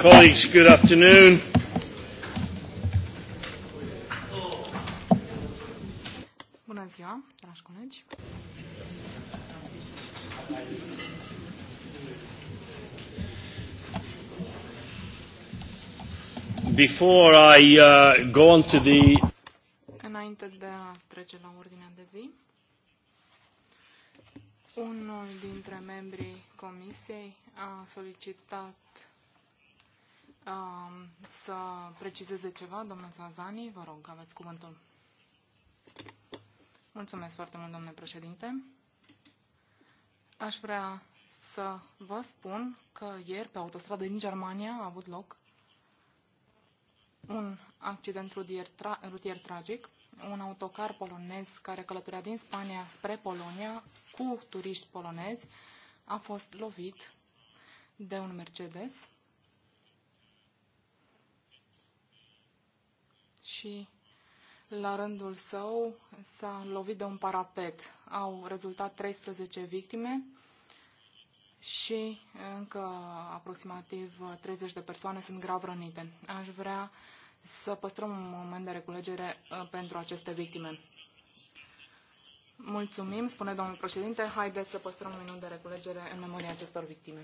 Colleagues, good afternoon. Bună ziua, dragi colegi. Before I uh, go on to the Înainte de a trece la ordinea de zi, unul dintre membrii comisiei a solicitat să precizeze ceva, domnul Sazani. Vă rog, aveți cuvântul. Mulțumesc foarte mult, domnule președinte. Aș vrea să vă spun că ieri, pe autostradă din Germania, a avut loc un accident rutier, tra- rutier tragic. Un autocar polonez care călătorea din Spania spre Polonia cu turiști polonezi a fost lovit de un Mercedes și la rândul său s-a lovit de un parapet. Au rezultat 13 victime și încă aproximativ 30 de persoane sunt grav rănite. Aș vrea să păstrăm un moment de reculegere uh, pentru aceste victime. Mulțumim, spune domnul președinte. Haideți să păstrăm un minut de reculegere în memoria acestor victime.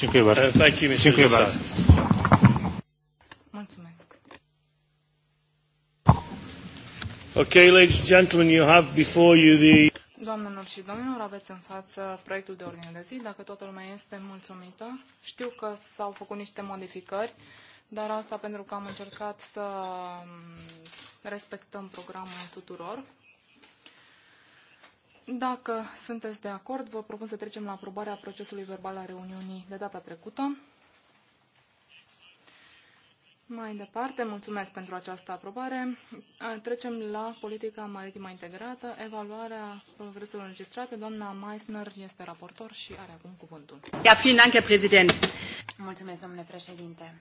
Dziękuję bardzo. Uh, Dziękuję bardzo. Mulțumesc. Okay, ladies and gentlemen, you have before you the... Doamnelor și domnilor, aveți în față proiectul de ordine de zi. Dacă toată lumea este mulțumită, știu că s-au făcut niște modificări, dar asta pentru că am încercat să mm, respectăm programul tuturor. Dacă sunteți de acord, vă propun să trecem la aprobarea procesului verbal a reuniunii de data trecută. Mai departe, mulțumesc pentru această aprobare. Trecem la politica maritimă integrată, evaluarea progreselor înregistrate. Doamna Meissner este raportor și are acum cuvântul. Ja, vielen Dank, Herr Präsident. Mulțumesc, domnule președinte.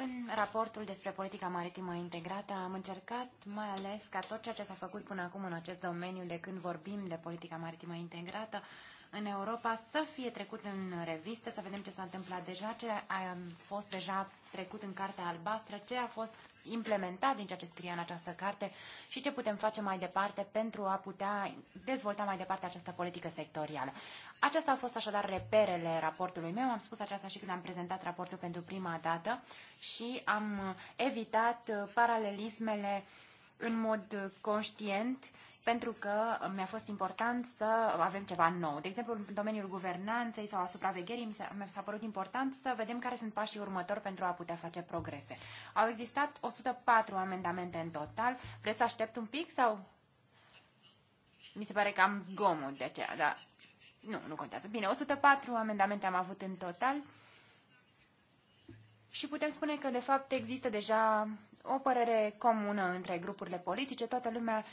În raportul despre politica maritimă integrată am încercat mai ales ca tot ceea ce s-a făcut până acum în acest domeniu de când vorbim de politica maritimă integrată în Europa să fie trecut în revistă, să vedem ce s-a întâmplat deja, ce a fost deja trecut în Cartea Albastră, ce a fost implementat din ceea ce scrie în această carte și ce putem face mai departe pentru a putea dezvolta mai departe această politică sectorială. Acestea au fost așadar reperele raportului meu. Am spus aceasta și când am prezentat raportul pentru prima dată și am evitat paralelismele în mod conștient uh, pentru că mi-a fost important să avem ceva nou. De exemplu, în domeniul guvernanței sau a supravegherii, mi s-a părut important să vedem care sunt pașii următori pentru a putea face progrese. Au existat 104 amendamente în total. Vreți să aștept un pic sau... Mi se pare că am zgomot de aceea, dar nu, nu contează. Bine, 104 amendamente am avut în total și putem spune că, de fapt, există deja o părere comună între grupurile politice. Toată lumea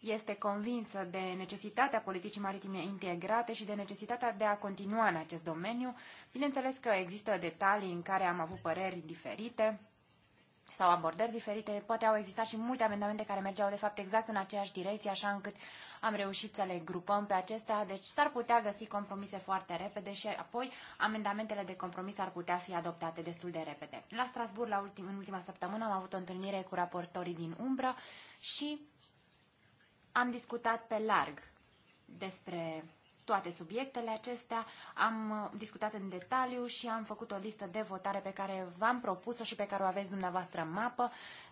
este convinsă de necesitatea politicii maritime integrate și de necesitatea de a continua în acest domeniu. Bineînțeles că există detalii în care am avut păreri diferite sau abordări diferite. Poate au existat și multe amendamente care mergeau de fapt exact în aceeași direcție, așa încât am reușit să le grupăm pe acestea. Deci s-ar putea găsi compromise foarte repede și apoi amendamentele de compromis ar putea fi adoptate destul de repede. La Strasbourg, la ultim, în ultima săptămână, am avut o întâlnire cu raportorii din umbră și am discutat pe larg despre toate subiectele acestea, am discutat în detaliu și am făcut o listă de votare pe care v-am propus-o și pe care o aveți dumneavoastră în mapă,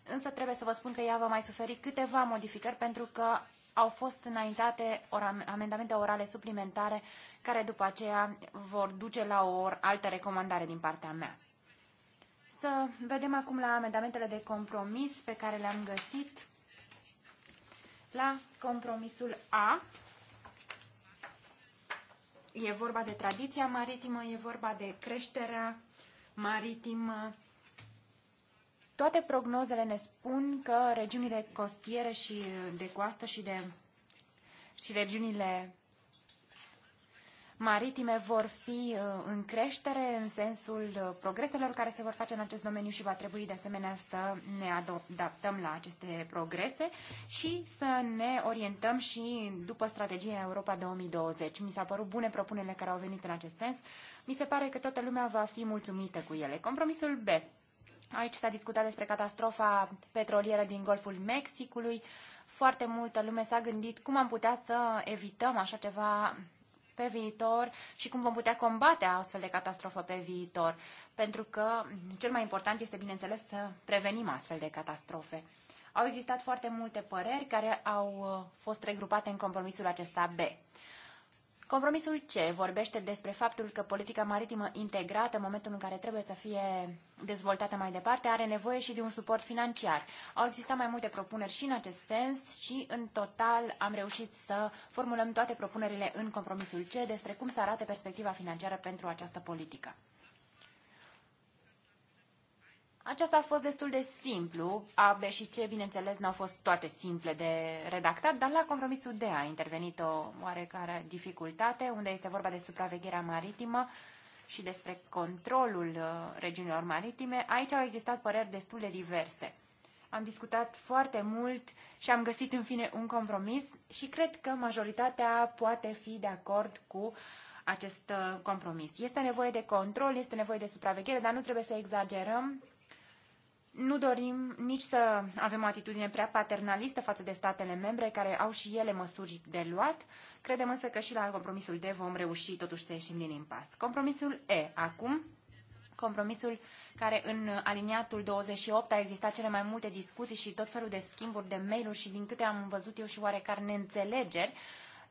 însă trebuie să vă spun că ea va mai suferi câteva modificări pentru că au fost înaintate or amendamente orale suplimentare care după aceea vor duce la o altă recomandare din partea mea. Să vedem acum la amendamentele de compromis pe care le-am găsit. La compromisul A e vorba de tradiția maritimă, e vorba de creșterea maritimă. Toate prognozele ne spun că regiunile costiere și de coastă și de și regiunile maritime vor fi uh, în creștere în sensul uh, progreselor care se vor face în acest domeniu și va trebui de asemenea să ne adaptăm la aceste progrese și să ne orientăm și după strategia Europa 2020. Mi s-au părut bune propunerile care au venit în acest sens. Mi se pare că toată lumea va fi mulțumită cu ele. Compromisul B. Aici s-a discutat despre catastrofa petrolieră din Golful Mexicului. Foarte multă lume s-a gândit cum am putea să evităm așa ceva pe viitor și cum vom putea combate astfel de catastrofă pe viitor. Pentru că cel mai important este, bineînțeles, să prevenim astfel de catastrofe. Au existat foarte multe păreri care au uh, fost regrupate în compromisul acesta B. Compromisul C vorbește despre faptul că politica maritimă integrată, în momentul în care trebuie să fie dezvoltată mai departe, are nevoie și de un suport financiar. Au existat mai multe propuneri și în acest sens și, în total, am reușit să formulăm toate propunerile în compromisul C despre cum să arate perspectiva financiară pentru această politică. Aceasta a fost destul de simplu. A, B și C, bineînțeles, n-au fost toate simple de redactat, dar la compromisul D a intervenit o oarecare dificultate, unde este vorba de supravegherea maritimă și despre controlul uh, regiunilor maritime. Aici au existat păreri destul de diverse. Am discutat foarte mult și am găsit în fine un compromis și cred că majoritatea poate fi de acord cu acest uh, compromis. Este nevoie de control, este nevoie de supraveghere, dar nu trebuie să exagerăm nu dorim nici să avem o atitudine prea paternalistă față de statele membre care au și ele măsuri de luat. Credem însă că și la compromisul D vom reuși totuși să ieșim din impas. Compromisul E acum, compromisul care în aliniatul 28 a existat cele mai multe discuții și tot felul de schimburi de mail-uri și din câte am văzut eu și oarecare neînțelegeri, uh,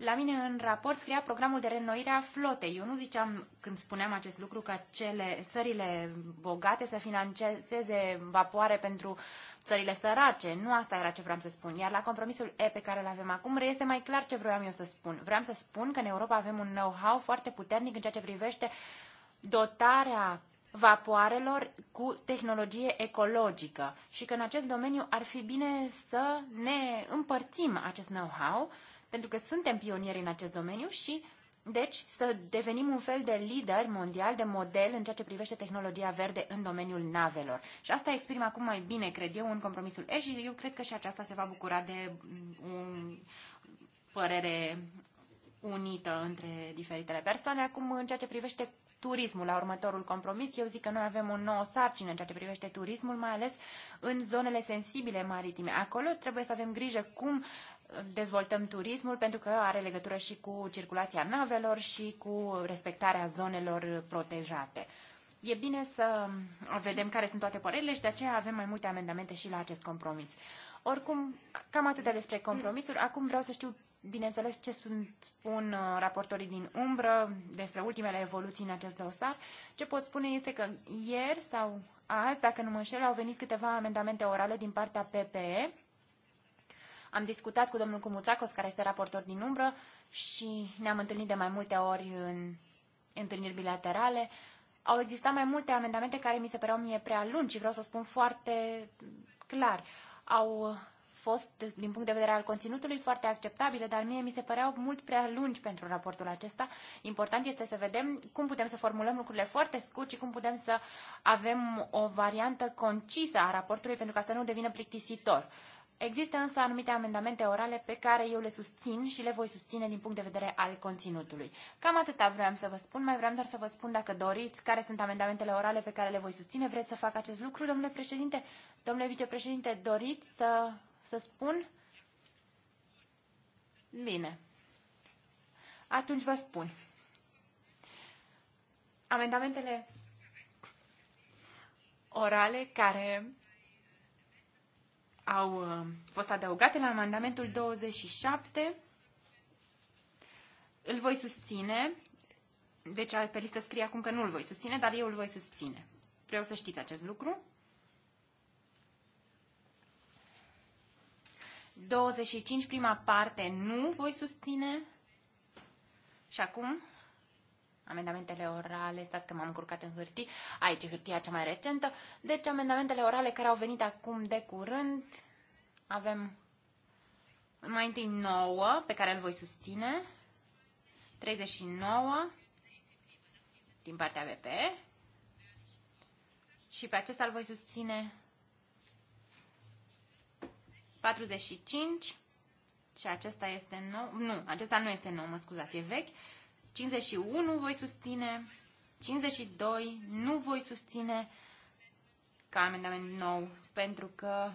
la mine în raport scria programul de reînnoire a flotei. Eu nu ziceam când spuneam acest lucru că cele, țările bogate să financeze vapoare pentru țările sărace. Nu asta era ce vreau să spun. Iar la compromisul E pe care îl avem acum reiese mai clar ce vreau eu să spun. Vreau să spun că în Europa avem un know-how foarte puternic în ceea ce privește dotarea vapoarelor cu tehnologie ecologică și că în acest domeniu ar fi bine să ne împărțim acest know-how pentru că suntem pionieri în acest domeniu și, deci, să devenim un fel de lider mondial, de model în ceea ce privește tehnologia verde în domeniul navelor. Și asta exprim acum mai bine, cred eu, în compromisul E și eu cred că și aceasta se va bucura de o mm, părere unită între diferitele persoane. Acum, în ceea ce privește turismul la următorul compromis. Eu zic că noi avem o nouă sarcină în ceea ce privește turismul, mai ales în zonele sensibile maritime. Acolo trebuie să avem grijă cum dezvoltăm turismul pentru că are legătură și cu circulația navelor și cu respectarea zonelor protejate. E bine să vedem care sunt toate părerile și de aceea avem mai multe amendamente și la acest compromis. Oricum, cam atâtea despre compromisuri. Acum vreau să știu, bineînțeles, ce sunt, spun uh, raportorii din umbră despre ultimele evoluții în acest dosar. Ce pot spune este că ieri sau azi, dacă nu mă înșel, au venit câteva amendamente orale din partea PPE am discutat cu domnul Cumuțacos, care este raportor din umbră, și ne-am întâlnit de mai multe ori în întâlniri bilaterale. Au existat mai multe amendamente care mi se păreau mie prea lungi și vreau să o spun foarte clar. Au fost, din punct de vedere al conținutului, foarte acceptabile, dar mie mi se păreau mult prea lungi pentru raportul acesta. Important este să vedem cum putem să formulăm lucrurile foarte scurt și cum putem să avem o variantă concisă a raportului pentru ca să nu devină plictisitor. Există însă anumite amendamente orale pe care eu le susțin și le voi susține din punct de vedere al conținutului. Cam atâta vreau să vă spun, mai vreau doar să vă spun dacă doriți care sunt amendamentele orale pe care le voi susține. Vreți să fac acest lucru, domnule președinte? Domnule vicepreședinte, doriți să, să spun? Bine. Atunci vă spun. Amendamentele orale care au uh, fost adăugate la amendamentul 27. Îl voi susține, deci pe listă scrie acum că nu îl voi susține, dar eu îl voi susține. Vreau să știți acest lucru. 25, prima parte, nu voi susține. Și acum Amendamentele orale, stați că m-am încurcat în hârtii, aici e hârtia cea mai recentă. Deci amendamentele orale care au venit acum de curând, avem mai întâi 9, pe care îl voi susține, 39 din partea BP și pe acesta îl voi susține 45 și acesta este nou, nu, acesta nu este nou, mă scuzați, e vechi 51 voi susține, 52 nu voi susține ca amendament nou, pentru că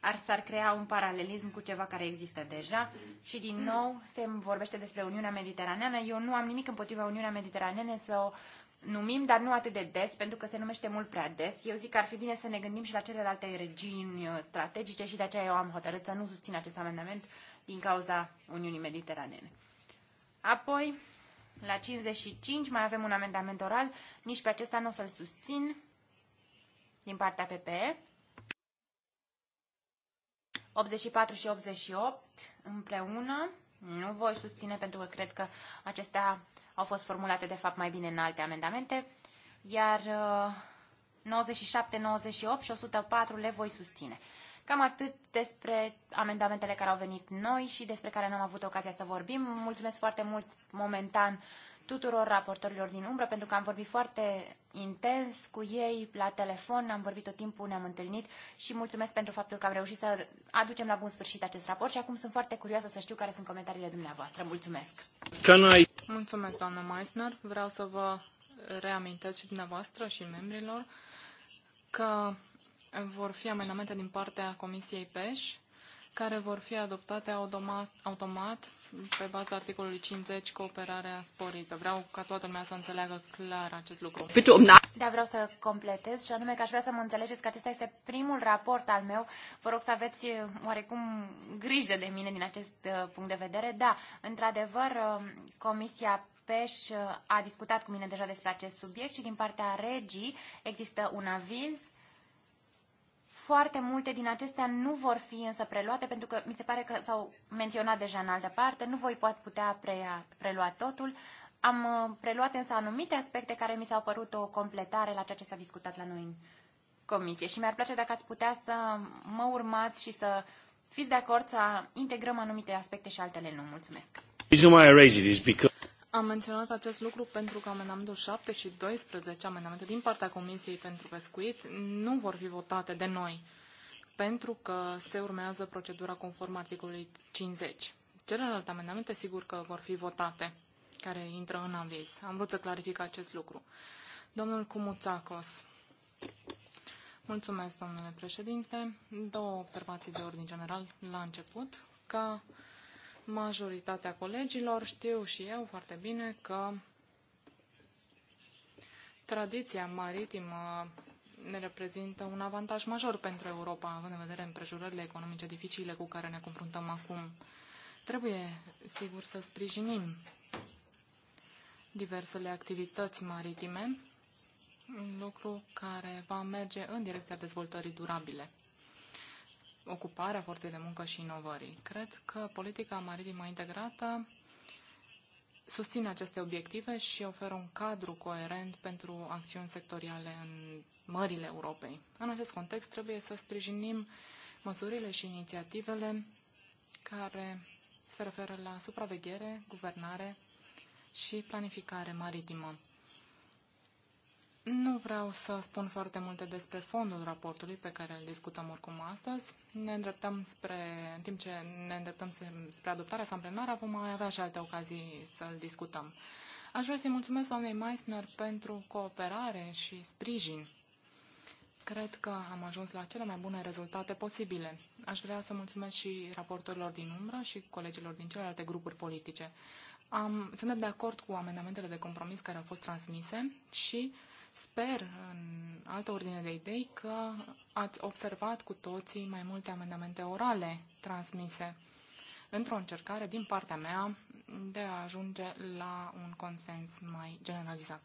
ar s-ar crea un paralelism cu ceva care există deja și din nou se vorbește despre Uniunea Mediteraneană. Eu nu am nimic împotriva Uniunea Mediteraneană să o numim, dar nu atât de des, pentru că se numește mult prea des. Eu zic că ar fi bine să ne gândim și la celelalte regiuni uh, strategice și de aceea eu am hotărât să nu susțin acest amendament din cauza Uniunii mediteraneene. Apoi, la 55 mai avem un amendament oral, nici pe acesta nu o să-l susțin din partea PPE. 84 și 88 împreună. Nu voi susține pentru că cred că acestea au fost formulate de fapt mai bine în alte amendamente. Iar 97, uh, 98 și 104 le voi susține. Cam atât despre amendamentele care au venit noi și despre care n-am avut ocazia să vorbim. Mulțumesc foarte mult momentan tuturor raportorilor din umbră pentru că am vorbit foarte intens cu ei la telefon, am vorbit tot timpul, ne-am întâlnit și mulțumesc pentru faptul că am reușit să aducem la bun sfârșit acest raport și acum sunt foarte curioasă să știu care sunt comentariile dumneavoastră. Mulțumesc! I... Mulțumesc, doamna Meissner. Vreau să vă reamintesc și dumneavoastră și membrilor că vor fi amendamente din partea Comisiei PEș, care vor fi adoptate automat, automat pe baza articolului 50, cooperarea sporită. Vreau ca toată lumea să înțeleagă clar acest lucru. Da, vreau să completez și anume că aș vrea să mă înțelegeți că acesta este primul raport al meu. Vă rog să aveți eh, oarecum grijă de mine din acest eh, punct de vedere. Da, într-adevăr, eh, Comisia Peș a discutat cu mine deja despre acest subiect și din partea regii există un aviz foarte multe din acestea nu vor fi însă preluate, pentru că mi se pare că s-au menționat deja în altă parte, nu voi pot putea prea, prelua totul. Am uh, preluat însă anumite aspecte care mi s-au părut o completare la ceea ce s-a discutat la noi în comisie și mi-ar place dacă ați putea să mă urmați și să fiți de acord să integrăm anumite aspecte și altele nu. Mulțumesc! Am menționat acest lucru pentru că amendamentul 7 și 12, amendamente din partea Comisiei pentru Pescuit, nu vor fi votate de noi, pentru că se urmează procedura conform articolului 50. Celelalte amendamente, sigur că vor fi votate, care intră în aviz. Am vrut să clarific acest lucru. Domnul Cumuțacos. Mulțumesc, domnule președinte. Două observații de ordin general la început. Ca majoritatea colegilor știu și eu foarte bine că tradiția maritimă ne reprezintă un avantaj major pentru Europa, având în vedere împrejurările economice dificile cu care ne confruntăm acum. Trebuie, sigur, să sprijinim diversele activități maritime, un lucru care va merge în direcția dezvoltării durabile ocuparea forței de muncă și inovării. Cred că politica maritimă integrată susține aceste obiective și oferă un cadru coerent pentru acțiuni sectoriale în mările Europei. În acest context trebuie să sprijinim măsurile și inițiativele care se referă la supraveghere, guvernare și planificare maritimă. Nu vreau să spun foarte multe despre fondul raportului pe care îl discutăm oricum astăzi. Ne îndreptăm spre, în timp ce ne îndreptăm spre adoptarea sa în plenară, vom mai avea și alte ocazii să-l discutăm. Aș vrea să-i mulțumesc doamnei Meissner pentru cooperare și sprijin. Cred că am ajuns la cele mai bune rezultate posibile. Aș vrea să mulțumesc și raportorilor din umbră și colegilor din celelalte grupuri politice. Am, suntem de acord cu amendamentele de compromis care au fost transmise și sper, în altă ordine de idei, că ați observat cu toții mai multe amendamente orale transmise într-o încercare din partea mea de a ajunge la un consens mai generalizat.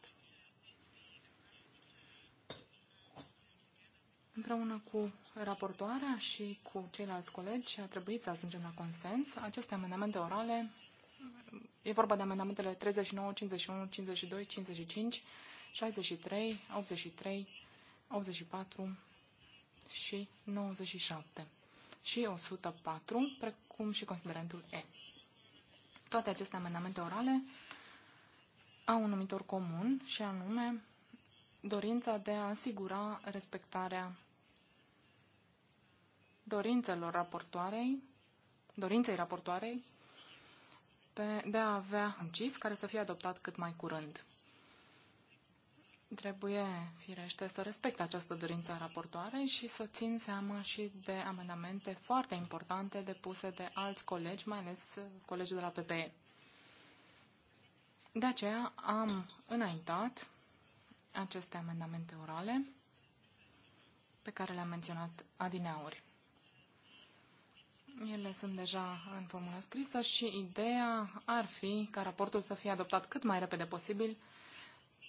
Împreună cu raportoarea și cu ceilalți colegi a trebuit să ajungem la consens. Aceste amendamente orale E vorba de amendamentele 39, 51, 52, 55, 63, 83, 84 și 97 și 104, precum și considerentul E. Toate aceste amendamente orale au un numitor comun și anume dorința de a asigura respectarea dorințelor raportoarei, dorinței raportoarei pe, de a avea un CIS care să fie adoptat cât mai curând. Trebuie, firește, să respecte această dorință a raportoarei și să țin seama și de amendamente foarte importante depuse de alți colegi, mai ales colegi de la PPE. De aceea am înaintat aceste amendamente orale pe care le-am menționat adineauri. Ele sunt deja în formulă scrisă și ideea ar fi ca raportul să fie adoptat cât mai repede posibil,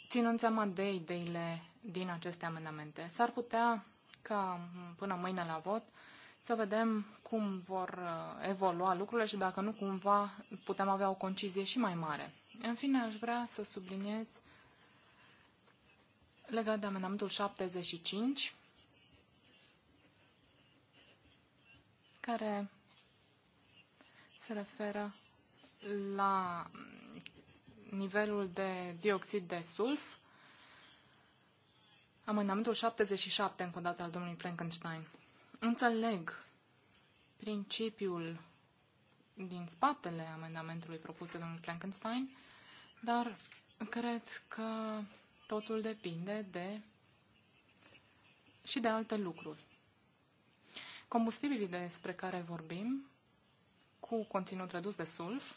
ținând seama de ideile din aceste amendamente. S-ar putea ca până mâine la vot să vedem cum vor uh, evolua lucrurile și dacă nu cumva putem avea o concizie și mai mare. În fine, aș vrea să subliniez legat de amendamentul 75, care se referă la nivelul de dioxid de sulf. Amendamentul 77, încă o dată, al domnului Frankenstein. Înțeleg principiul din spatele amendamentului propus de domnul Frankenstein, dar cred că totul depinde de și de alte lucruri. Combustibilii despre care vorbim, cu conținut redus de sulf,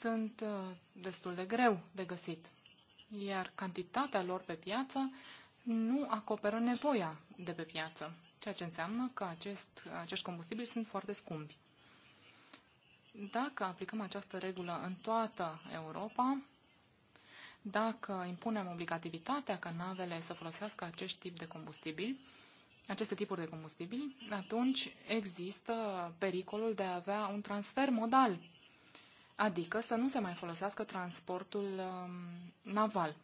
sunt uh, destul de greu de găsit, iar cantitatea lor pe piață nu acoperă nevoia de pe piață, ceea ce înseamnă că acest, acești combustibili sunt foarte scumpi. Dacă aplicăm această regulă în toată Europa, dacă impunem obligativitatea ca navele să folosească acest tip de combustibili, aceste tipuri de combustibili, atunci există pericolul de a avea un transfer modal, adică să nu se mai folosească transportul um, naval,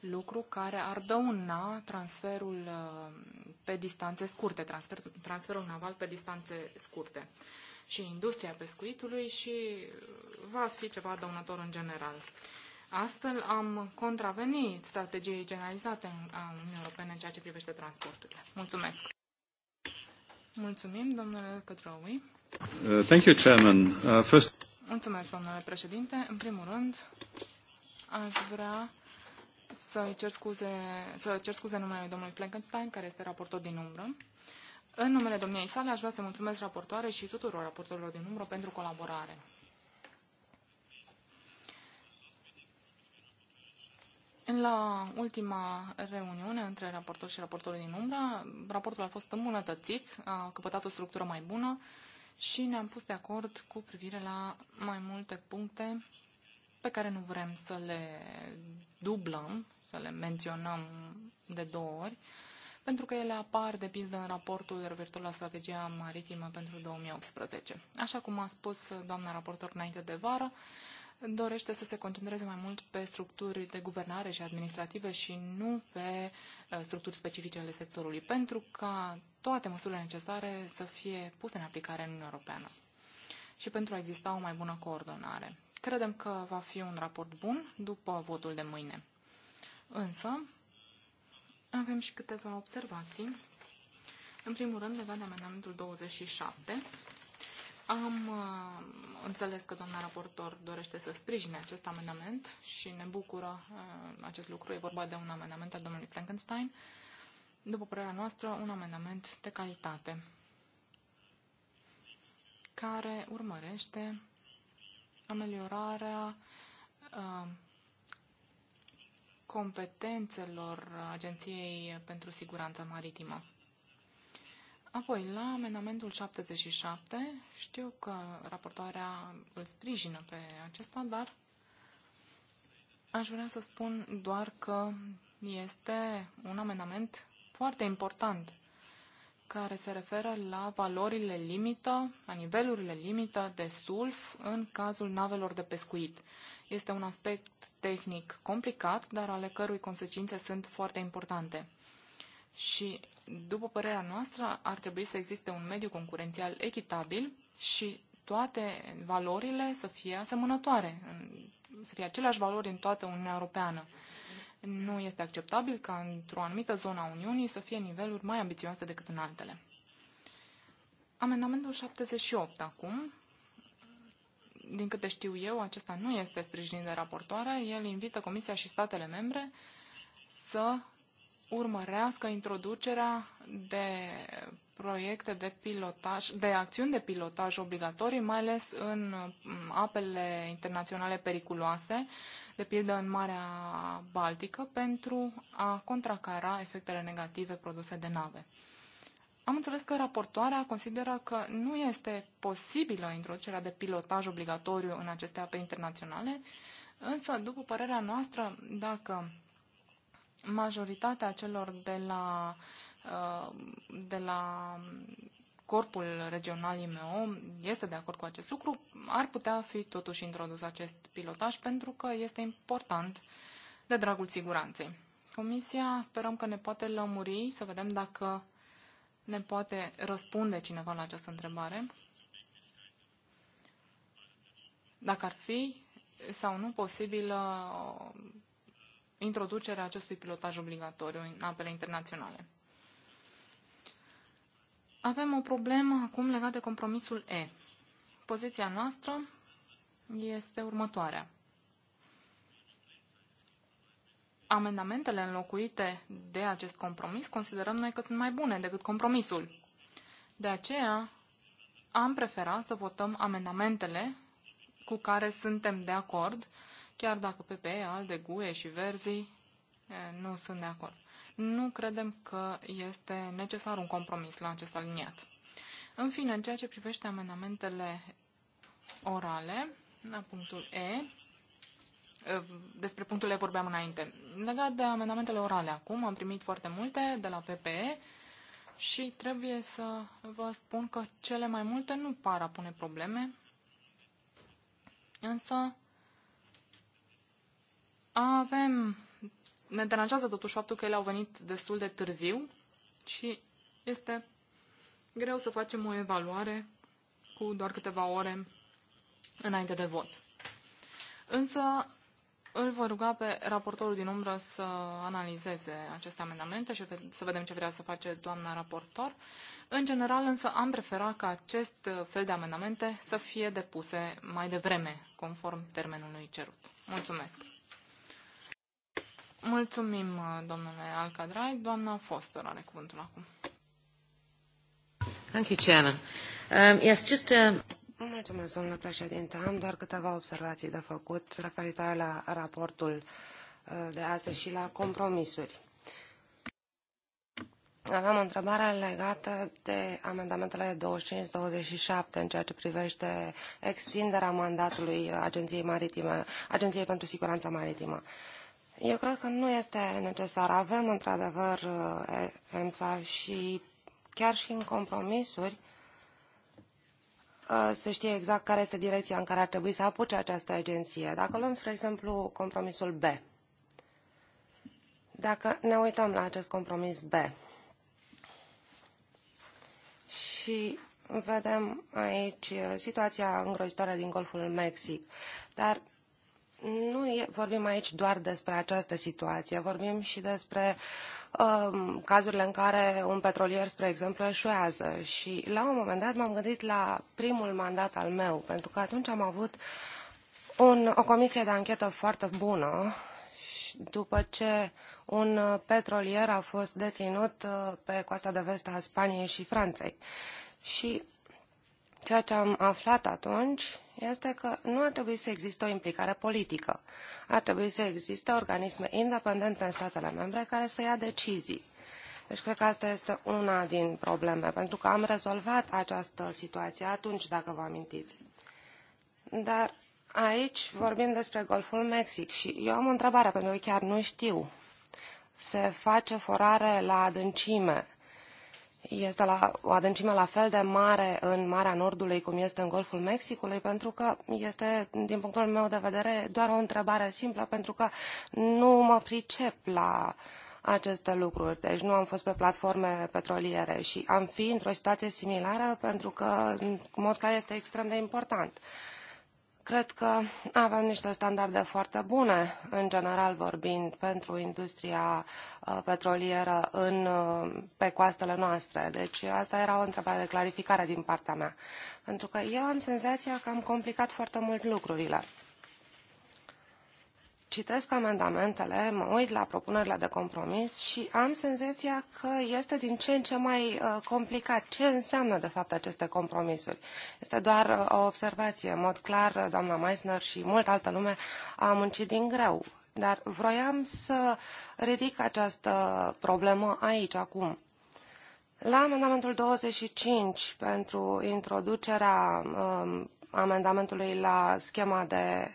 lucru care ar dăuna transferul um, pe distanțe scurte, transfer, transferul naval pe distanțe scurte și industria pescuitului și va fi ceva dăunător în general. Astfel am contravenit strategiei generalizate a Uniunii Europene în ceea ce privește transporturile. Mulțumesc! Mulțumim, domnule Cătrăui. Uh, thank you, Chairman. Uh, first... Mulțumesc, domnule președinte. În primul rând, aș vrea să cer scuze, să cer scuze numele domnului Frankenstein, care este raportor din umbră. În numele domniei sale aș vrea să mulțumesc raportoare și tuturor raportorilor din umbră pentru colaborare. La ultima reuniune între raportor și raportorul din umbra, raportul a fost îmbunătățit, a căpătat o structură mai bună și ne-am pus de acord cu privire la mai multe puncte pe care nu vrem să le dublăm, să le menționăm de două ori, pentru că ele apar, de pildă, în raportul referitor la strategia maritimă pentru 2018. Așa cum a spus doamna raportor înainte de vară, dorește să se concentreze mai mult pe structuri de guvernare și administrative și nu pe uh, structuri specifice ale sectorului, pentru ca toate măsurile necesare să fie puse în aplicare în Uniunea Europeană și pentru a exista o mai bună coordonare. Credem că va fi un raport bun după votul de mâine. Însă, avem și câteva observații. În primul rând, legat de amendamentul 27, am uh, înțeles că doamna raportor dorește să sprijine acest amendament și ne bucură uh, acest lucru. E vorba de un amendament al domnului Frankenstein. După părerea noastră, un amendament de calitate care urmărește ameliorarea uh, competențelor Agenției pentru Siguranța Maritimă. Apoi, la amendamentul 77, știu că raportoarea îl sprijină pe acesta, dar aș vrea să spun doar că este un amendament foarte important care se referă la valorile limită, la nivelurile limită de sulf în cazul navelor de pescuit. Este un aspect tehnic complicat, dar ale cărui consecințe sunt foarte importante. Și, după părerea noastră, ar trebui să existe un mediu concurențial echitabil și toate valorile să fie asemănătoare, să fie aceleași valori în toată Uniunea Europeană. Nu este acceptabil ca într-o anumită zonă a Uniunii să fie niveluri mai ambițioase decât în altele. Amendamentul 78 acum. Din câte știu eu, acesta nu este sprijinit de raportoare. El invită Comisia și statele membre să urmărească introducerea de proiecte de pilotaj, de acțiuni de pilotaj obligatorii, mai ales în apele internaționale periculoase, de pildă în Marea Baltică, pentru a contracara efectele negative produse de nave. Am înțeles că raportoarea consideră că nu este posibilă introducerea de pilotaj obligatoriu în aceste ape internaționale, însă, după părerea noastră, dacă majoritatea celor de la, uh, de la corpul regional IMO este de acord cu acest lucru, ar putea fi totuși introdus acest pilotaj pentru că este important de dragul siguranței. Comisia sperăm că ne poate lămuri, să vedem dacă ne poate răspunde cineva la această întrebare. Dacă ar fi sau nu posibilă introducerea acestui pilotaj obligatoriu în apele internaționale. Avem o problemă acum legată de compromisul E. Poziția noastră este următoarea. Amendamentele înlocuite de acest compromis considerăm noi că sunt mai bune decât compromisul. De aceea am preferat să votăm amendamentele cu care suntem de acord chiar dacă PPE, ALDE, GUE și Verzii nu sunt de acord. Nu credem că este necesar un compromis la acest aliniat. În fine, în ceea ce privește amendamentele orale, la punctul E, despre punctul E vorbeam înainte. Legat de amendamentele orale acum, am primit foarte multe de la PPE și trebuie să vă spun că cele mai multe nu par a pune probleme, însă avem, ne deranjează totuși faptul că ele au venit destul de târziu și este greu să facem o evaluare cu doar câteva ore înainte de vot. Însă îl voi ruga pe raportorul din umbră să analizeze aceste amendamente și să vedem ce vrea să face doamna raportor. În general, însă, am preferat ca acest fel de amendamente să fie depuse mai devreme, conform termenului cerut. Mulțumesc! Mulțumim, uh, domnule Alcadrai. Doamna Foster are cuvântul acum. Thank you, Chairman. Um, yes, just, um... Mulțumesc, domnule președinte. Am doar câteva observații de făcut referitoare la raportul uh, de astăzi și la compromisuri. Aveam o întrebare legată de amendamentele 25-27 în ceea ce privește extinderea mandatului Agenției, Maritime, Agenției pentru Siguranța Maritimă. Uh, eu cred că nu este necesar. Avem, într-adevăr, uh, EMSA și chiar și în compromisuri uh, se știe exact care este direcția în care ar trebui să apuce această agenție. Dacă luăm, spre exemplu, compromisul B, dacă ne uităm la acest compromis B și vedem aici uh, situația îngrozitoare din Golful Mexic, dar nu e, vorbim aici doar despre această situație, vorbim și despre um, cazurile în care un petrolier, spre exemplu, eșuează. Și la un moment dat m-am gândit la primul mandat al meu, pentru că atunci am avut un, o comisie de anchetă foarte bună după ce un petrolier a fost deținut uh, pe coasta de vest a Spaniei și Franței. Și Ceea ce am aflat atunci este că nu ar trebui să existe o implicare politică. Ar trebui să existe organisme independente în statele membre care să ia decizii. Deci cred că asta este una din probleme, pentru că am rezolvat această situație atunci, dacă vă amintiți. Dar aici vorbim despre Golful Mexic și eu am o întrebare, pentru că chiar nu știu. Se face forare la adâncime este la o adâncime la fel de mare în Marea Nordului cum este în Golful Mexicului, pentru că este, din punctul meu de vedere, doar o întrebare simplă, pentru că nu mă pricep la aceste lucruri. Deci nu am fost pe platforme petroliere și am fi într-o situație similară pentru că, în mod care este extrem de important. Uh, Cred că avem niște standarde foarte bune, în general vorbind, pentru industria uh, petrolieră în, uh, pe coastele noastre. Deci asta era o întrebare de clarificare din partea mea. Pentru că eu am senzația că am complicat foarte mult lucrurile citesc amendamentele, mă uit la propunerile de compromis și am senzația că este din ce în ce mai uh, complicat. Ce înseamnă, de fapt, aceste compromisuri? Este doar uh, o observație. În mod clar, uh, doamna Meissner și mult altă lume a muncit din greu. Dar vroiam să ridic această problemă aici, acum. La amendamentul 25, pentru introducerea uh, amendamentului la schema de uh,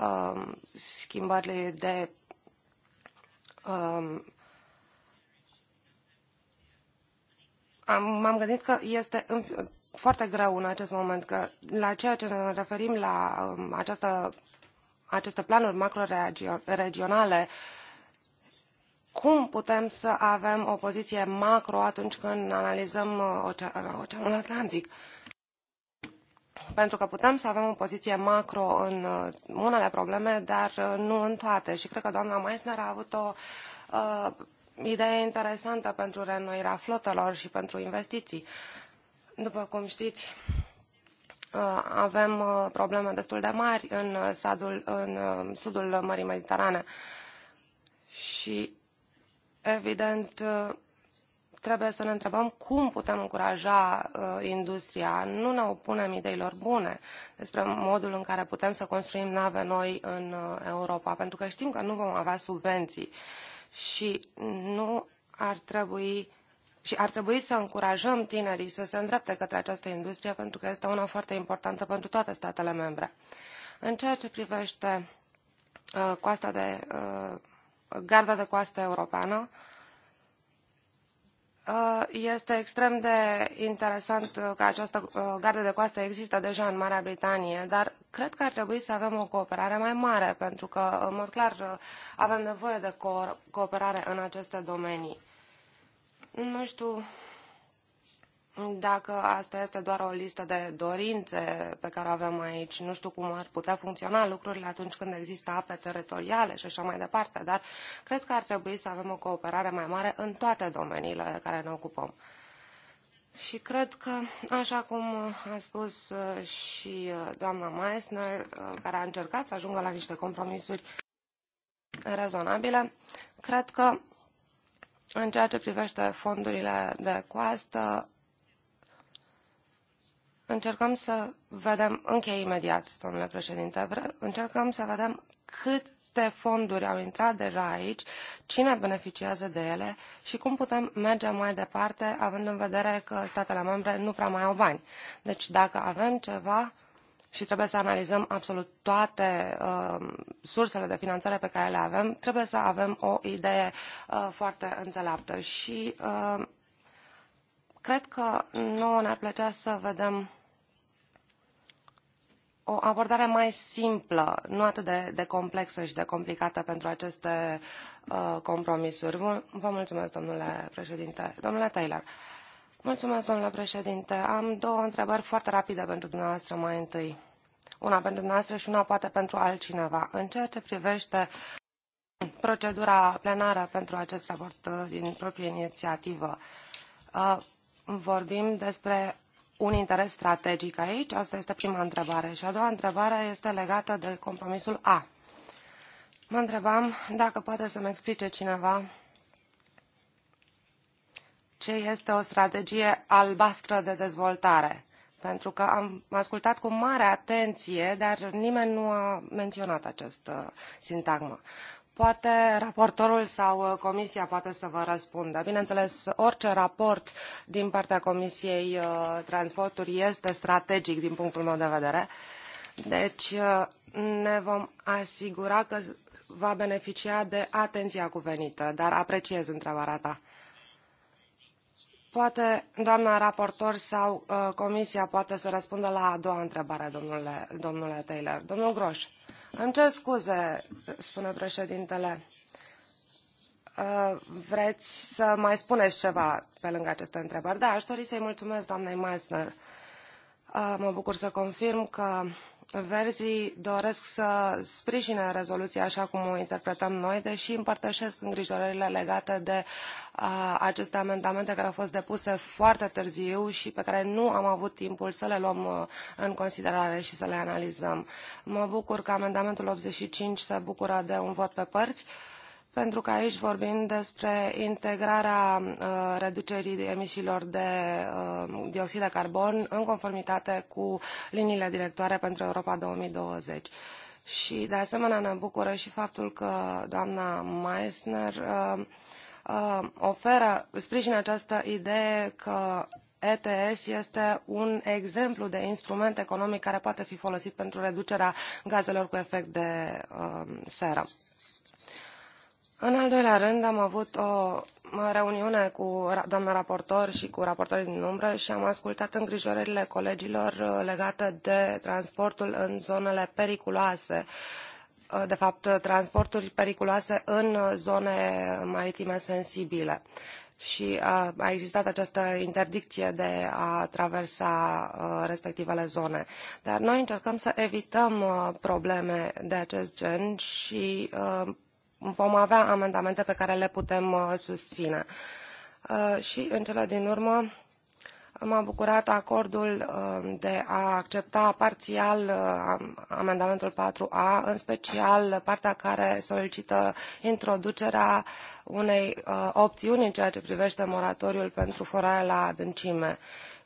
um, schimbările de m um, am, m-am gândit că este foarte greu în acest moment că la ceea ce ne referim la um, această, aceste planuri macro-regionale cum putem să avem o poziție macro atunci când analizăm uh, uh, oceanul Atlantic? Uh, pentru că putem să avem o poziție macro în uh, unele probleme, dar uh, nu în toate. Și cred că doamna Meissner a avut o uh, idee interesantă pentru reînnoirea flotelor și pentru investiții. După cum știți, uh, avem uh, probleme destul de mari în, uh, sadul, în uh, sudul Mării Mediterane și, evident, uh, trebuie să ne întrebăm cum putem încuraja uh, industria. Nu ne opunem ideilor bune despre modul în care putem să construim nave noi în uh, Europa, pentru că știm că nu vom avea subvenții și nu ar trebui și ar trebui să încurajăm tinerii să se îndrepte către această industrie pentru că este una foarte importantă pentru toate statele membre. În ceea ce privește uh, coasta de, uh, garda de coastă europeană, uh, Uh, este extrem de interesant uh, că această uh, gardă de coastă există deja în Marea Britanie, dar cred că ar trebui să avem o cooperare mai mare, pentru că, în mod clar, avem nevoie de cooperare în aceste domenii. Nu știu dacă asta este doar o listă de dorințe pe care o avem aici, nu știu cum ar putea funcționa lucrurile atunci când există ape teritoriale și așa mai departe, dar cred că ar trebui să avem o cooperare mai mare în toate domeniile de care ne ocupăm. Și cred că, așa cum a spus uh, și uh, doamna Meissner, uh, care a încercat să ajungă la niște compromisuri rezonabile, cred că în ceea ce privește fondurile de coastă, Încercăm să vedem, închei imediat, domnule președinte, încercăm să vedem câte fonduri au intrat deja aici, cine beneficiază de ele și cum putem merge mai departe, având în vedere că statele membre nu prea mai au bani. Deci dacă avem ceva și trebuie să analizăm absolut toate uh, sursele de finanțare pe care le avem, trebuie să avem o idee uh, foarte înțeleaptă și uh, cred că nouă ne-ar plăcea să vedem o abordare mai simplă, nu atât de, de complexă și de complicată pentru aceste uh, compromisuri. Vă mulțumesc, domnule președinte. Domnule Taylor. Mulțumesc, domnule președinte. Am două întrebări foarte rapide pentru dumneavoastră mai întâi. Una pentru dumneavoastră și una poate pentru altcineva. În ceea ce privește procedura plenară pentru acest raport uh, din proprie inițiativă, uh, vorbim despre un interes strategic aici? Asta este prima întrebare. Și a doua întrebare este legată de compromisul A. Mă întrebam dacă poate să-mi explice cineva ce este o strategie albastră de dezvoltare. Pentru că am ascultat cu mare atenție, dar nimeni nu a menționat această sintagmă. Poate raportorul sau uh, comisia poate să vă răspundă. Bineînțeles, orice raport din partea Comisiei uh, Transporturi este strategic din punctul meu de vedere. Deci uh, ne vom asigura că va beneficia de atenția cuvenită, dar apreciez întrebarea ta. Poate doamna raportor sau uh, comisia poate să răspundă la a doua întrebare, domnule, domnule Taylor. Domnul Groș, îmi cer scuze, spune președintele. Uh, vreți să mai spuneți ceva pe lângă aceste întrebări? Da, aș dori să-i mulțumesc doamnei Meissner. Uh, mă bucur să confirm că verzi doresc să sprijine rezoluția așa cum o interpretăm noi, deși împărtășesc îngrijorările legate de a, aceste amendamente care au fost depuse foarte târziu și pe care nu am avut timpul să le luăm uh, în considerare și să le analizăm. Mă bucur că amendamentul 85 se bucură de un vot pe părți. Uh, pentru că aici vorbim despre integrarea uh, reducerii emisiilor de uh, dioxid de carbon în conformitate cu liniile directoare pentru Europa 2020. Și, de asemenea, ne bucură și faptul că doamna Meissner uh, oferă, sprijină această idee că ETS este un exemplu de instrument economic care poate fi folosit pentru reducerea gazelor cu efect de seră. În al doilea rând, am avut o reuniune cu doamna raportor și cu raportorii din umbră și am ascultat îngrijorările colegilor uh, legate de transportul în zonele periculoase uh, de fapt uh, transporturi periculoase în zone maritime sensibile și a existat această interdicție de a traversa respectivele zone. Dar noi încercăm să evităm probleme de acest gen și vom avea amendamente pe care le putem uh, susține. Uh, și în cele din urmă, m-a bucurat acordul uh, de a accepta parțial amendamentul 4A, în special partea care solicită introducerea unei opțiuni în ceea ce privește moratoriul pentru forare la adâncime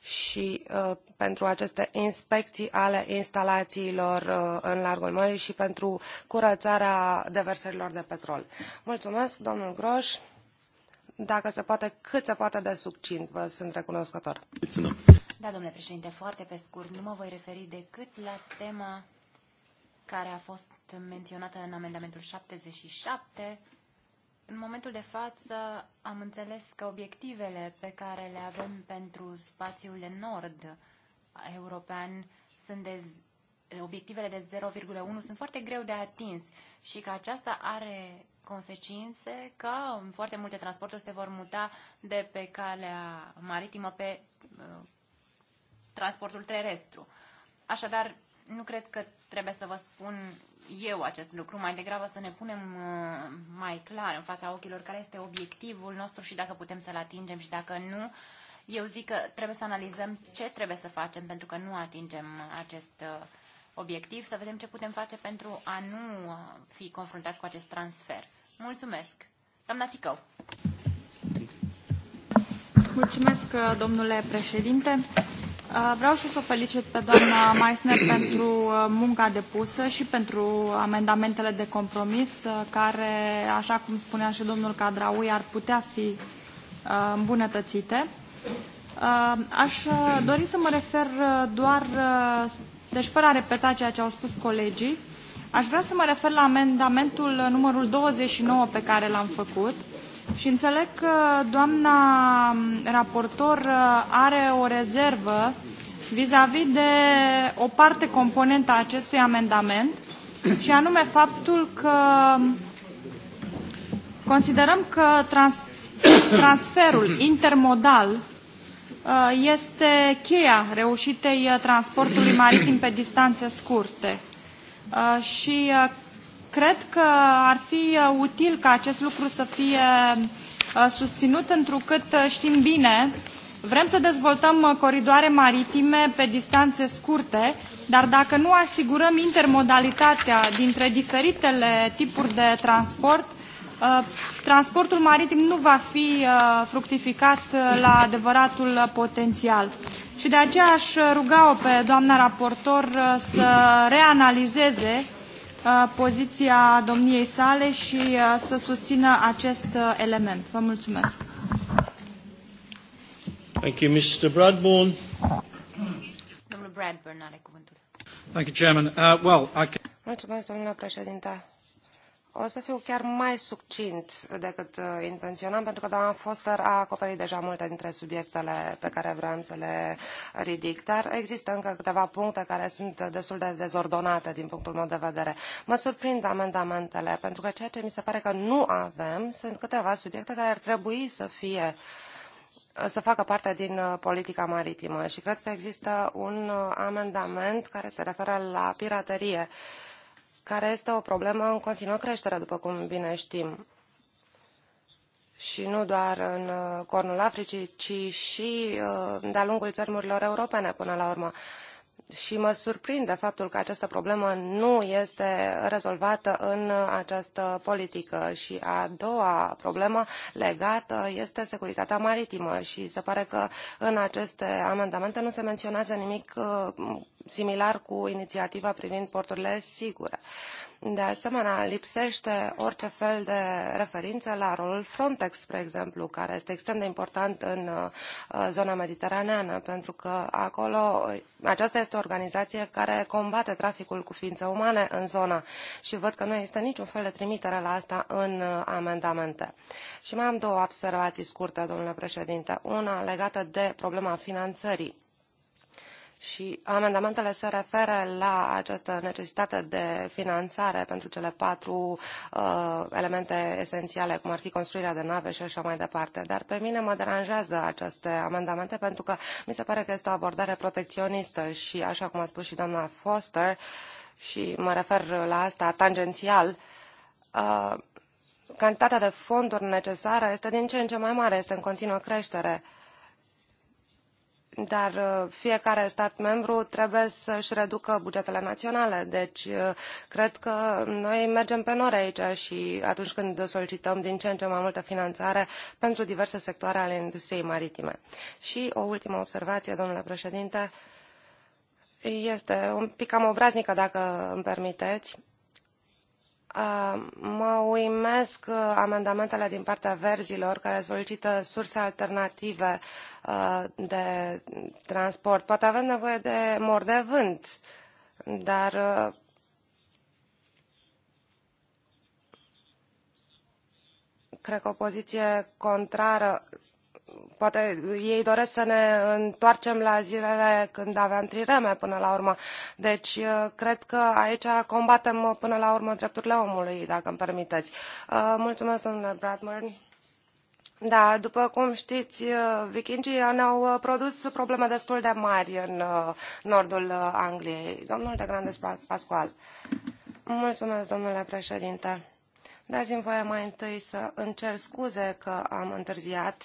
și uh, pentru aceste inspecții ale instalațiilor uh, în largul mării și pentru curățarea deversărilor de petrol. Mulțumesc, domnul Groș. Dacă se poate, cât se poate de succint, vă sunt recunoscător. Da, domnule președinte, foarte pe scurt, nu mă voi referi decât la tema care a fost menționată în amendamentul 77 în momentul de față am înțeles că obiectivele pe care le avem pentru spațiul nord european sunt de obiectivele de 0,1 sunt foarte greu de atins și că aceasta are consecințe că foarte multe transporturi se vor muta de pe calea maritimă pe uh, transportul terestru. Așadar, nu cred că trebuie să vă spun eu acest lucru, mai degrabă să ne punem uh, mai clar în fața ochilor care este obiectivul nostru și dacă putem să-l atingem și dacă nu, eu zic că trebuie să analizăm ce trebuie să facem pentru că nu atingem acest uh, obiectiv, să vedem ce putem face pentru a nu uh, fi confruntați cu acest transfer. Mulțumesc! Doamna Țicău! Mulțumesc, domnule președinte! Uh, vreau și să felicit pe doamna Meissner pentru uh, munca depusă și pentru amendamentele de compromis, uh, care, așa cum spunea și domnul Cadraui, ar putea fi îmbunătățite. Aș dori să mă refer doar, deci fără a repeta ceea ce au spus colegii, aș vrea să mă refer la amendamentul numărul 29 pe care l-am făcut, și înțeleg că doamna mm, raportor uh, are o rezervă vis-a-vis -vis de o parte componentă a acestui amendament, și anume faptul că mm, considerăm că trans transferul intermodal uh, este cheia reușitei uh, transportului maritim pe distanțe scurte. Și Cred că ar fi uh, util ca acest lucru să fie uh, susținut, întrucât uh, știm bine, vrem să dezvoltăm coridoare maritime pe distanțe scurte, dar dacă nu asigurăm intermodalitatea dintre diferitele tipuri de transport, transportul maritim nu va fi fructificat la adevăratul potențial. Și de aceea aș ruga-o pe doamna raportor să reanalizeze Uh, poziția domniei sale și uh, să susțină acest uh, element. Vă mulțumesc. Thank you, Mr. Domnul Bradburn are cuvântul. Thank you, Chairman. Uh, well, I can... Mulțumesc, domnule președinte. O să fiu chiar mai succint decât uh, intenționam, pentru că doamna Foster a acoperit deja multe dintre subiectele pe care vreau să le ridic, dar există încă câteva puncte care sunt destul de dezordonate din punctul meu de vedere. Mă surprind amendamentele, pentru că ceea ce mi se pare că nu avem sunt câteva subiecte care ar trebui să fie să facă parte din uh, politica maritimă și cred că există un uh, amendament care se referă la piraterie. Uh, care este o problemă în continuă creștere, după cum bine știm. Și nu doar în uh, Cornul Africii, ci și uh, de-a lungul țărmurilor europene, până la urmă și mă surprinde faptul că această problemă nu este rezolvată în această politică. Și a doua problemă legată este securitatea maritimă și se pare că în aceste amendamente nu se menționează nimic uh, similar cu inițiativa privind porturile sigure. De asemenea, lipsete orice fel de referință la rolul Frontex, spre exemplu, care este extrem de important în uh, zona mediteraneană, pentru că acolo aceasta este o organizaie care combate traficul cu ființe umane în zonă și văd că nu există niciun fel de trimitere la asta în uh, amendamente. Și mai am două observații scurte, domnule președinte. Una legată de problema finanțării și amendamentele se referă la această necesitate de finanțare pentru cele patru uh, elemente esențiale, cum ar fi construirea de nave și așa mai departe. Dar pe mine mă deranjează aceste amendamente pentru că mi se pare că este o abordare protecționistă și, așa cum a spus și doamna Foster, și mă refer la asta tangențial, uh, cantitatea de fonduri necesară este din ce în ce mai mare, este în continuă creștere. Uh, dar uh, fiecare stat membru trebuie să-și reducă bugetele naționale. Deci, uh, cred că noi mergem pe nori aici și atunci când solicităm din ce în ce mai multă finanțare pentru diverse sectoare ale industriei maritime. Și o ultimă observație, domnule președinte, este un pic cam obraznică, dacă îmi permiteți Mă uimesc uh, amendamentele din partea verzilor care solicită surse alternative uh, de transport. Poate avem nevoie de mor de vânt, dar uh, cred că o poziție contrară poate ei doresc să ne întoarcem la zilele când aveam trireme până la urmă. Deci uh, cred că aici combatem uh, până la urmă drepturile omului, dacă îmi permiteți. Uh, mulțumesc, domnule Bradburn. Da, după cum știți, vikingii ne-au produs probleme destul de mari în nordul Angliei. Domnul de Grandes Pascual. Mulțumesc, domnule președinte. Dați-mi voie mai întâi să încerc scuze că am întârziat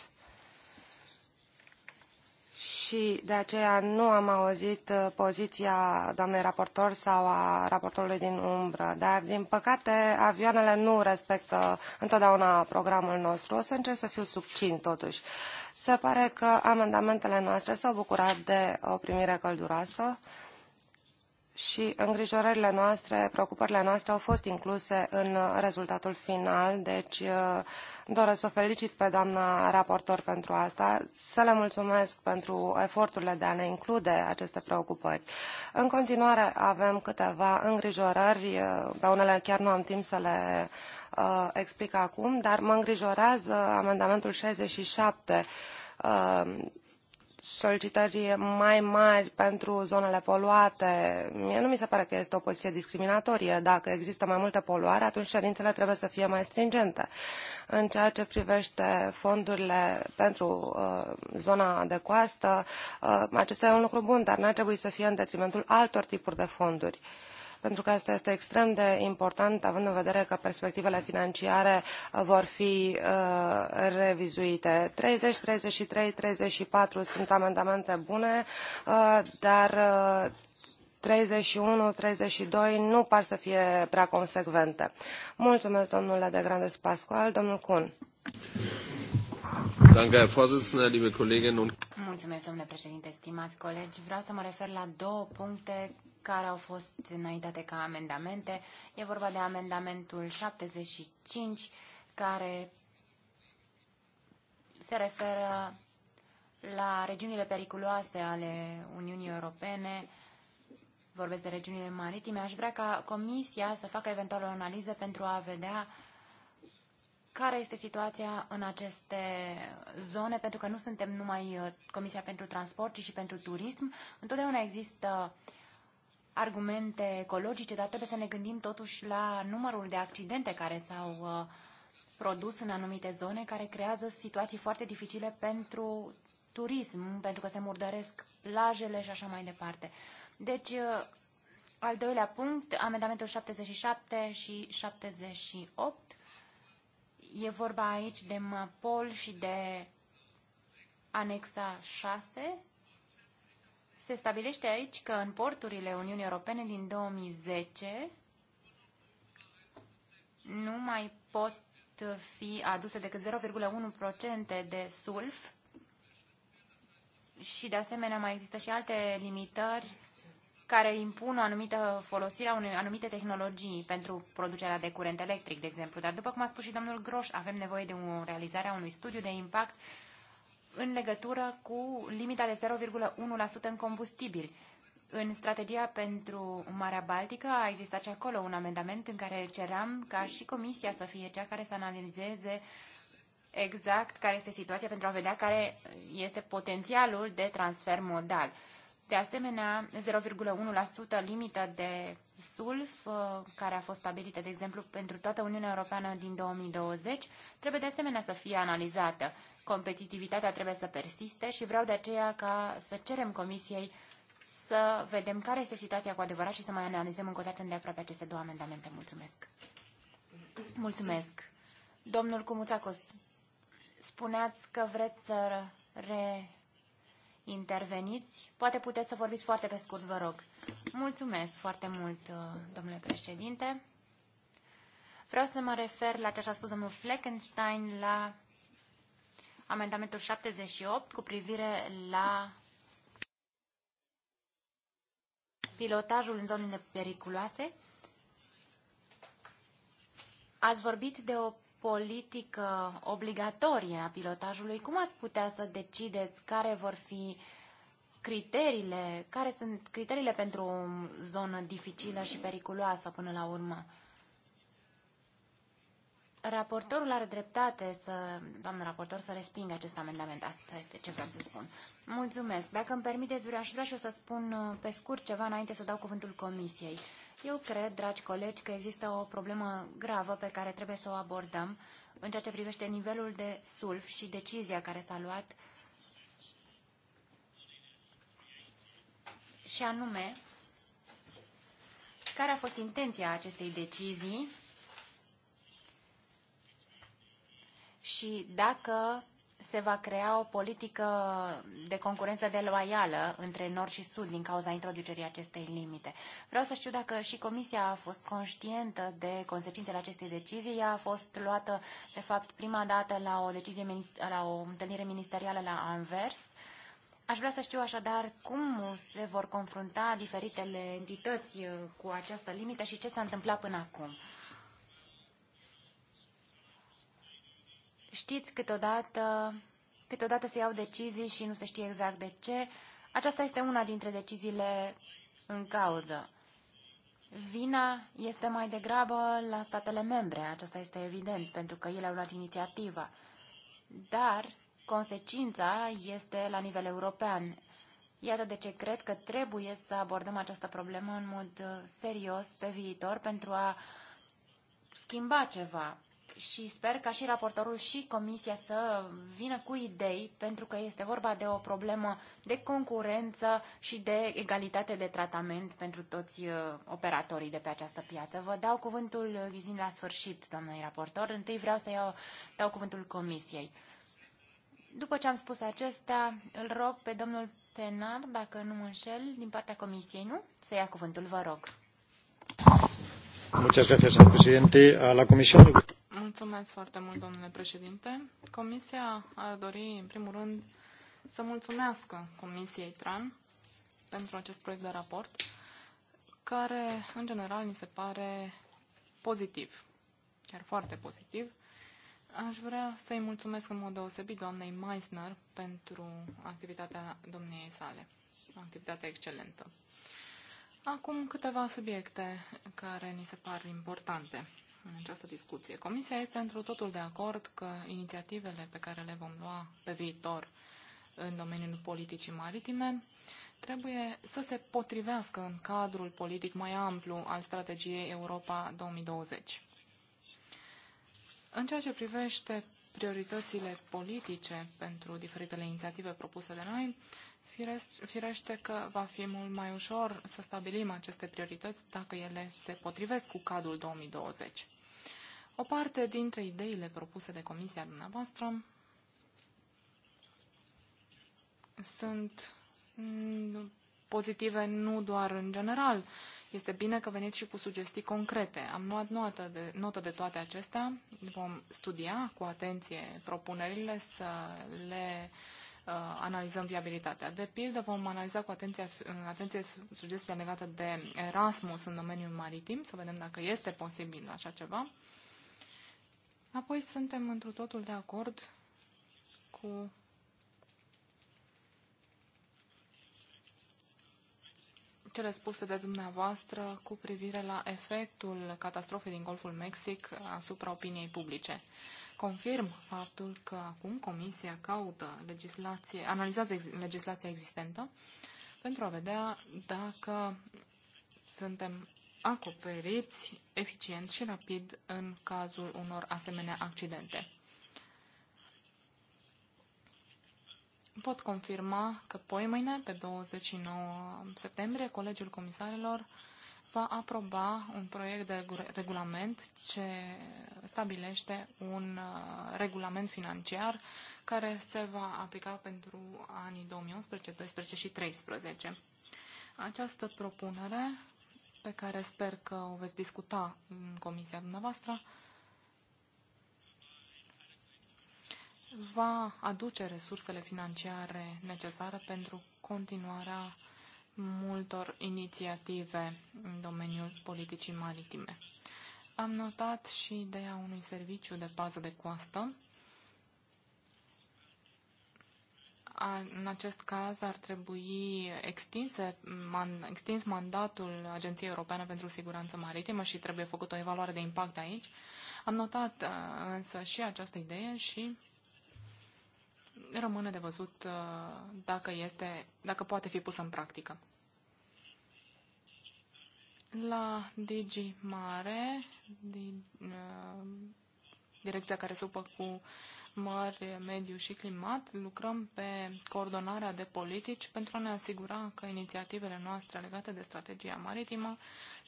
și de aceea nu am auzit uh, poziția doamnei raportor sau a raportorului din umbră, dar din păcate avioanele nu respectă întotdeauna programul nostru. O să încerc să fiu succint totuși. Se pare că amendamentele noastre s-au bucurat de o primire călduroasă și îngrijorările noastre, preocupările noastre au fost incluse în uh, rezultatul final, deci uh, doresc să o felicit pe doamna raportor pentru asta, să le mulțumesc pentru eforturile de a ne include aceste preocupări. În continuare avem câteva îngrijorări, uh, pe unele chiar nu am timp să le uh, explic acum, dar mă îngrijorează amendamentul 67 uh, solicitări mai mari pentru zonele poluate. Mie nu mi se pare că este o poziție discriminatorie. Dacă există mai multă poluare, atunci cerințele trebuie să fie mai stringente. În ceea ce privește fondurile pentru uh, zona de coastă, uh, acesta e un lucru bun, dar n-ar trebui să fie în detrimentul altor tipuri de fonduri. Uh, pentru că asta este extrem de important, având în vedere că perspectivele financiare vor fi uh, revizuite. 30, 33, 34 sunt amendamente bune, uh, dar uh, 31, 32 nu par să fie prea consecvente. Mulțumesc, domnule de Grandes Pascual. Domnul Kuhn. Mulțumesc, domnule președinte, stimați colegi. Vreau să mă refer la două puncte care au fost înaintate ca amendamente. E vorba de amendamentul 75, care se referă la regiunile periculoase ale Uniunii Europene, vorbesc de regiunile maritime, aș vrea ca Comisia să facă eventual o analiză pentru a vedea care este situația în aceste zone, pentru că nu suntem numai uh, Comisia pentru Transport, ci și pentru Turism. Întotdeauna există uh, argumente ecologice, dar trebuie să ne gândim totuși la numărul de accidente care s-au uh, produs în anumite zone, care creează situații foarte dificile pentru turism, pentru că se murdăresc plajele și așa mai departe. Deci, uh, al doilea punct, amendamentul 77 și 78. E vorba aici de MAPOL și de anexa 6 se stabilește aici că în porturile Uniunii Europene din 2010 nu mai pot fi aduse decât 0,1% de sulf și de asemenea mai există și alte limitări care impun o anumită folosire a unei anumite tehnologii pentru producerea de curent electric, de exemplu. Dar după cum a spus și domnul Groș, avem nevoie de o realizare a unui studiu de impact în legătură cu limita de 0,1% în combustibil, În strategia pentru Marea Baltică a existat și acolo un amendament în care ceram ca și Comisia să fie cea care să analizeze exact care este situația pentru a vedea care este potențialul de transfer modal. De asemenea, 0,1% limită de sulf, uh, care a fost stabilită, de exemplu, pentru toată Uniunea Europeană din 2020, trebuie de asemenea să fie analizată competitivitatea trebuie să persiste și vreau de aceea ca să cerem Comisiei să vedem care este situația cu adevărat și să mai analizăm încă o dată îndeaproape aceste două amendamente. Mulțumesc! Mulțumesc! Domnul Cumuțacos, spuneați că vreți să reinterveniți. Poate puteți să vorbiți foarte pe scurt, vă rog. Mulțumesc foarte mult, domnule președinte. Vreau să mă refer la ce a spus domnul Fleckenstein, la amendamentul 78 cu privire la pilotajul în zonele periculoase. Ați vorbit de o politică obligatorie a pilotajului. Cum ați putea să decideți care vor fi criteriile, care sunt criteriile pentru o zonă dificilă și periculoasă până la urmă? Raportorul are dreptate să, doamnă raportor, să respingă acest amendament. Asta este ce vreau să spun. Mulțumesc. Dacă îmi permiteți, vreau, aș vrea și o să spun uh, pe scurt ceva înainte să dau cuvântul comisiei. Eu cred, dragi colegi, că există o problemă gravă pe care trebuie să o abordăm în ceea ce privește nivelul de sulf și decizia care s-a luat și anume care a fost intenția acestei decizii și dacă se va crea o politică de concurență deloială între nord și sud din cauza introducerii acestei limite. Vreau să știu dacă și Comisia a fost conștientă de consecințele acestei decizii. Ea a fost luată, de fapt, prima dată la o, decizie, la o întâlnire ministerială la Anvers. Aș vrea să știu așadar cum se vor confrunta diferitele entități uh, cu această limită și ce s-a întâmplat până acum. Știți, câteodată, câteodată se iau decizii și nu se știe exact de ce. Aceasta este una dintre deciziile în cauză. Vina este mai degrabă la statele membre, aceasta este evident, pentru că ele au luat inițiativa. Dar consecința este la nivel european. Iată de ce cred că trebuie să abordăm această problemă în mod uh, serios pe viitor pentru a schimba ceva și sper ca și raportorul și comisia să vină cu idei, pentru că este vorba de o problemă de concurență și de egalitate de tratament pentru toți uh, operatorii de pe această piață. Vă dau cuvântul, Ghizin, uh, la sfârșit, domnului raportor. Întâi vreau să iau, dau cuvântul comisiei. După ce am spus acestea, îl rog pe domnul Penar, dacă nu mă înșel, din partea comisiei, nu? Să ia cuvântul, vă rog. Muchas gracias, señor presidente. A la comisión. Mulțumesc foarte mult, domnule președinte. Comisia ar dori, în primul rând, să mulțumească Comisiei TRAN pentru acest proiect de raport, care, în general, mi se pare pozitiv, chiar foarte pozitiv. Aș vrea să-i mulțumesc în mod deosebit doamnei Meissner pentru activitatea domniei sale, o activitate excelentă. Acum câteva subiecte care ni se par importante în această discuție. Comisia este într totul de acord că inițiativele pe care le vom lua pe viitor în domeniul politicii maritime trebuie să se potrivească în cadrul politic mai amplu al strategiei Europa 2020. În ceea ce privește prioritățile politice pentru diferitele inițiative propuse de noi, Firește că va fi mult mai ușor să stabilim aceste priorități dacă ele se potrivesc cu cadrul 2020. O parte dintre ideile propuse de Comisia dumneavoastră sunt mm, pozitive nu doar în general. Este bine că veniți și cu sugestii concrete. Am luat notă de, notă de toate acestea. Vom studia cu atenție propunerile, să le uh, Uh, analizăm viabilitatea. De pildă, vom analiza cu uh, atenție, atenție sugestia legată de Erasmus în domeniul maritim, să vedem dacă este posibil așa ceva. Apoi suntem întru totul de acord cu cele spuse de dumneavoastră cu privire la efectul catastrofei din Golful Mexic asupra opiniei publice. Confirm faptul că acum Comisia caută legislație, analizează ex legislația existentă pentru a vedea dacă suntem acoperiți eficient și rapid în cazul unor asemenea accidente. pot confirma că poimâine, pe 29 septembrie, Colegiul Comisarilor va aproba un proiect de regulament ce stabilește un uh, regulament financiar care se va aplica pentru anii 2011, 2012 și 2013. Această propunere, pe care sper că o veți discuta în comisia dumneavoastră, va aduce resursele financiare necesare pentru continuarea multor inițiative în domeniul politicii maritime. Am notat și ideea unui serviciu de bază de coastă. A, în acest caz ar trebui extinse, man, extins mandatul Agenției Europene pentru Siguranță Maritimă și trebuie făcută o evaluare de impact aici. Am notat uh, însă și această idee și rămâne de văzut uh, dacă, este, dacă poate fi pusă în practică. La Digi Mare, din, uh, direcția care se ocupă cu mări, mediu și climat, lucrăm pe coordonarea de politici pentru a ne asigura că inițiativele noastre legate de strategia maritimă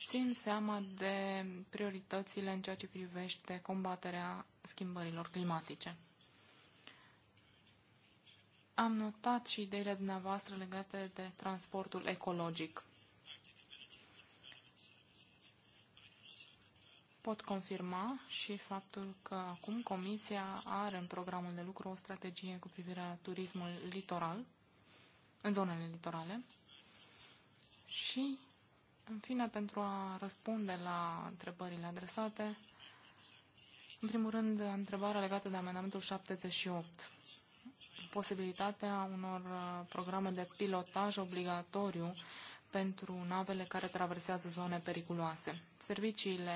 țin seama de prioritățile în ceea ce privește combaterea schimbărilor climatice. Am notat și ideile dumneavoastră legate de transportul ecologic. Pot confirma și faptul că acum Comisia are în programul de lucru o strategie cu privire la turismul litoral, în zonele litorale. Și, în fine, pentru a răspunde la întrebările adresate, în primul rând, întrebarea legată de amendamentul 78 posibilitatea unor uh, programe de pilotaj obligatoriu pentru navele care traversează zone periculoase. Serviciile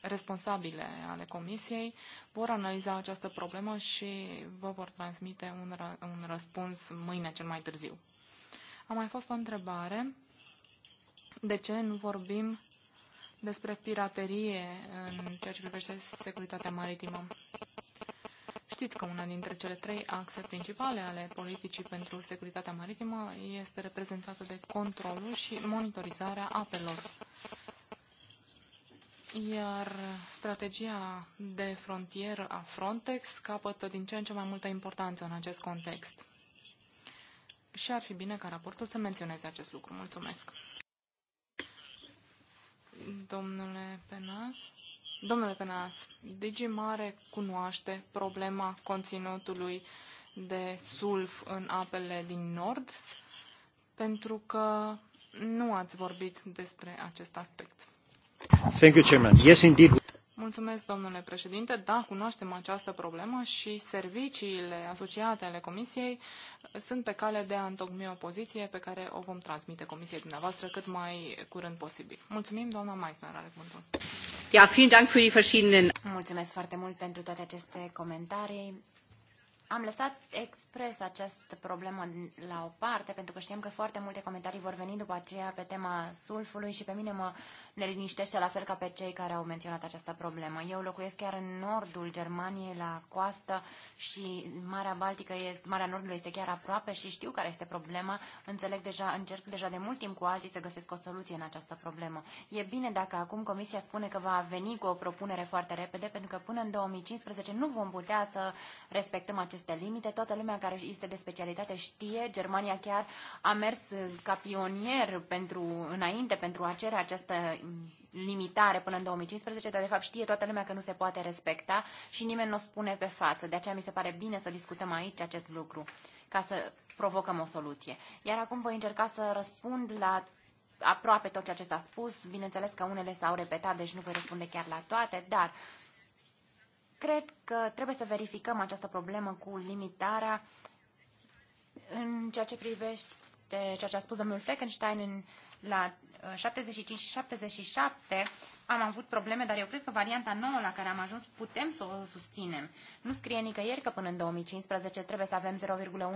responsabile ale Comisiei vor analiza această problemă și vă vor transmite un, ră, un răspuns mâine cel mai târziu. A mai fost o întrebare. De ce nu vorbim despre piraterie în ceea ce privește securitatea maritimă? Știți că una dintre cele trei axe principale ale politicii pentru securitatea maritimă este reprezentată de controlul și monitorizarea apelor. Iar strategia de frontieră a Frontex capătă din ce în ce mai multă importanță în acest context. Și ar fi bine ca raportul să menționeze acest lucru. Mulțumesc. Domnule Penas. Domnule Penas, mare cunoaște problema conținutului de sulf în apele din nord, pentru că nu ați vorbit despre acest aspect. Thank you, Chairman. Yes, indeed. Mulțumesc, domnule președinte. Da, cunoaștem această problemă și serviciile asociate ale Comisiei sunt pe cale de a întocmi o poziție pe care o vom transmite Comisiei dumneavoastră cât mai curând posibil. Mulțumim, doamna Meissner, are cuvântul. Ja, vielen Dank für die verschiedenen. Mulțumesc foarte mult pentru toate aceste comentarii. Am lăsat expres această problemă la o parte, pentru că știam că foarte multe comentarii vor veni după aceea pe tema sulfului și pe mine mă neliniștește la fel ca pe cei care au menționat această problemă. Eu locuiesc chiar în nordul Germaniei, la coastă și Marea Baltică, este, Marea Nordului este chiar aproape și știu care este problema. Înțeleg deja, încerc deja de mult timp cu alții să găsesc o soluție în această problemă. E bine dacă acum Comisia spune că va veni cu o propunere foarte repede, pentru că până în 2015 nu vom putea să respectăm acest aceste limite. Toată lumea care este de specialitate știe. Germania chiar a mers ca pionier pentru, înainte pentru a cere această limitare până în 2015, dar de fapt știe toată lumea că nu se poate respecta și nimeni nu o spune pe față. De aceea mi se pare bine să discutăm aici acest lucru, ca să provocăm o soluție. Iar acum voi încerca să răspund la aproape tot ceea ce s-a spus. Bineînțeles că unele s-au repetat, deci nu voi răspunde chiar la toate, dar Cred că trebuie să verificăm această problemă cu limitarea în ceea ce privește ceea ce a spus domnul Fleckenstein în, la 75 uh, și 77 am avut probleme, dar eu cred că varianta nouă la care am ajuns putem să o susținem. Nu scrie nicăieri că până în 2015 trebuie să avem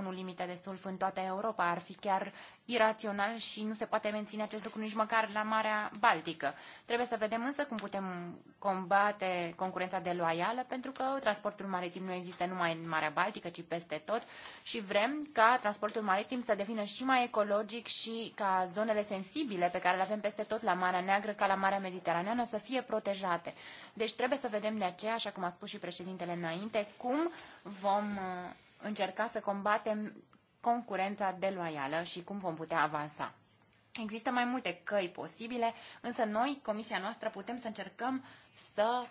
0,1 limite de sulf în toată Europa. Ar fi chiar irațional și nu se poate menține acest lucru nici măcar la Marea Baltică. Trebuie să vedem însă cum putem combate concurența deloială, pentru că transportul maritim nu există numai în Marea Baltică, ci peste tot și vrem ca transportul maritim să devină și mai ecologic și ca zonele sensibile pe care le avem peste tot la Marea Neagră ca la Marea Mediterană Europeană să fie protejate. Deci trebuie să vedem de aceea, așa cum a spus și președintele înainte, cum vom uh, încerca să combatem concurența deloială și cum vom putea avansa. Există mai multe căi posibile, însă noi, comisia noastră, putem să încercăm să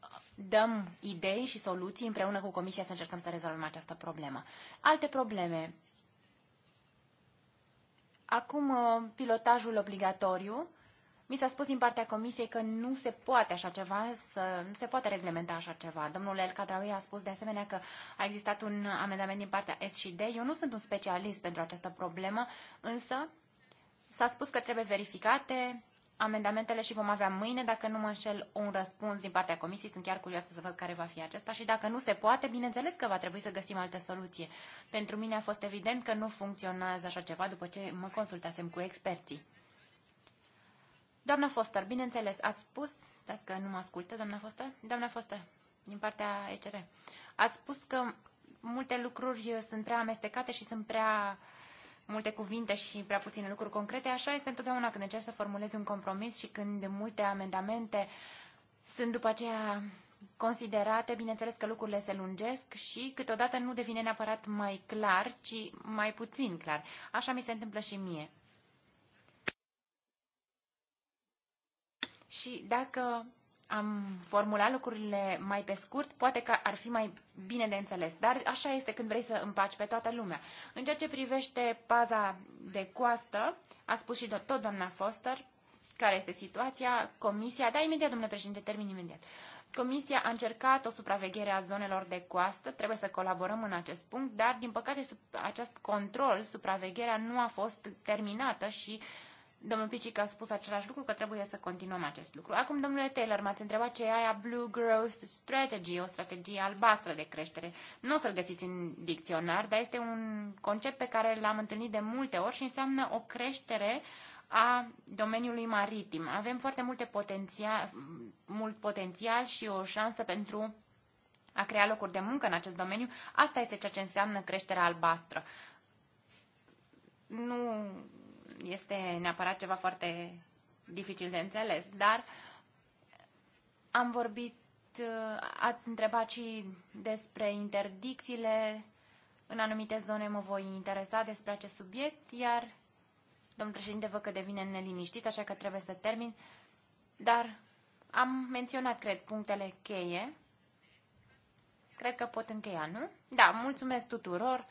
uh, dăm idei și soluții împreună cu comisia să încercăm să rezolvăm această problemă. Alte probleme. Acum, uh, pilotajul obligatoriu mi s-a spus din partea Comisiei că nu se poate așa ceva, să, nu se poate reglementa așa ceva. Domnul El Cadraui a spus de asemenea că a existat un amendament din partea S și D. Eu nu sunt un specialist pentru această problemă, însă s-a spus că trebuie verificate amendamentele și vom avea mâine, dacă nu mă înșel, un răspuns din partea comisiei. Sunt chiar curioasă să văd care va fi acesta și dacă nu se poate, bineînțeles că va trebui să găsim alte soluție. Pentru mine a fost evident că nu funcționează așa ceva după ce mă consultasem cu experții. Doamna Foster, bineînțeles, ați spus, dați că nu mă ascultă, doamna Foster, doamna Foster, din partea ECR, ați spus că multe lucruri sunt prea amestecate și sunt prea multe cuvinte și prea puține lucruri concrete. Așa este întotdeauna când încerci să formulezi un compromis și când multe amendamente sunt după aceea considerate, bineînțeles că lucrurile se lungesc și câteodată nu devine neapărat mai clar, ci mai puțin clar. Așa mi se întâmplă și mie. și dacă am formulat lucrurile mai pe scurt, poate că ar fi mai bine de înțeles. Dar așa este când vrei să împaci pe toată lumea. În ceea ce privește paza de coastă, a spus și tot doamna Foster, care este situația, comisia, da, imediat, domnule președinte, termin imediat. Comisia a încercat o supraveghere a zonelor de coastă, trebuie să colaborăm în acest punct, dar, din păcate, sub acest control, supravegherea nu a fost terminată și uh, Domnul Picic a spus același lucru, că trebuie să continuăm acest lucru. Acum, domnule Taylor, m-ați întrebat ce e aia Blue Growth Strategy, o strategie albastră de creștere. Nu o să-l găsiți în dicționar, dar este un concept pe care l-am întâlnit de multe ori și înseamnă o creștere a domeniului maritim. Avem foarte multe potențial, mult potențial și o șansă pentru a crea locuri de muncă în acest domeniu. Asta este ceea ce înseamnă creșterea albastră. Nu este neapărat ceva foarte dificil de înțeles, dar am vorbit, uh, ați întrebat și despre interdicțiile în anumite zone mă voi interesa despre acest subiect, iar domnul președinte văd că devine neliniștit, așa că trebuie să termin, dar am menționat, cred, punctele cheie. Cred că pot încheia, nu? Da, mulțumesc tuturor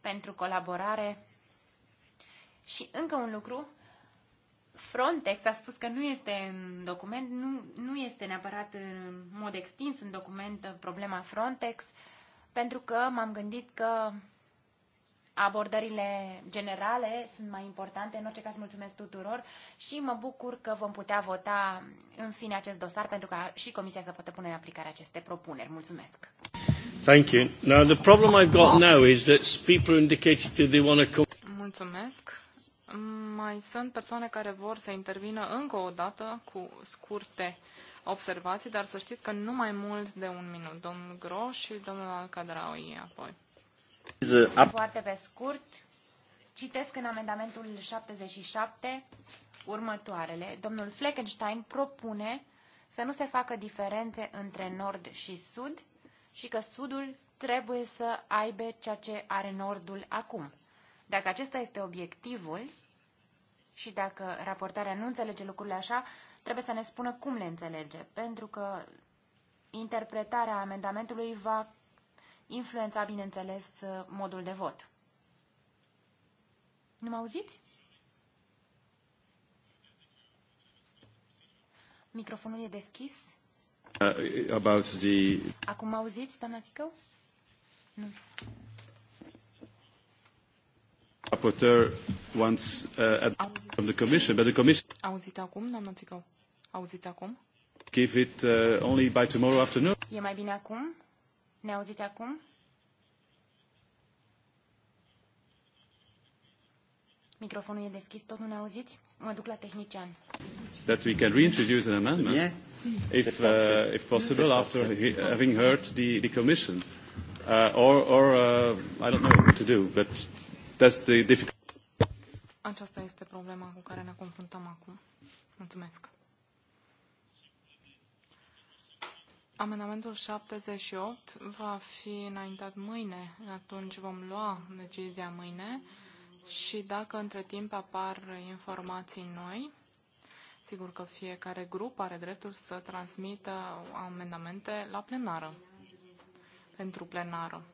pentru colaborare. Și încă un lucru, Frontex a spus că nu este în document, nu, nu este neapărat în mod extins în document problema Frontex, pentru că m-am gândit că abordările generale sunt mai importante. În orice caz, mulțumesc tuturor și mă bucur că vom putea vota în fine acest dosar pentru ca și Comisia să poată pune în aplicare aceste propuneri. Mulțumesc! Thank you. Now, the problem I've got ah. now is that people indicated that they want to come... Mulțumesc! Mai sunt persoane care vor să intervină încă o dată cu scurte observații, dar să știți că nu mai mult de un minut. Domnul Groș și domnul Alcadraui apoi. Foarte pe scurt, citesc în amendamentul 77 următoarele. Domnul Fleckenstein propune să nu se facă diferențe între nord și sud și că sudul trebuie să aibă ceea ce are nordul acum. Dacă acesta este obiectivul și dacă raportarea nu înțelege lucrurile așa, trebuie să ne spună cum le înțelege, pentru că interpretarea amendamentului va influența, bineînțeles, modul de vot. Nu mă auziți? Microfonul e deschis. Uh, about the... Acum mă auziți, doamna Țicău? Nu rapporteur wants uh, at Auzit. from the Commission, but the Commission. Auzit acum, Auzit acum? Give it uh, only by tomorrow afternoon. E mai bine acum? Ne auziți acum? Microfonul e deschis, tot nu ne auziți? Mă duc la tehnician. That we can reintroduce an amendment yeah. if, uh, if possible after having heard the, the Commission. Uh, or, or uh, I don't know what to do, but that's the difficult... Aceasta este problema cu care ne confruntăm acum. Mulțumesc. Amendamentul 78 va fi înaintat mâine, atunci vom lua decizia mâine și dacă între timp apar informații noi, sigur că fiecare grup are dreptul să transmită amendamente la plenară, pentru plenară.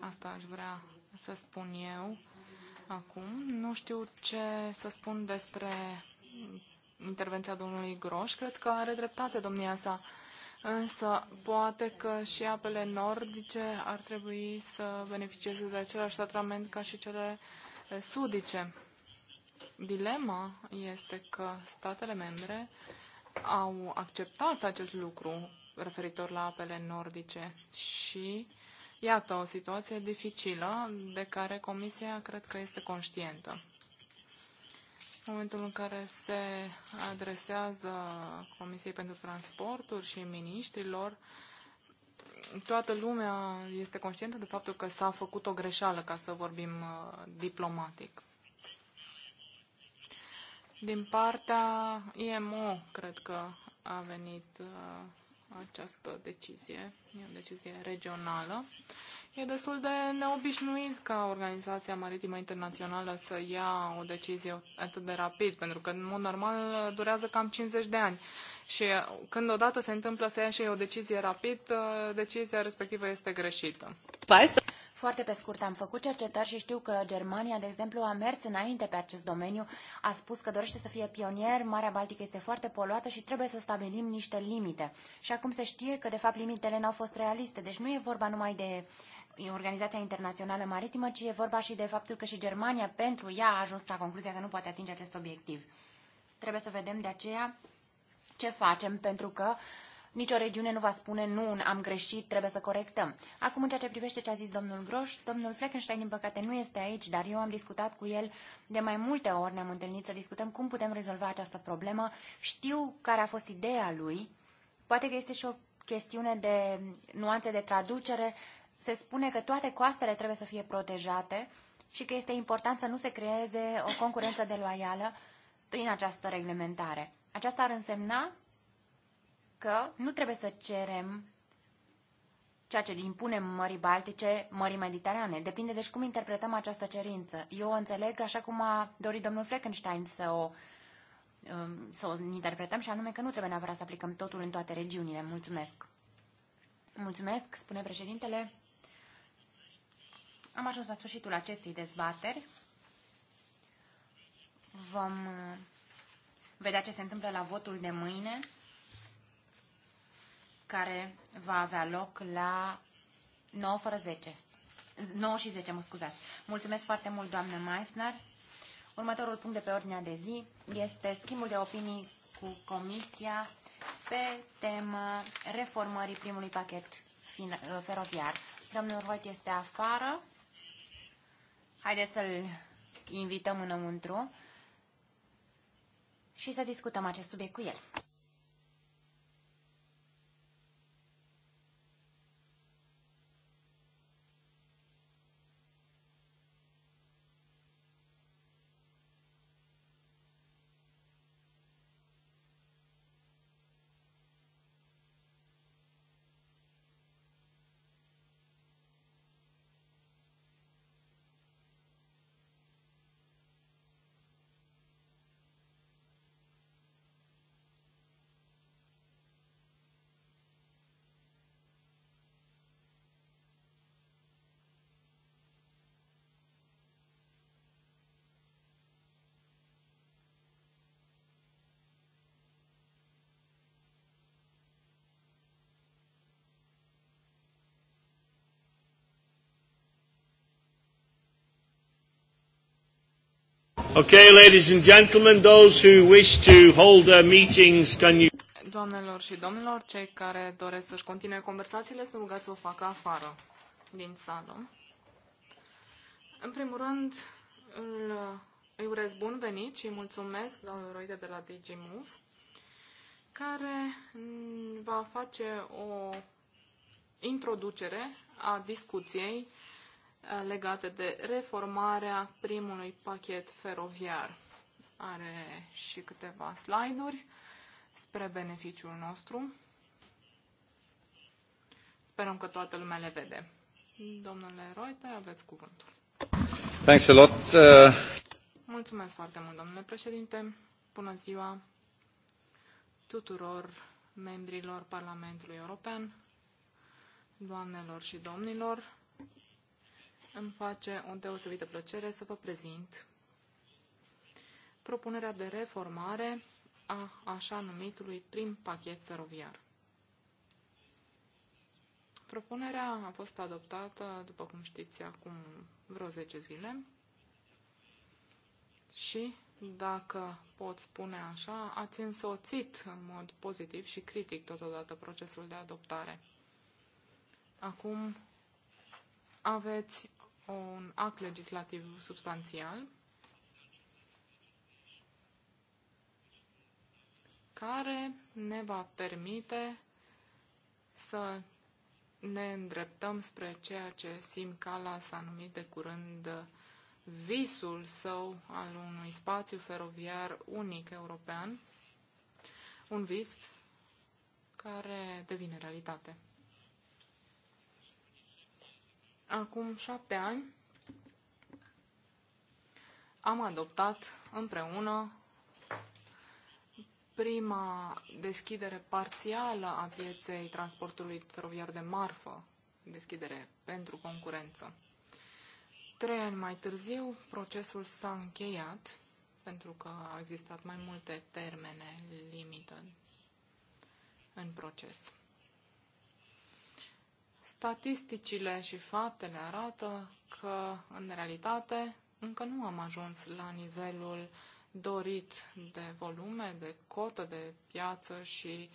Asta aș vrea să spun eu acum. Nu știu ce să spun despre intervenția domnului Groș. Cred că are dreptate domnia sa. Însă, poate că și apele nordice ar trebui să beneficieze de același tratament ca și cele sudice. Dilema este că statele membre au acceptat acest lucru referitor la apele nordice și uh, Iată o situație dificilă de care Comisia cred că este conștientă. În momentul în care se adresează Comisiei pentru Transporturi și miniștrilor, toată lumea este conștientă de faptul că s-a făcut o greșeală, ca să vorbim uh, diplomatic. Din partea IMO, cred că a venit uh, această decizie. E o decizie regională. E destul de neobișnuit ca Organizația Maritimă Internațională să ia o decizie atât de rapid, pentru că, în mod normal, durează cam 50 de ani. Și când odată se întâmplă să ia și o decizie rapid, uh, decizia respectivă este greșită. Păi să... Foarte pe scurt am făcut cercetări și știu că Germania, de exemplu, a mers înainte pe acest domeniu, a spus că dorește să fie pionier, Marea Baltică este foarte poluată și trebuie să stabilim niște limite. Și acum se știe că, de fapt, limitele n-au fost realiste, deci nu e vorba numai de Organizația Internațională Maritimă, ci e vorba și de faptul că și Germania, pentru ea, a ajuns la concluzia că nu poate atinge acest obiectiv. Trebuie să vedem de aceea ce facem, pentru că uh, nicio regiune nu va spune nu, am greșit, trebuie să corectăm. Acum, în ceea ce privește ce a zis domnul Groș, domnul Fleckenstein, din păcate, nu este aici, dar eu am discutat cu el de mai multe ori, ne-am întâlnit să discutăm cum putem rezolva această problemă. Știu care a fost ideea lui, poate că este și o chestiune de nuanțe de traducere. Se spune că toate coastele trebuie să fie protejate și că este important să nu se creeze o concurență de loială prin această reglementare. Aceasta ar însemna că nu trebuie să cerem ceea ce impunem Mării Baltice, Mării Mediterane. Depinde deci cum interpretăm această cerință. Eu o înțeleg așa cum a dorit domnul Fleckenstein să o, um, să o interpretăm și anume că nu trebuie neapărat să aplicăm totul în toate regiunile. Mulțumesc! Mulțumesc, spune președintele. Am ajuns la sfârșitul acestei dezbateri. Vom uh, vedea ce se întâmplă la votul de mâine care va avea loc la 9 fără 10. 9 și 10, mă scuzați. Mulțumesc foarte mult, doamnă Meissner. Următorul punct de pe ordinea de zi este schimbul de opinii cu Comisia pe tema reformării primului pachet feroviar. Domnul Roit este afară. Haideți să-l invităm înăuntru și să discutăm acest subiect cu el. Okay, ladies and gentlemen, those who wish to hold their meetings, can you... Doamnelor și domnilor, cei care doresc să-și continue conversațiile, să rugați să o facă afară din sală. În primul rând, îl, îi urez bun venit și mulțumesc domnului Roide de la DigiMove, care va face o introducere a discuției legate de reformarea primului pachet feroviar. Are și câteva slide-uri spre beneficiul nostru. Sperăm că toată lumea le vede. Domnule Reuter, aveți cuvântul. Thanks a lot. Uh... Mulțumesc foarte mult, domnule președinte. Bună ziua tuturor membrilor Parlamentului European, doamnelor și domnilor îmi face o deosebită plăcere să vă prezint propunerea de reformare a așa numitului prim pachet feroviar. Propunerea a fost adoptată, după cum știți, acum vreo 10 zile și, dacă pot spune așa, ați însoțit în mod pozitiv și critic totodată procesul de adoptare. Acum aveți un act legislativ substanțial care ne va permite să ne îndreptăm spre ceea ce Sim Calas a numit de curând visul său al unui spațiu feroviar unic european, un vis care devine realitate. Acum șapte ani am adoptat împreună prima deschidere parțială a pieței transportului feroviar de marfă, deschidere pentru concurență. Trei ani mai târziu, procesul s-a încheiat, pentru că au existat mai multe termene limită în proces. Statisticile și faptele arată că, în realitate, încă nu am ajuns la nivelul dorit de volume, de cotă de piață și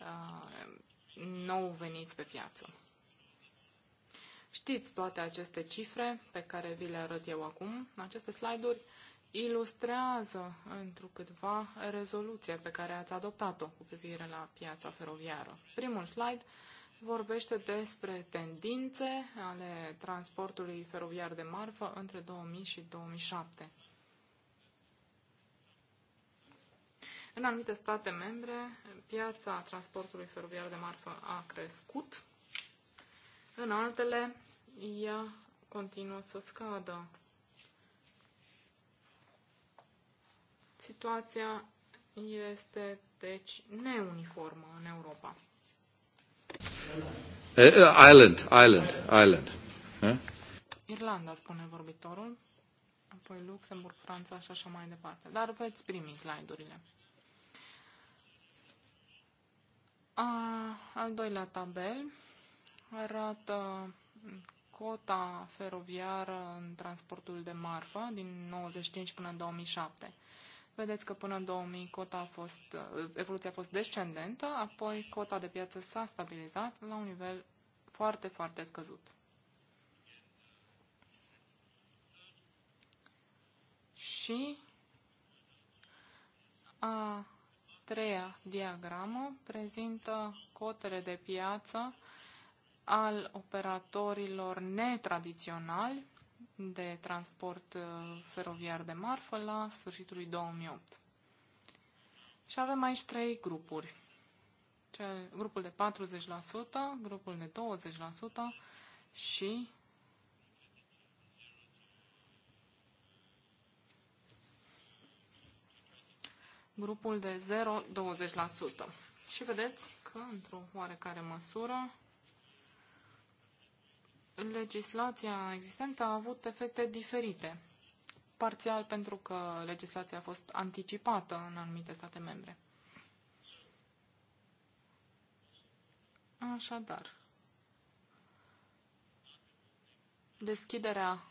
uh, nou veniți pe piață. Știți toate aceste cifre pe care vi le arăt eu acum. Aceste slide-uri ilustrează întrucâtva rezoluția pe care ați adoptat-o cu privire la piața feroviară. Primul slide vorbește despre tendințe ale transportului feroviar de marfă între 2000 și 2007. În anumite state membre, piața transportului feroviar de marfă a crescut, în altele, ea continuă să scadă. Situația este, deci, neuniformă în Europa. Island, eh, Island, eh, Ireland, Ireland, Ireland. Eh? Irlanda, spune vorbitorul, apoi Luxemburg, Franța și așa mai departe. Dar veți primi slide-urile. A, al doilea tabel arată cota feroviară în transportul de marfă din 95 până în 2007. Vedeți că până în 2000 cota a fost, evoluția a fost descendentă, apoi cota de piață s-a stabilizat la un nivel foarte, foarte scăzut. Și a treia diagramă prezintă cotele de piață al operatorilor netradiționali de transport uh, feroviar de marfă la sfârșitul lui 2008. Și avem aici trei grupuri. grupul de 40%, grupul de 20% și grupul de 0,20%. Și vedeți că, într-o oarecare măsură, legislația existentă a avut efecte diferite, parțial pentru că legislația a fost anticipată în anumite state membre. Așadar, deschiderea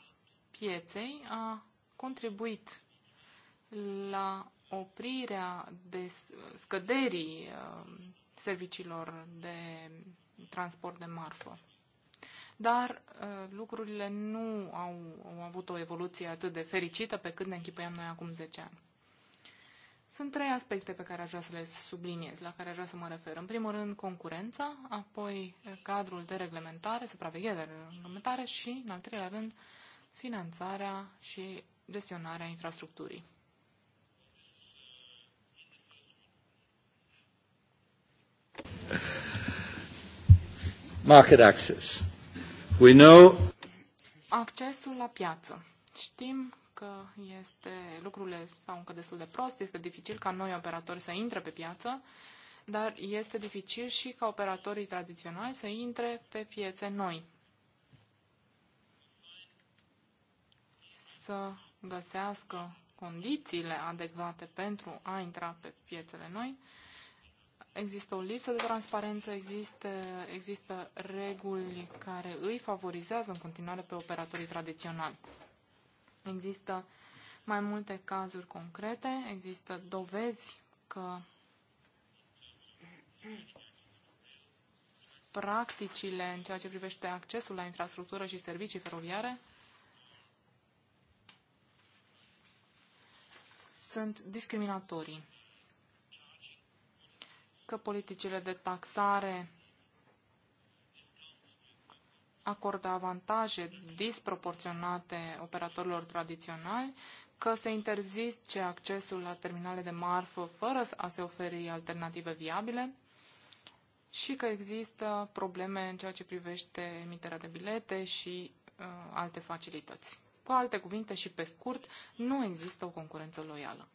pieței a contribuit la oprirea de scăderii uh, serviciilor de transport de marfă dar uh, lucrurile nu au, au avut o evoluție atât de fericită pe cât ne închipuiam noi acum 10 ani. Sunt trei aspecte pe care aș vrea să le subliniez, la care aș vrea să mă refer. În primul rând, concurența, apoi uh, cadrul de reglementare, supraveghere de reglementare și, în al treilea rând, finanțarea și gestionarea infrastructurii. Market access. We know... Accesul la piață. Știm că este, lucrurile stau încă destul de prost, este dificil ca noi operatori să intre pe piață, dar este dificil și ca operatorii tradiționali să intre pe piețe noi. Să găsească condițiile adecvate pentru a intra pe piețele noi există o lipsă de transparență, există, există reguli care îi favorizează în continuare pe operatorii tradiționali. Există mai multe cazuri concrete, există dovezi că practicile în ceea ce privește accesul la infrastructură și servicii feroviare sunt discriminatorii că politicile de taxare acordă avantaje disproporționate operatorilor tradiționali, că se interzice accesul la terminale de marfă fără a se oferi alternative viabile și că există probleme în ceea ce privește emiterea de bilete și uh, alte facilități. Cu alte cuvinte și pe scurt, nu există o concurență loială.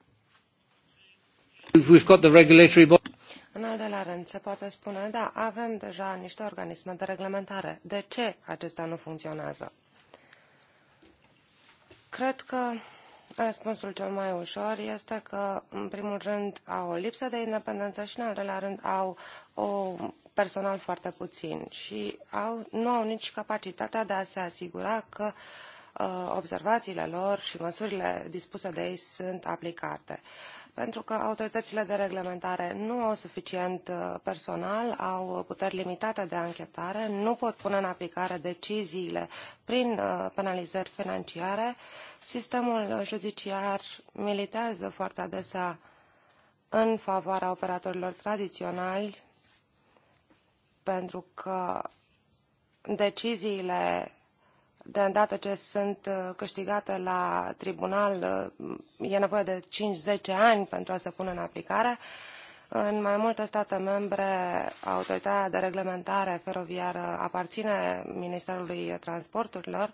În al doilea rând, se poate spune, da, avem deja niște organisme de reglementare. De ce acestea nu funcționează? Cred că răspunsul cel mai ușor este că, în primul rând, au o lipsă de independență și, în al doilea rând, au o personal foarte puțin și au, nu au nici capacitatea de a se asigura că uh, observațiile lor și măsurile dispuse de ei sunt aplicate. Uh, pentru că autoritățile de reglementare nu au suficient uh, personal, au puteri limitate de anchetare, nu pot pune în aplicare deciziile prin uh, penalizări financiare. Sistemul judiciar militează foarte adesea în favoarea operatorilor tradiționali, pentru că deciziile de îndată ce sunt uh, câștigate la tribunal, uh, e nevoie de 5-10 ani pentru a se pune în aplicare. În mai multe state membre, autoritatea de reglementare feroviară aparține Ministerului Transporturilor,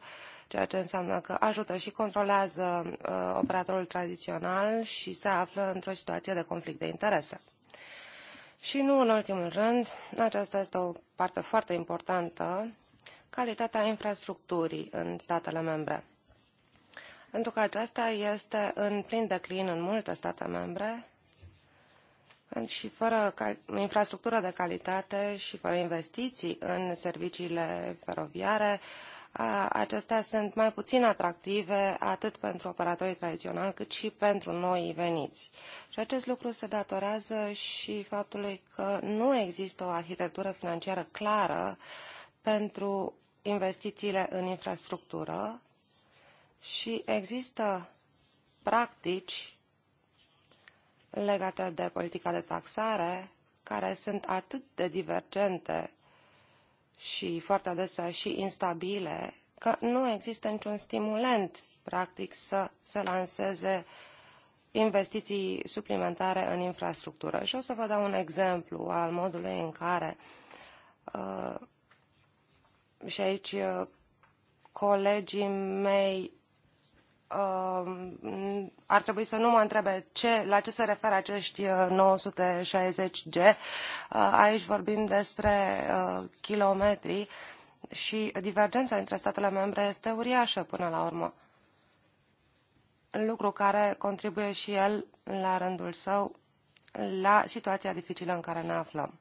ceea ce înseamnă că ajută și controlează uh, operatorul tradițional și se află într-o situație de conflict de interese. Și nu în ultimul rând, aceasta este o parte foarte importantă calitatea infrastructurii în statele membre. Pentru că aceasta este în plin declin în multe state membre și fără infrastructură de calitate și fără investiții în serviciile feroviare, acestea sunt mai puțin atractive atât pentru operatorii tradiționali cât și pentru noi veniți. Și acest lucru se datorează și faptului că nu există o arhitectură financiară clară pentru investițiile în infrastructură și există practici legate de politica de taxare care sunt atât de divergente și foarte adesea și instabile că nu există niciun stimulent practic să se lanseze investiții suplimentare în infrastructură. Și o să vă dau un exemplu al modului în care uh, și aici uh, colegii mei uh, ar trebui să nu mă întrebe ce, la ce se referă acești 960G. Uh, aici vorbim despre kilometri și divergența între statele membre este uriașă până la urmă. Lucru care contribuie și el, la rândul său, la situația dificilă în care ne aflăm.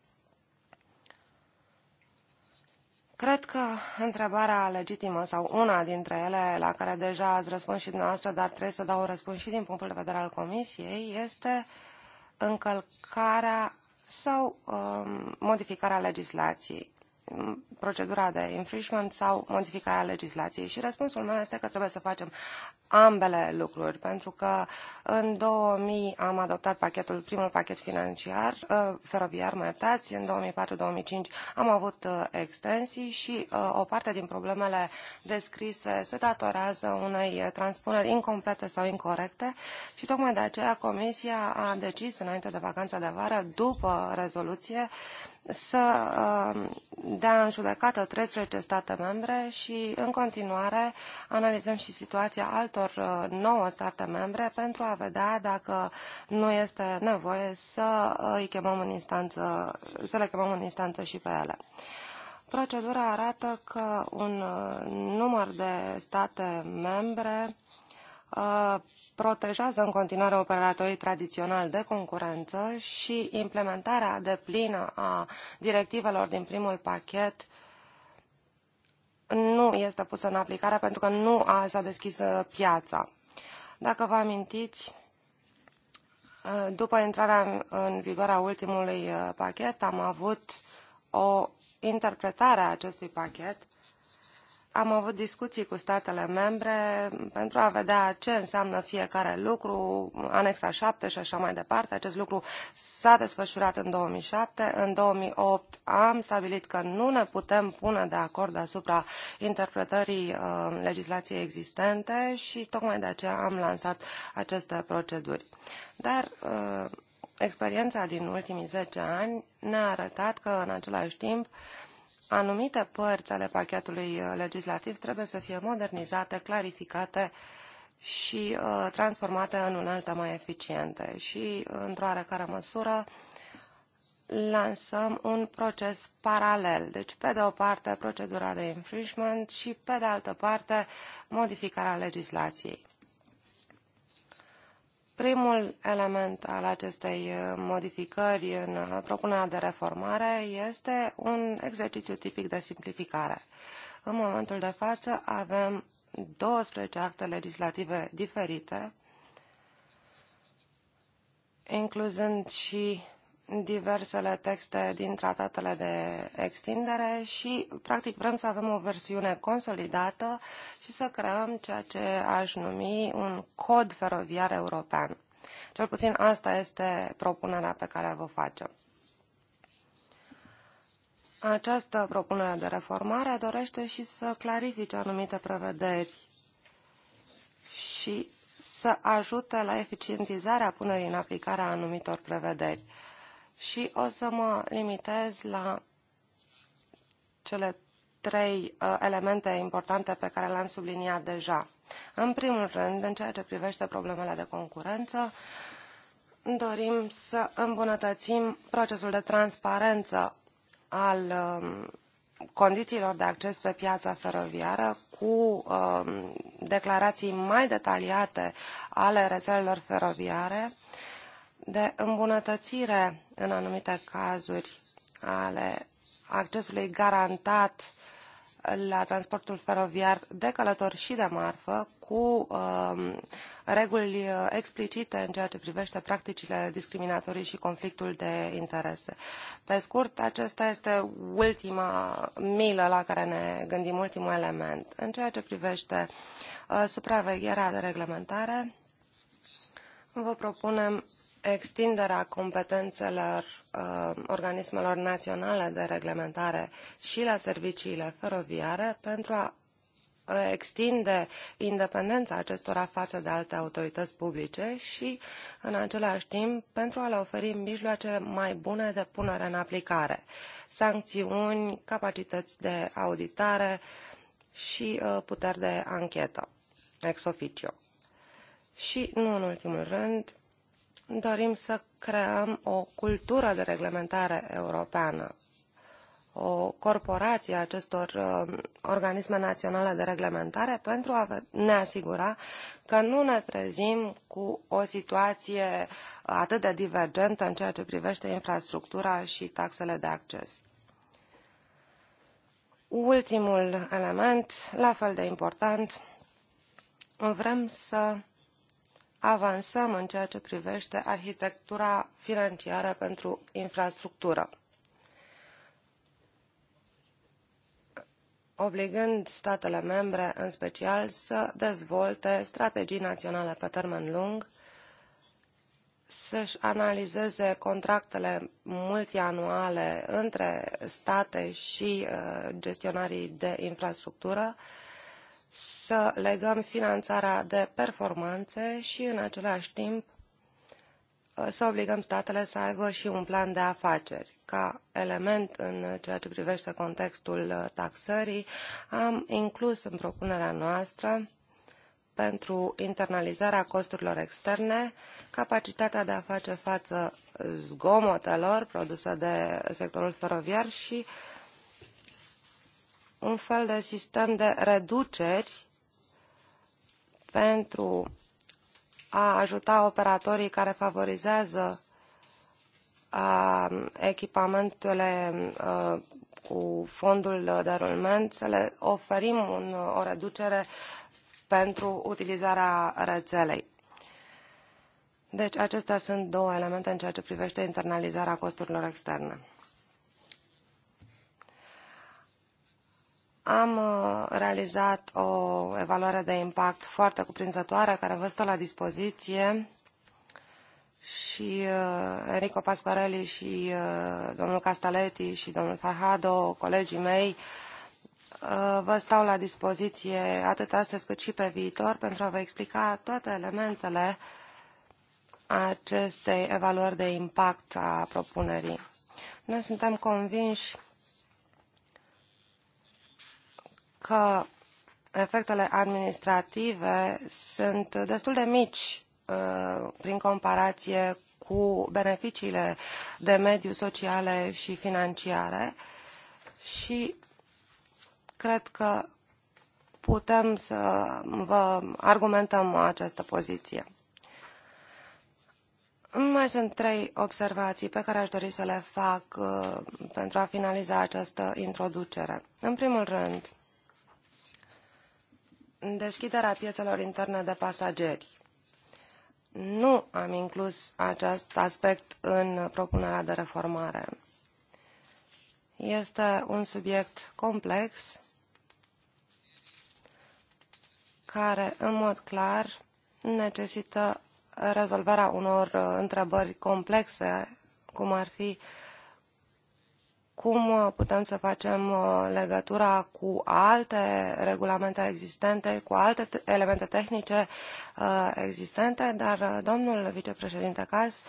Cred că întrebarea legitimă sau una dintre ele la care deja ați răspuns și dumneavoastră, dar trebuie să dau un răspuns și din punctul de vedere al Comisiei, este încălcarea sau um, modificarea legislației procedura de infringement sau modificarea legislației. Și răspunsul meu este că trebuie să facem ambele lucruri, pentru că în 2000 am adoptat pachetul, primul pachet financiar, uh, feroviar, mă iertați, în 2004-2005 am avut uh, extensii și uh, o parte din problemele descrise se datorează unei transpuneri incomplete sau incorrecte și tocmai de aceea Comisia a decis înainte de vacanța de vară, după rezoluție, să uh, dea în judecată 13 state membre și, în continuare, analizăm și situația altor 9 uh, state membre pentru a vedea dacă nu este nevoie să, uh, îi chemăm în instanță, să le chemăm în instanță și pe ele. Procedura arată că un număr de state membre protejează în continuare operatorii tradiționali de concurență și implementarea deplină a directivelor din primul pachet nu este pusă în aplicare pentru că nu a, s-a deschis uh, piața. Dacă vă amintiți, uh, după intrarea în vigoare a ultimului uh, pachet, am avut o interpretare a acestui pachet am avut discuții cu statele membre pentru a vedea ce înseamnă fiecare lucru, anexa 7 și așa mai departe. Acest lucru s-a desfășurat în 2007. În 2008 am stabilit că nu ne putem pune de acord asupra interpretării uh, legislației existente și tocmai de aceea am lansat aceste proceduri. Dar uh, experiența din ultimii 10 ani ne-a arătat că în același timp uh, anumite părți ale pachetului uh, legislativ trebuie să fie modernizate, clarificate și uh, transformate în unelte mai eficiente. Și, într-o oarecare măsură, lansăm un proces paralel. Deci, pe de o parte, procedura de infringement și, pe de altă parte, modificarea legislației. Primul element al acestei uh, modificări în uh, propunerea de reformare este un exercițiu tipic de simplificare. În momentul de față avem 12 acte legislative diferite, incluzând și diversele texte din tratatele de extindere și, practic, vrem să avem o versiune consolidată și să creăm ceea ce aș numi un cod feroviar european. Cel puțin asta este propunerea pe care vă facem. Această propunere de reformare dorește și să clarifice anumite prevederi și să ajute la eficientizarea punerii în aplicare a anumitor prevederi și o să mă limitez la cele trei uh, elemente importante pe care le-am subliniat deja. În primul rând, în ceea ce privește problemele de concurență, dorim să îmbunătățim procesul de transparență al uh, condițiilor de acces pe piața feroviară cu uh, declarații mai detaliate ale rețelelor feroviare uh, de îmbunătățire în anumite cazuri ale accesului garantat la transportul feroviar de călători și de marfă cu um, uh, reguli explicite în ceea ce privește practicile discriminatorii și conflictul de interese. Pe scurt, acesta este ultima milă la care ne gândim, ultimul element. În ceea ce privește uh, supravegherea de reglementare, vă propunem extinderea competențelor uh, organismelor naționale de reglementare și la serviciile feroviare pentru a uh, extinde independența acestora față de alte autorități publice și, în același timp, pentru a le oferi mijloace mai bune de punere în aplicare, sancțiuni, capacități de auditare și uh, puteri de anchetă ex officio. Și, nu în ultimul rând, dorim să creăm o cultură de reglementare europeană, o corporație a acestor uh, organisme naționale de reglementare pentru a ne asigura că nu ne trezim cu o situație atât de divergentă în ceea ce privește infrastructura și taxele de acces. Ultimul element, la fel de important, vrem să avansăm în ceea ce privește arhitectura financiară pentru infrastructură, obligând statele membre, în special, să dezvolte strategii naționale pe termen lung, să-și analizeze contractele multianuale între state și uh, gestionarii de infrastructură, uh, să legăm finanțarea de performanțe și, în același timp, să obligăm statele să aibă și un plan de afaceri. Ca element în ceea ce privește contextul taxării, am inclus în propunerea noastră pentru internalizarea costurilor externe, capacitatea de a face față zgomotelor produse de sectorul feroviar și uh, un fel de sistem de reduceri pentru a ajuta operatorii care favorizează a, um, echipamentele a, uh, cu fondul de rulment, să le oferim un, o reducere pentru utilizarea rețelei. Deci acestea sunt două elemente în ceea ce privește internalizarea costurilor externe. Am uh, realizat o evaluare de impact foarte cuprinzătoare care vă stă la dispoziție și uh, Enrico Pasquarelli și uh, domnul Castaletti și domnul Farhado, colegii mei, vă stau la dispoziție atât astăzi cât și pe viitor pentru a vă explica toate elementele acestei evaluări de impact a propunerii. Noi suntem convinși că efectele administrative sunt destul de mici uh, prin comparație cu beneficiile de mediu sociale și financiare și cred că putem să vă argumentăm această poziție. Mai sunt trei observații pe care aș dori să le fac uh, pentru a finaliza această introducere. În primul rând, deschiderea piețelor interne de pasageri. Nu am inclus acest aspect în propunerea de reformare. Este un subiect complex care, în mod clar, necesită rezolvarea unor uh, întrebări complexe, cum ar fi cum uh, putem să facem uh, legătura cu alte regulamente existente, cu alte elemente tehnice uh, existente, dar domnul vicepreședinte Cas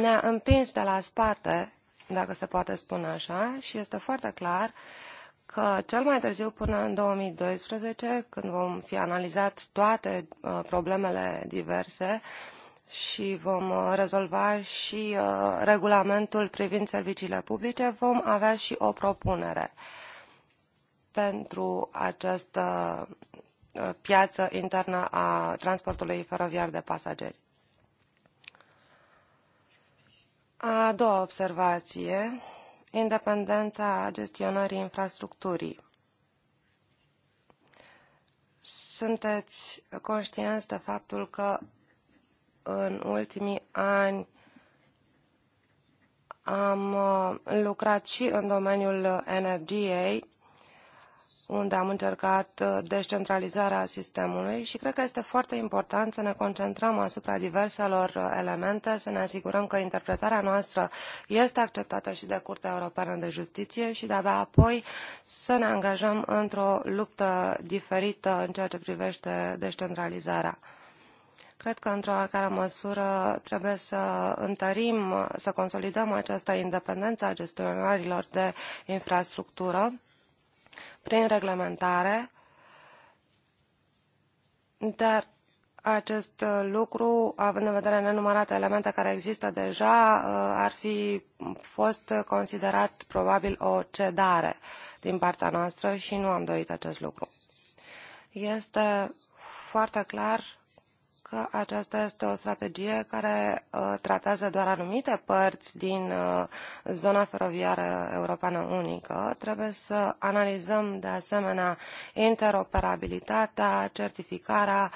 ne-a împins de la spate, dacă se poate spune așa, și este foarte clar că cel mai târziu până în 2012, când vom fi analizat toate problemele diverse, și vom uh, rezolva și uh, regulamentul privind serviciile publice, vom avea și o propunere pentru această uh, piață internă a transportului feroviar de pasageri. A doua observație, independența gestionării infrastructurii. Sunteți conștienți de faptul că în ultimii ani am uh, lucrat și în domeniul energiei, unde am încercat uh, descentralizarea sistemului și cred că este foarte important să ne concentrăm asupra diverselor uh, elemente, să ne asigurăm că interpretarea noastră este acceptată și de Curtea Europeană de Justiție și de-abia apoi să ne angajăm într-o luptă diferită în ceea ce privește descentralizarea. Cred că, într-o oarecare măsură, trebuie să întărim, să consolidăm această independență a gestionarilor de infrastructură prin reglementare, dar acest lucru, având în vedere nenumărate elemente care există deja, uh, ar fi fost considerat probabil o cedare din partea noastră și nu am dorit acest lucru. Este foarte clar că aceasta este o strategie care uh, tratează doar anumite părți din uh, zona feroviară europeană unică. Trebuie să analizăm de asemenea interoperabilitatea, certificarea,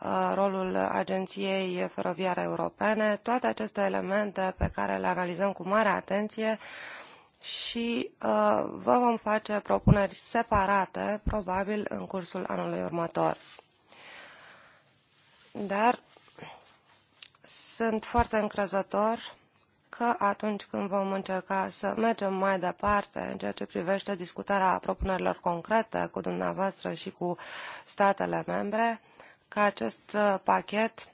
uh, rolul Agenției Feroviare Europene, toate aceste elemente pe care le analizăm cu mare atenție și vă vom face propuneri separate, probabil în cursul anului următor. Dar sunt foarte încrezător că atunci când vom încerca să mergem mai departe în ceea ce privește discutarea propunerilor concrete cu dumneavoastră și cu statele membre, că acest uh, pachet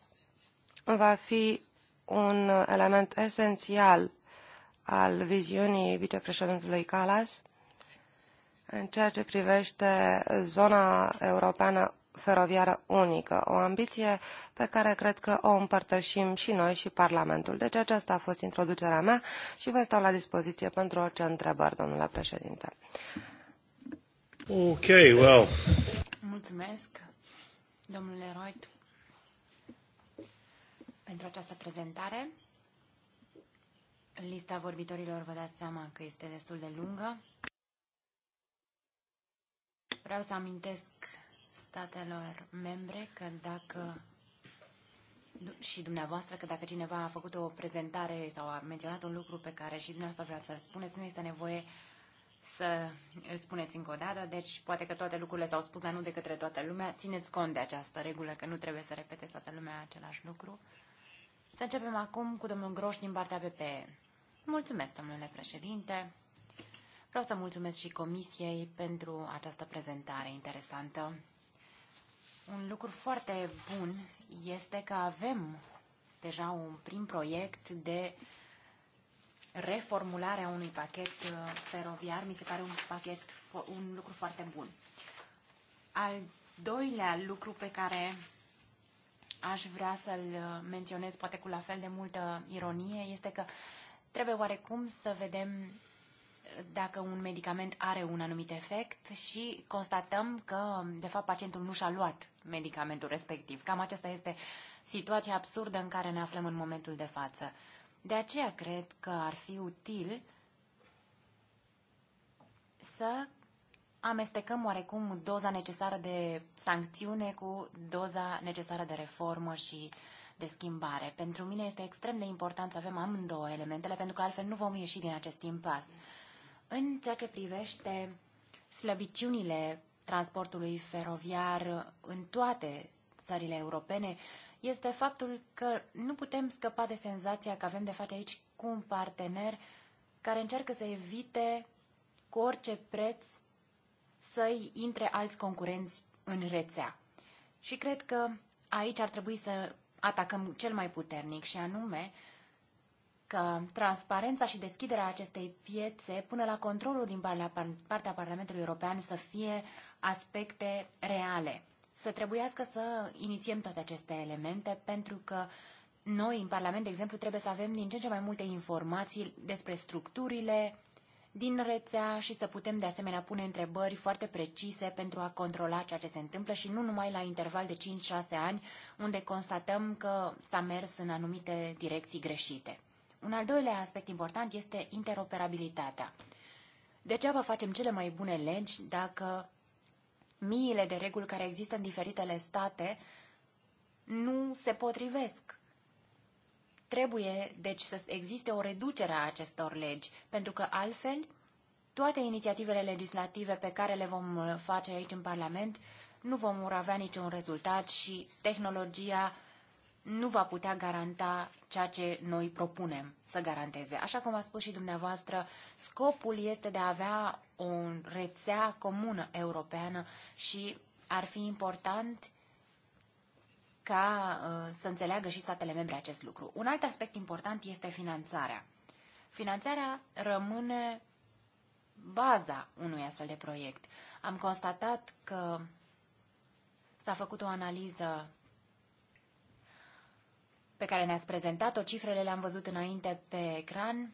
va fi un element esențial al viziunii vicepreședintelui Calas în ceea ce privește zona europeană feroviară unică, o ambiție pe care cred că o împărtășim și noi și Parlamentul. Deci aceasta a fost introducerea mea și vă stau la dispoziție pentru orice întrebări, domnule președinte. Ok, well. Mulțumesc, domnule Reut, pentru această prezentare. Lista vorbitorilor vă dați seama că este destul de lungă. Vreau să amintesc statelor membre că dacă și dumneavoastră că dacă cineva a făcut o prezentare sau a menționat un lucru pe care și dumneavoastră vreați să-l spuneți, nu este nevoie să îl spuneți încă o dată, deci poate că toate lucrurile s-au spus, dar nu de către toată lumea. Țineți cont de această regulă, că nu trebuie să repete toată lumea același lucru. Să începem acum cu domnul Groș din partea PPE. Mulțumesc, domnule președinte. Vreau să mulțumesc și comisiei pentru această prezentare interesantă. Un lucru foarte bun este că avem deja un prim proiect de reformulare a unui pachet uh, feroviar. Mi se pare un, pachet, un lucru foarte bun. Al doilea lucru pe care aș vrea să-l menționez, poate cu la fel de multă ironie, este că trebuie oarecum să vedem dacă un medicament are un anumit efect și constatăm că, de fapt, pacientul nu și-a luat medicamentul respectiv. Cam aceasta este situația absurdă în care ne aflăm în momentul de față. De aceea cred că ar fi util să amestecăm oarecum doza necesară de sancțiune cu doza necesară de reformă și de schimbare. Pentru mine este extrem de important să avem amândouă elementele, pentru că altfel nu vom ieși din acest impas. Mm. În ceea ce privește slăbiciunile transportului feroviar în toate țările europene, este faptul că nu putem scăpa de senzația că avem de face aici cu un partener care încearcă să evite cu orice preț să-i intre alți concurenți în rețea. Și cred că aici ar trebui să atacăm cel mai puternic și anume Că transparența și deschiderea acestei piețe până la controlul din partea Parlamentului European să fie aspecte reale. Să trebuiască să inițiem toate aceste elemente pentru că noi în Parlament, de exemplu, trebuie să avem din ce în ce mai multe informații despre structurile din rețea și să putem de asemenea pune întrebări foarte precise pentru a controla ceea ce se întâmplă și nu numai la interval de 5-6 ani unde constatăm că s-a mers în anumite direcții greșite. Un al doilea aspect important este interoperabilitatea. Degeaba facem cele mai bune legi dacă miile de reguli care există în diferitele state nu se potrivesc. Trebuie, deci, să existe o reducere a acestor legi, pentru că altfel toate inițiativele legislative pe care le vom uh, face aici în Parlament nu vom avea niciun rezultat și tehnologia nu va putea garanta ceea ce noi propunem să garanteze. Așa cum a spus și dumneavoastră, scopul este de a avea o rețea comună europeană și ar fi important ca uh, să înțeleagă și statele membre acest lucru. Un alt aspect important este finanțarea. Finanțarea rămâne baza unui astfel de proiect. Am constatat că s-a făcut o analiză pe care ne-ați prezentat-o, cifrele le-am văzut înainte pe ecran.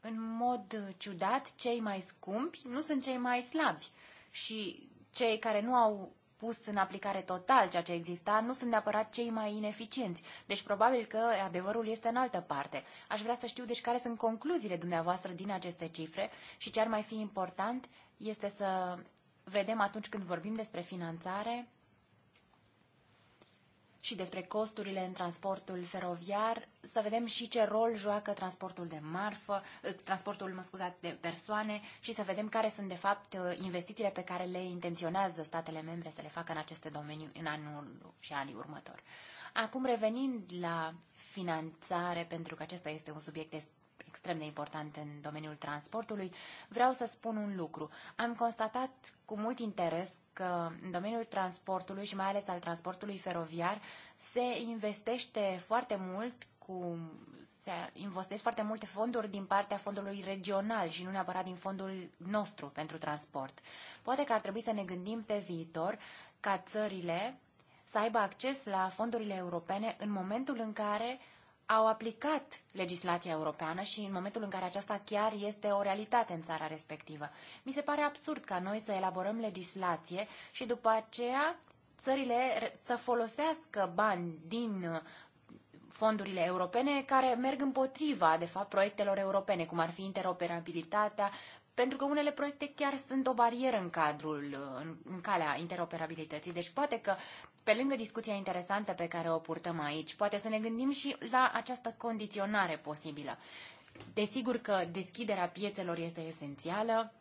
În mod ciudat, cei mai scumpi nu sunt cei mai slabi și cei care nu au pus în aplicare total ceea ce exista nu sunt neapărat cei mai ineficienți. Deci probabil că adevărul este în altă parte. Aș vrea să știu deci care sunt concluziile dumneavoastră din aceste cifre și ce ar mai fi important este să vedem atunci când vorbim despre finanțare și despre costurile în transportul feroviar, să vedem și ce rol joacă transportul de marfă, eh, transportul, mă scuzați, de persoane și să vedem care sunt, de fapt, eh, investițiile pe care le intenționează statele membre să le facă în aceste domenii în anul și anii următori. Acum, revenind la finanțare, pentru că acesta este un subiect extrem de important în domeniul transportului, vreau să spun un lucru. Am constatat cu mult interes că în domeniul transportului și mai ales al transportului feroviar se investește foarte mult cu se investesc foarte multe fonduri din partea fondului regional și nu neapărat din fondul nostru pentru transport. Poate că ar trebui să ne gândim pe viitor ca țările să aibă acces la fondurile europene în momentul în care uh, au aplicat legislația europeană și în momentul în care aceasta chiar este o realitate în țara respectivă. Mi se pare absurd ca noi să elaborăm legislație și după aceea țările să folosească bani din uh, fondurile europene care merg împotriva, de fapt, proiectelor europene, cum ar fi interoperabilitatea, pentru că unele proiecte chiar sunt o barieră în cadrul, în, în calea interoperabilității. Deci poate că, pe lângă discuția interesantă pe care o purtăm aici, poate să ne gândim și la această condiționare posibilă. Desigur că deschiderea piețelor este esențială,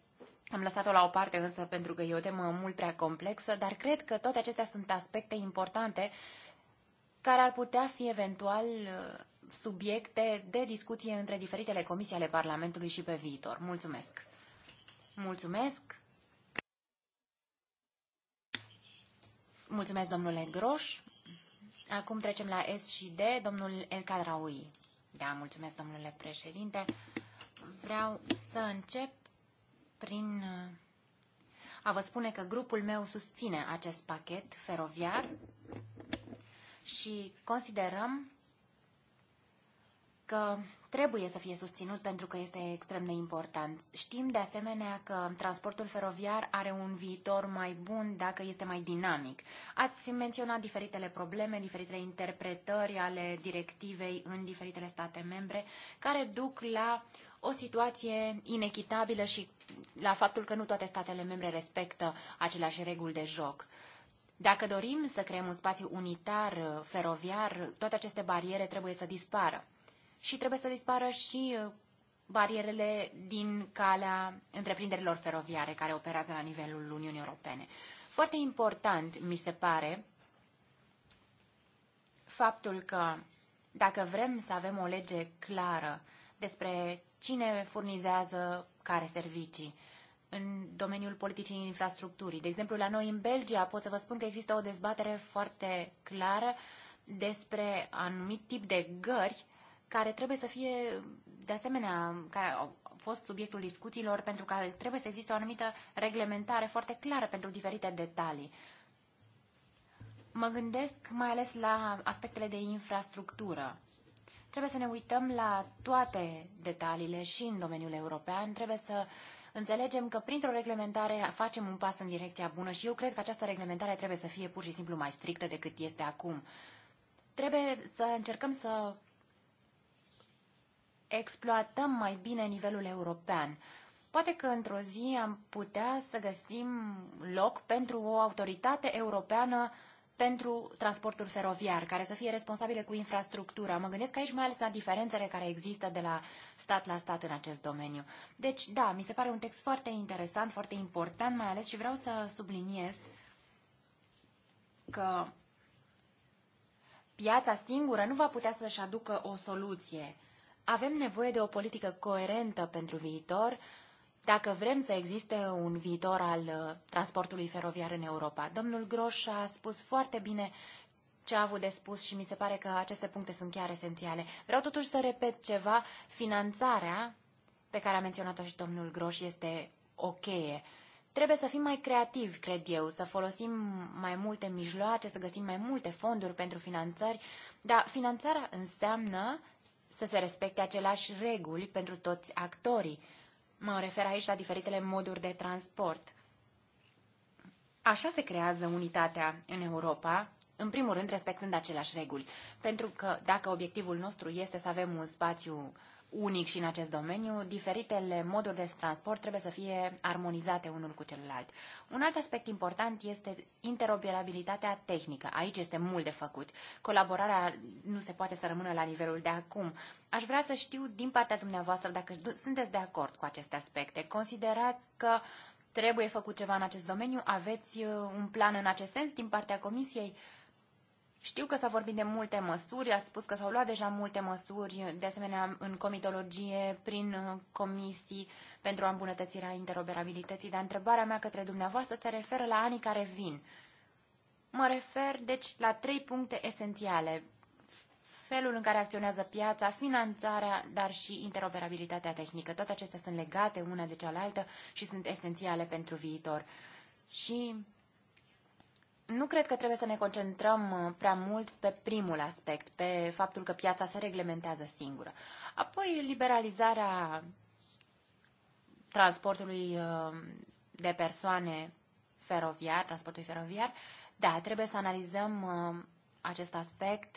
am lăsat-o la o parte însă pentru că e o temă mult prea complexă, dar cred că toate acestea sunt aspecte importante care ar putea fi eventual uh, subiecte de discuție între diferitele comisii ale Parlamentului și pe viitor. Mulțumesc! Mulțumesc. Mulțumesc, domnule Groș. Acum trecem la S și D, domnul El Cadraui. Da, mulțumesc, domnule președinte. Vreau să încep prin uh, a vă spune că grupul meu susține acest pachet feroviar și considerăm că trebuie să fie susținut pentru că este extrem de important. Știm de asemenea că transportul feroviar are un viitor mai bun dacă este mai dinamic. Ați menționat diferitele probleme, diferitele interpretări ale directivei în diferitele state membre care duc la o situație inechitabilă și la faptul că nu toate statele membre respectă aceleași reguli de joc. Dacă dorim să creăm un spațiu unitar feroviar, toate aceste bariere trebuie să dispară și trebuie să dispară și uh, barierele din calea întreprinderilor feroviare care operează la nivelul Uniunii Europene. Foarte important mi se pare faptul că dacă vrem să avem o lege clară despre cine furnizează care servicii în domeniul politicii infrastructurii. De exemplu, la noi în Belgia pot să vă spun că există o dezbatere foarte clară despre anumit tip de gări care trebuie să fie, de asemenea, care au fost subiectul discuțiilor, pentru că trebuie să existe o anumită reglementare foarte clară pentru diferite detalii. Mă gândesc mai ales la aspectele de infrastructură. Trebuie să ne uităm la toate detaliile și în domeniul european. Trebuie să înțelegem că printr-o reglementare facem un pas în direcția bună și eu cred că această reglementare trebuie să fie pur și simplu mai strictă decât este acum. Trebuie să încercăm să exploatăm mai bine nivelul european. Poate că într-o zi am putea să găsim loc pentru o autoritate europeană pentru transportul feroviar, care să fie responsabile cu infrastructura. Mă gândesc aici mai ales la diferențele care există de la stat la stat în acest domeniu. Deci, da, mi se pare un text foarte interesant, foarte important, mai ales și vreau să subliniez că piața singură nu va putea să-și aducă o soluție avem nevoie de o politică coerentă pentru viitor, dacă vrem să existe un viitor al uh, transportului feroviar în Europa. Domnul Groș a spus foarte bine ce a avut de spus și mi se pare că aceste puncte sunt chiar esențiale. Vreau totuși să repet ceva. Finanțarea pe care a menționat-o și domnul Groș este o cheie. Trebuie să fim mai creativi, cred eu, să folosim mai multe mijloace, să găsim mai multe fonduri pentru finanțări, dar finanțarea înseamnă să se respecte aceleași reguli pentru toți actorii. Mă refer aici la diferitele moduri de transport. Așa se creează unitatea în Europa, în primul rând respectând aceleași reguli, pentru că dacă obiectivul nostru este să avem un spațiu uh, unic și în acest domeniu, diferitele moduri de transport trebuie să fie armonizate unul cu celălalt. Un alt aspect important este interoperabilitatea tehnică. Aici este mult de făcut. Colaborarea nu se poate să rămână la nivelul de acum. Aș vrea să știu din partea dumneavoastră dacă sunteți de acord cu aceste aspecte. Considerați că trebuie făcut ceva în acest domeniu? Aveți uh, un plan în acest sens din partea Comisiei? Uh, știu că s-a vorbit de multe măsuri, ați spus că s-au luat deja multe măsuri, de asemenea în comitologie, prin uh, comisii, pentru îmbunătățirea interoperabilității, dar întrebarea mea către dumneavoastră se referă la anii care vin. Mă refer, deci, la trei puncte esențiale. Felul în care acționează piața, finanțarea, dar și interoperabilitatea tehnică. Toate acestea sunt legate una de cealaltă și sunt esențiale pentru viitor. Și nu cred că trebuie să ne concentrăm uh, prea mult pe primul aspect, pe faptul că piața se reglementează singură. Apoi, liberalizarea transportului uh, de persoane feroviar, transportului feroviar, da, trebuie să analizăm uh, acest aspect.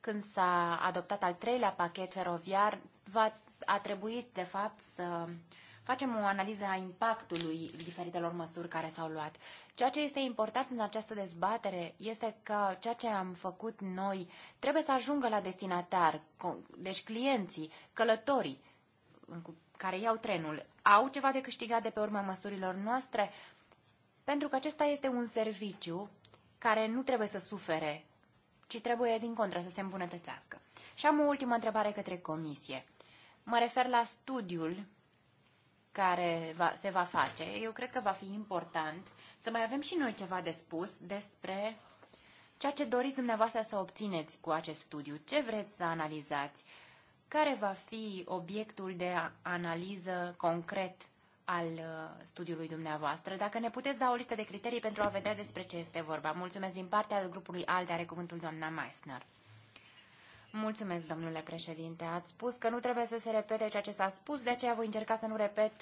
Când s-a adoptat al treilea pachet feroviar, va, a trebuit, de fapt, să uh, facem o analiză a impactului diferitelor măsuri care s-au luat. Ceea ce este important în această dezbatere este că ceea ce am făcut noi trebuie să ajungă la destinatar, deci clienții, călătorii care iau trenul, au ceva de câștigat de pe urma măsurilor noastre, pentru că acesta este un serviciu care nu trebuie să sufere, ci trebuie, din contră, să se îmbunătățească. Și am o ultimă întrebare către comisie. Mă refer la studiul care va, se va face, eu cred că va fi important să mai avem și noi ceva de spus despre ceea ce doriți dumneavoastră să obțineți cu acest studiu, ce vreți să analizați, care va fi obiectul de analiză concret al uh, studiului dumneavoastră. Dacă ne puteți da o listă de criterii pentru a vedea despre ce este vorba. Mulțumesc din partea grupului ALDE, are cuvântul doamna Meissner. Mulțumesc, domnule președinte. Ați spus că nu trebuie să se repete ceea ce s-a spus, de aceea voi încerca să nu repet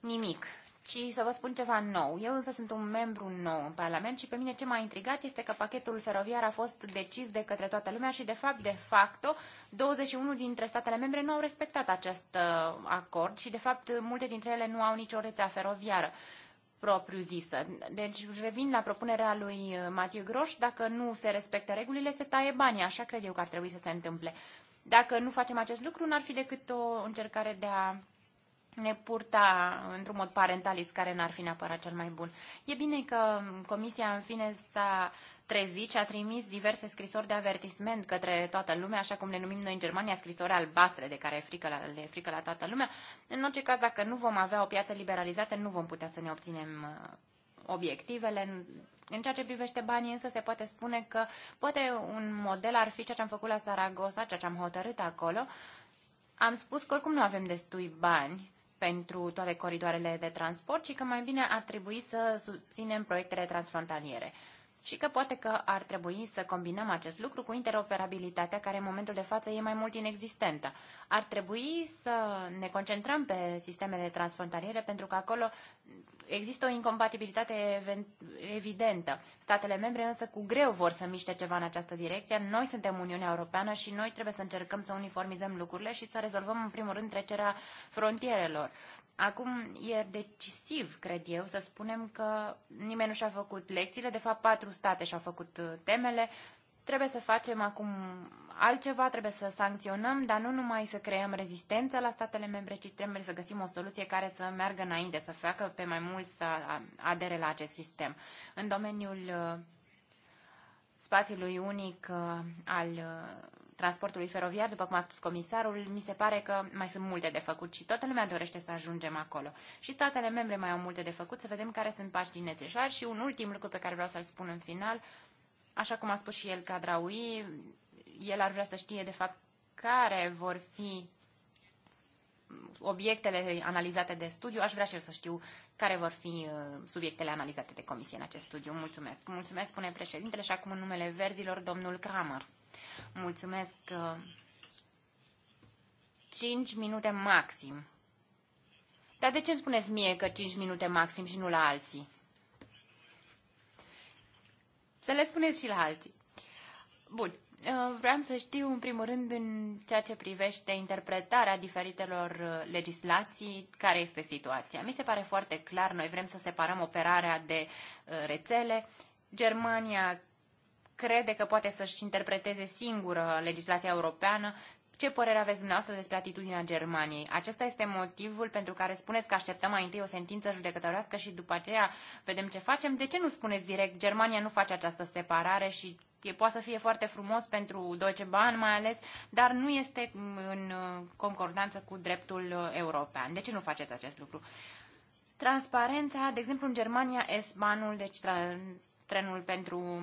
nimic, ci să vă spun ceva nou. Eu însă sunt un membru nou în Parlament și pe mine ce m-a intrigat este că pachetul feroviar a fost decis de către toată lumea și, de fapt, de facto, 21 dintre statele membre nu au respectat acest uh, acord și, de fapt, multe dintre ele nu au nicio rețea feroviară propriu-zisă. Deci revin la propunerea lui uh, Matiu Groș, dacă nu se respectă regulile, se taie banii, așa cred eu că ar trebui să se întâmple. Dacă nu facem acest lucru, n-ar fi decât o încercare de a ne purta într-un mod parentalist, care n-ar fi neapărat cel mai bun. E bine că Comisia, în fine, s-a trezici a trimis diverse scrisori de avertisment către toată lumea, așa cum le numim noi în Germania scrisori albastre, de care frică la, le frică la toată lumea. În orice caz, dacă nu vom avea o piață liberalizată, nu vom putea să ne obținem uh, obiectivele. În ceea ce privește banii, însă, se poate spune că poate un model ar fi ceea ce am făcut la Saragossa, ceea ce am hotărât acolo. Am spus că oricum nu avem destui bani pentru toate coridoarele de transport și că mai bine ar trebui să susținem proiectele transfrontaliere și că poate că ar trebui să combinăm acest lucru cu interoperabilitatea care în momentul de față e mai mult inexistentă. Ar trebui să ne concentrăm pe sistemele transfrontaliere pentru că acolo există o incompatibilitate evidentă. Statele membre însă cu greu vor să miște ceva în această direcție. Noi suntem Uniunea Europeană și noi trebuie să încercăm să uniformizăm lucrurile și să rezolvăm în primul rând trecerea frontierelor. Acum e decisiv, cred eu, să spunem că nimeni nu și-a făcut lecțiile, de fapt patru state și-au făcut uh, temele, trebuie să facem acum altceva, trebuie să sancționăm, dar nu numai să creăm rezistență la statele membre, ci trebuie să găsim o soluție care să meargă înainte, să facă pe mai mulți să adere la acest sistem. În domeniul uh, spațiului unic uh, al transportului feroviar, după cum a spus comisarul, mi se pare că mai sunt multe de făcut și toată lumea dorește să ajungem acolo. Și statele membre mai au multe de făcut, să vedem care sunt pașii necesari. Și un ultim lucru pe care vreau să-l spun în final, așa cum a spus și el Cadraui, el ar vrea să știe, de fapt, care vor fi obiectele analizate de studiu. Aș vrea și eu să știu care vor fi uh, subiectele analizate de comisie în acest studiu. Mulțumesc. Mulțumesc, spune președintele, și acum în numele verzilor, domnul Kramer. Mulțumesc. 5 uh, minute maxim. Dar de ce îmi spuneți mie că 5 minute maxim și nu la alții? Să le spuneți și la alții. Bun. Uh, vreau să știu, în primul rând, în ceea ce privește interpretarea diferitelor uh, legislații, care este situația. Mi se pare foarte clar, noi vrem să separăm operarea de rețele. Germania crede că poate să-și interpreteze singură legislația europeană. Ce părere aveți dumneavoastră despre atitudinea Germaniei? Acesta este motivul pentru care spuneți că așteptăm mai întâi o sentință judecătorească și după aceea vedem ce facem. De ce nu spuneți direct Germania nu face această separare și e, poate să fie foarte frumos pentru Deutsche Bahn mai ales, dar nu este în concordanță cu dreptul european. De ce nu faceți acest lucru? Transparența, de exemplu în Germania, S-Bahnul, deci trenul pentru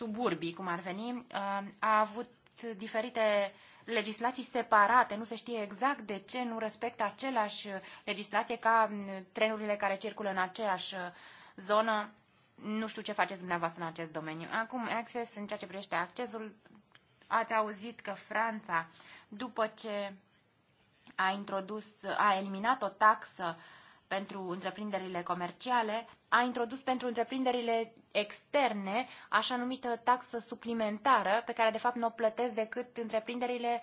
suburbii, cum ar veni, uh, a avut diferite legislații separate, nu se știe exact de ce nu respectă aceleași legislație ca mm, trenurile care circulă în aceeași uh, zonă. Nu știu ce faceți dumneavoastră în acest domeniu. Acum, acces, în ceea ce privește accesul, ați auzit că Franța, după ce a introdus, a eliminat o taxă pentru întreprinderile comerciale, a introdus pentru întreprinderile externe așa numită taxă suplimentară, pe care de fapt nu o plătesc decât întreprinderile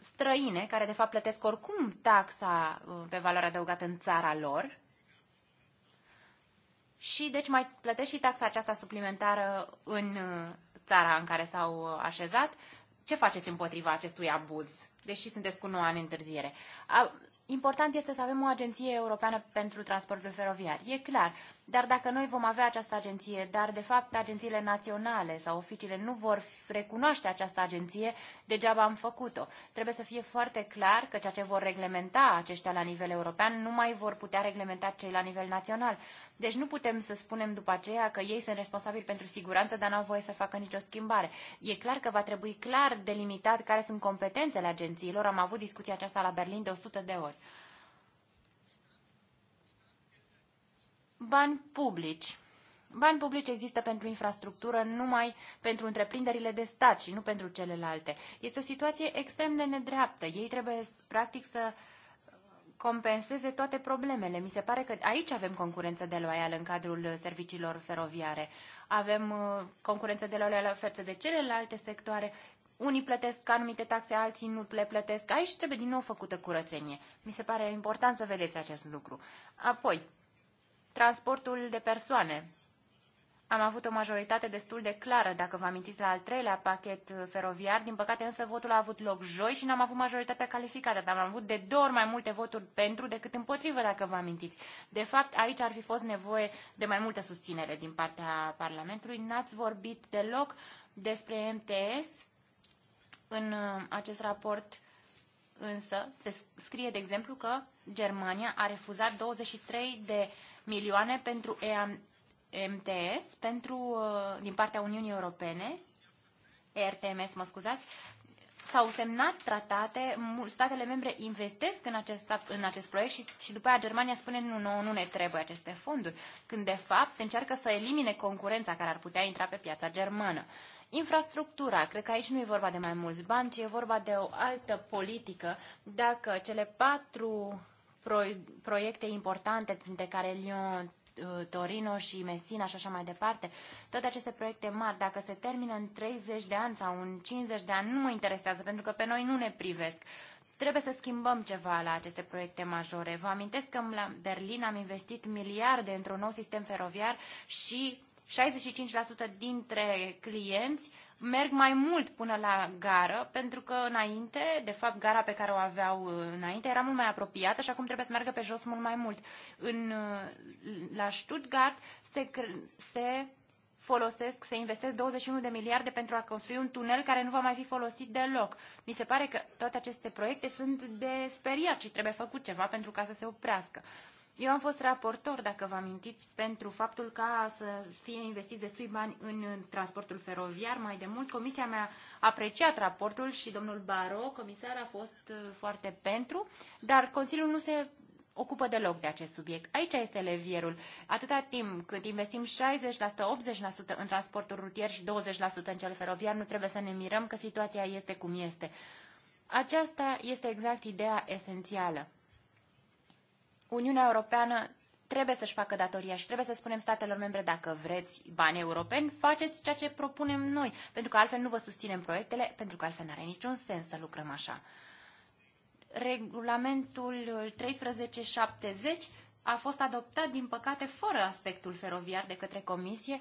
străine, care de fapt plătesc oricum taxa uh, pe valoare adăugată în țara lor. Și deci mai plătesc și taxa aceasta suplimentară în uh, țara în care s-au uh, așezat. Ce faceți împotriva acestui abuz, deși sunteți cu 9 ani întârziere? Important este să avem o agenție europeană pentru transportul feroviar. E clar, dar dacă noi vom avea această agenție, dar de fapt agențiile naționale sau oficiile nu vor recunoaște această agenție, degeaba am făcut-o. Trebuie să fie foarte clar că ceea ce vor reglementa aceștia la nivel european nu mai vor putea reglementa cei la nivel național. Deci nu putem să spunem după aceea că ei sunt responsabili pentru siguranță, dar n-au voie să facă nicio schimbare. E clar că va trebui clar delimitat care sunt competențele agențiilor. Am avut discuția aceasta la Berlin de 100 de ori. Bani publici. Bani publici există pentru infrastructură numai pentru întreprinderile de stat și nu pentru celelalte. Este o situație extrem de nedreaptă. Ei trebuie, practic, să compenseze toate problemele. Mi se pare că aici avem concurență de loială în cadrul serviciilor feroviare. Avem uh, concurență de loială față de celelalte sectoare. Unii plătesc anumite taxe, alții nu le plătesc. Aici trebuie din nou făcută curățenie. Mi se pare important să vedeți acest lucru. Apoi, transportul de persoane. Am avut o majoritate destul de clară, dacă vă amintiți, la al treilea pachet feroviar. Din păcate, însă, votul a avut loc joi și n-am avut majoritatea calificată, dar am avut de două ori mai multe voturi pentru decât împotrivă, dacă vă amintiți. De fapt, aici ar fi fost nevoie de mai multă susținere din partea Parlamentului. N-ați vorbit deloc despre MTS în uh, acest raport însă se scrie, de exemplu, că Germania a refuzat 23 de milioane pentru EMTS, pentru, uh, din partea Uniunii Europene, ERTMS, mă scuzați, s-au semnat tratate, statele membre investesc în acest, în acest proiect și, și după aia Germania spune nu, nu, nu ne trebuie aceste fonduri, când de fapt încearcă să elimine concurența care ar putea intra pe piața germană. Infrastructura, cred că aici nu e vorba de mai mulți bani, ci e vorba de o altă politică. Dacă cele patru proiecte importante, dintre care Lyon, uh, Torino și Messina și așa mai departe, toate aceste proiecte mari, dacă se termină în 30 de ani sau în 50 de ani, nu mă interesează, pentru că pe noi nu ne privesc. Trebuie să schimbăm ceva la aceste proiecte majore. Vă amintesc că la Berlin am investit miliarde într-un nou sistem feroviar și 65% dintre clienți uh, merg mai mult până la gară, pentru că înainte, de fapt, gara pe care o aveau uh, înainte era mult mai apropiată și acum trebuie să meargă pe jos mult mai mult. În, uh, la Stuttgart se, se folosesc, se investesc 21 de miliarde pentru a construi un tunel care nu va mai fi folosit deloc. Mi se pare că toate aceste proiecte sunt de speriat și trebuie făcut ceva pentru ca să se oprească. Eu am fost raportor, dacă vă amintiți, pentru faptul ca să fie investit destui bani în transportul feroviar. Mai de mult, comisia mea a apreciat raportul și domnul Baro, comisar, a fost uh, foarte pentru, dar Consiliul nu se ocupă deloc de acest subiect. Aici este levierul. Atâta timp cât investim 60%, 80% în transportul rutier și 20% în cel feroviar, nu trebuie să ne mirăm că situația este cum este. Aceasta este exact ideea esențială. Uniunea Europeană trebuie să-și facă datoria și trebuie să spunem statelor membre dacă vreți bani europeni, faceți ceea ce propunem noi, pentru că altfel nu vă susținem proiectele, pentru că altfel n-are niciun sens să lucrăm așa. Regulamentul 1370 a fost adoptat, din păcate, fără aspectul feroviar de către Comisie,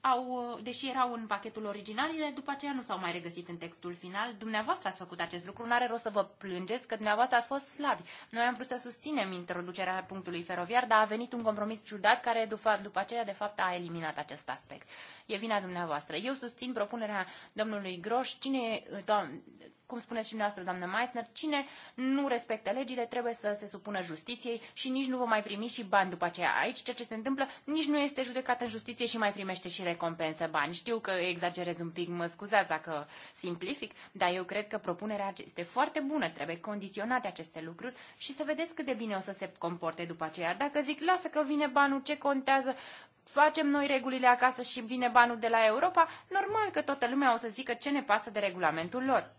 au, deși erau în pachetul original, ele după aceea nu s-au mai regăsit în textul final. Dumneavoastră ați făcut acest lucru, nu are rost să vă plângeți că dumneavoastră ați fost slabi. Noi am vrut să susținem introducerea punctului feroviar, dar a venit un compromis ciudat care după, după aceea de fapt a eliminat acest aspect. E vina dumneavoastră. Eu susțin propunerea domnului Groș. Cine, doam, cum spuneți și dumneavoastră, doamnă Meissner, cine nu respectă legile trebuie să se supună justiției și nici nu vă mai primi și bani după aceea. Aici ceea ce se întâmplă, nici nu este judecat în justiție și mai primește și recompensă bani. Știu că exagerez un pic, mă scuzați dacă simplific, dar eu cred că propunerea este foarte bună, trebuie condiționate aceste lucruri și să vedeți cât de bine o să se comporte după aceea. Dacă zic, lasă că vine banul, ce contează, facem noi regulile acasă și vine banul de la Europa, normal că toată lumea o să zică ce ne pasă de regulamentul lor.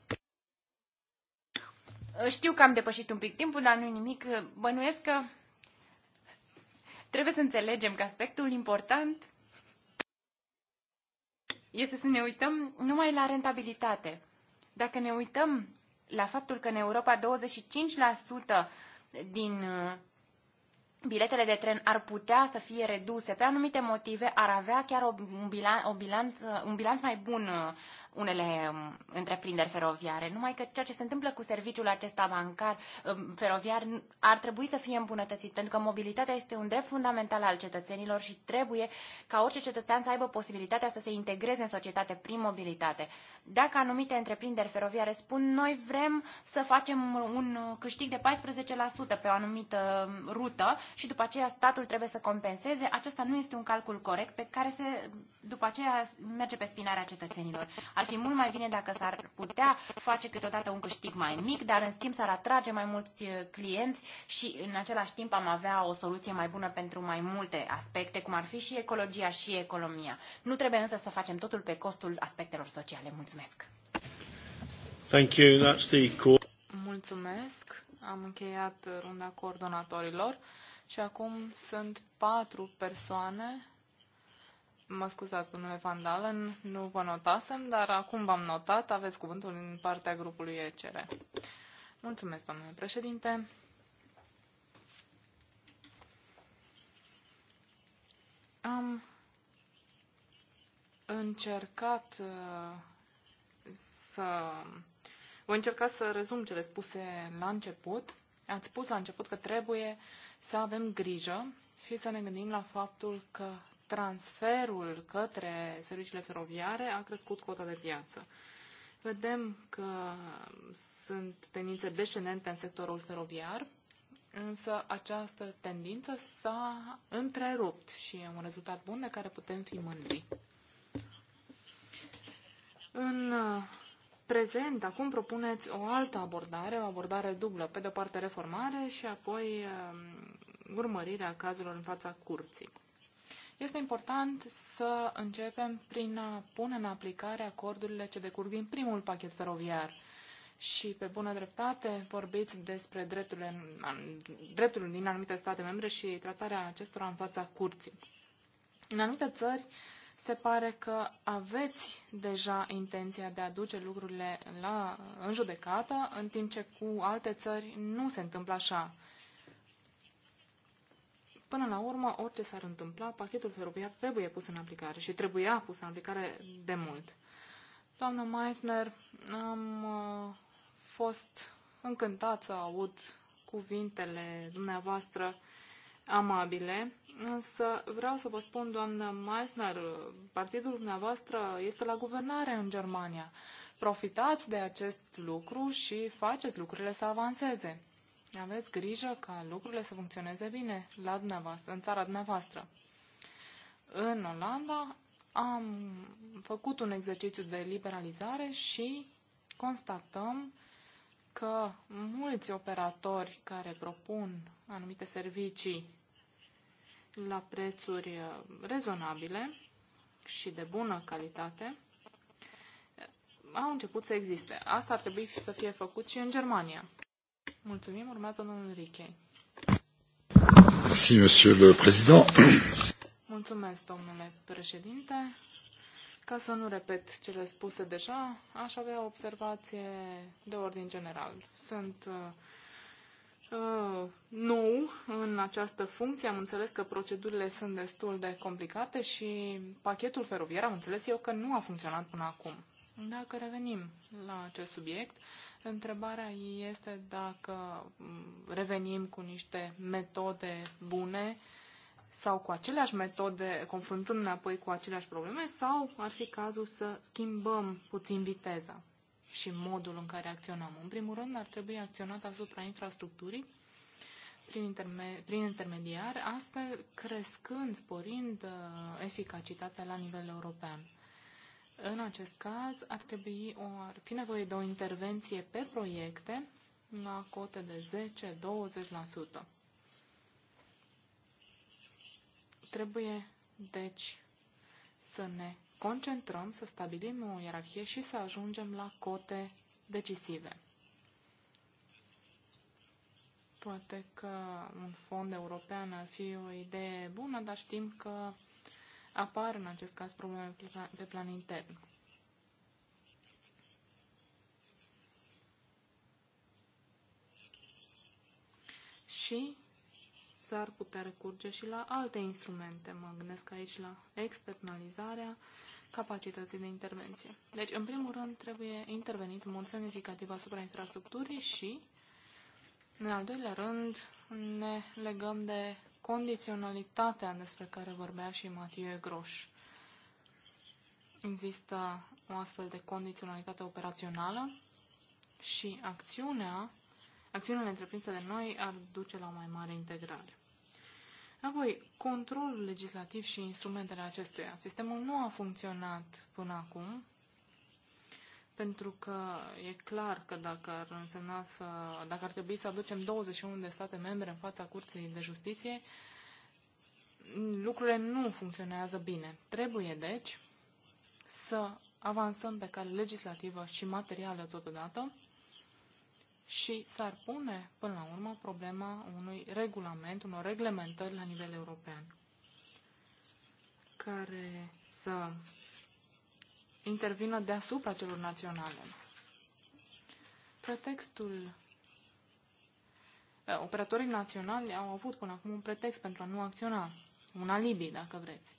Știu că am depășit un pic timpul, dar nu nimic. Bănuiesc că trebuie să înțelegem că aspectul important este să ne uităm numai la rentabilitate. Dacă ne uităm la faptul că în Europa 25% din uh, biletele de tren ar putea să fie reduse pe anumite motive, ar avea chiar o bilan, o bilanț, un bilanț mai bun uh, unele um, întreprinderi feroviare. Numai că ceea ce se întâmplă cu serviciul acesta bancar um, feroviar ar trebui să fie îmbunătățit, pentru că mobilitatea este un drept fundamental al cetățenilor și trebuie ca orice cetățean să aibă posibilitatea să se integreze în societate prin mobilitate. Dacă anumite întreprinderi feroviare spun noi vrem să facem un câștig de 14% pe o anumită um, rută și după aceea statul trebuie să compenseze, acesta nu este un calcul corect pe care se, după aceea merge pe spinarea cetățenilor. Ar fi mult mai bine dacă s-ar putea face câteodată un câștig mai mic, dar în schimb s-ar atrage mai mulți uh, clienți și în același timp am avea o soluție mai bună pentru mai multe aspecte, cum ar fi și ecologia și economia. Nu trebuie însă să facem totul pe costul aspectelor sociale. Mulțumesc! Thank you. That's the Mulțumesc. Am încheiat runda coordonatorilor și acum sunt patru persoane Mă scuzați, domnule Van Dalen, nu vă notasem, dar acum v-am notat, aveți cuvântul în partea grupului ECR. Mulțumesc, domnule președinte. Am încercat uh, să... Voi încerca să rezum cele spuse la început. Ați spus la început că trebuie să avem grijă și să ne gândim la faptul că transferul către serviciile feroviare a crescut cota de piață. Vedem că sunt tendințe descendente în sectorul feroviar, însă această tendință s-a întrerupt și e un rezultat bun de care putem fi mândri. În prezent, acum propuneți o altă abordare, o abordare dublă, pe de o parte reformare și apoi um, urmărirea cazurilor în fața curții. Este important să începem prin a pune în aplicare acordurile ce decurg din primul pachet feroviar. Și pe bună dreptate vorbiți despre drepturile, drepturile din anumite state membre și tratarea acestora în fața curții. În anumite țări se pare că aveți deja intenția de a duce lucrurile la, în judecată, în timp ce cu alte țări nu se întâmplă așa. Până la urmă, orice s-ar întâmpla, pachetul feroviar trebuie pus în aplicare și trebuia pus în aplicare de mult. Doamna Meisner, am uh, fost încântat să aud cuvintele dumneavoastră amabile, însă vreau să vă spun, doamnă Meisner, partidul dumneavoastră este la guvernare în Germania. Profitați de acest lucru și faceți lucrurile să avanseze aveți grijă ca lucrurile să funcționeze bine la dumneavoastră, în țara dumneavoastră. În Olanda am făcut un exercițiu de liberalizare și constatăm că mulți operatori care propun anumite servicii la prețuri rezonabile și de bună calitate au început să existe. Asta ar trebui să fie făcut și în Germania. Mulțumim. Urmează domnul Richei. Merci, monsieur le président. Mulțumesc, domnule președinte. Ca să nu repet cele spuse deja, aș avea o observație de ordin general. Sunt uh, uh, nou în această funcție, am înțeles că procedurile sunt destul de complicate și pachetul feroviar am înțeles eu că nu a funcționat până acum. Dacă revenim la acest subiect, uh, Întrebarea este dacă mm, revenim cu niște metode bune sau cu aceleași metode, confruntând apoi cu aceleași probleme, sau ar fi cazul să schimbăm puțin viteza și modul în care acționăm. În primul rând, ar trebui acționat asupra infrastructurii prin, interme- prin intermediar, astfel crescând, sporind uh, eficacitatea la nivel european. În acest caz, ar, trebui, o, ar fi nevoie de o intervenție pe proiecte la cote de 10-20%. Trebuie, deci, să ne concentrăm, să stabilim o ierarhie și să ajungem la cote decisive. Poate că un fond european ar fi o idee bună, dar știm că apar în acest caz probleme pe plan intern. Și s-ar putea recurge și la alte instrumente. Mă gândesc aici la externalizarea capacității de intervenție. Deci, în primul rând, trebuie intervenit în mod semnificativ asupra infrastructurii și, în al doilea rând, ne legăm de condiționalitatea despre care vorbea și Mathieu Groș. Există o astfel de condiționalitate operațională și acțiunea, acțiunile întreprinse de noi ar duce la o mai mare integrare. Apoi, controlul legislativ și instrumentele acestuia. Sistemul nu a funcționat până acum pentru că e clar că dacă ar însemna să, dacă ar trebui să aducem 21 de state membre în fața Curții de Justiție, lucrurile nu funcționează bine. Trebuie, deci, să avansăm pe cale legislativă și materială totodată și s-ar pune, până la urmă, problema unui regulament, unor reglementări la nivel european care să intervină deasupra celor naționale. Pretextul eh, Operatorii naționali au avut până acum un pretext pentru a nu acționa, un alibi, dacă vreți.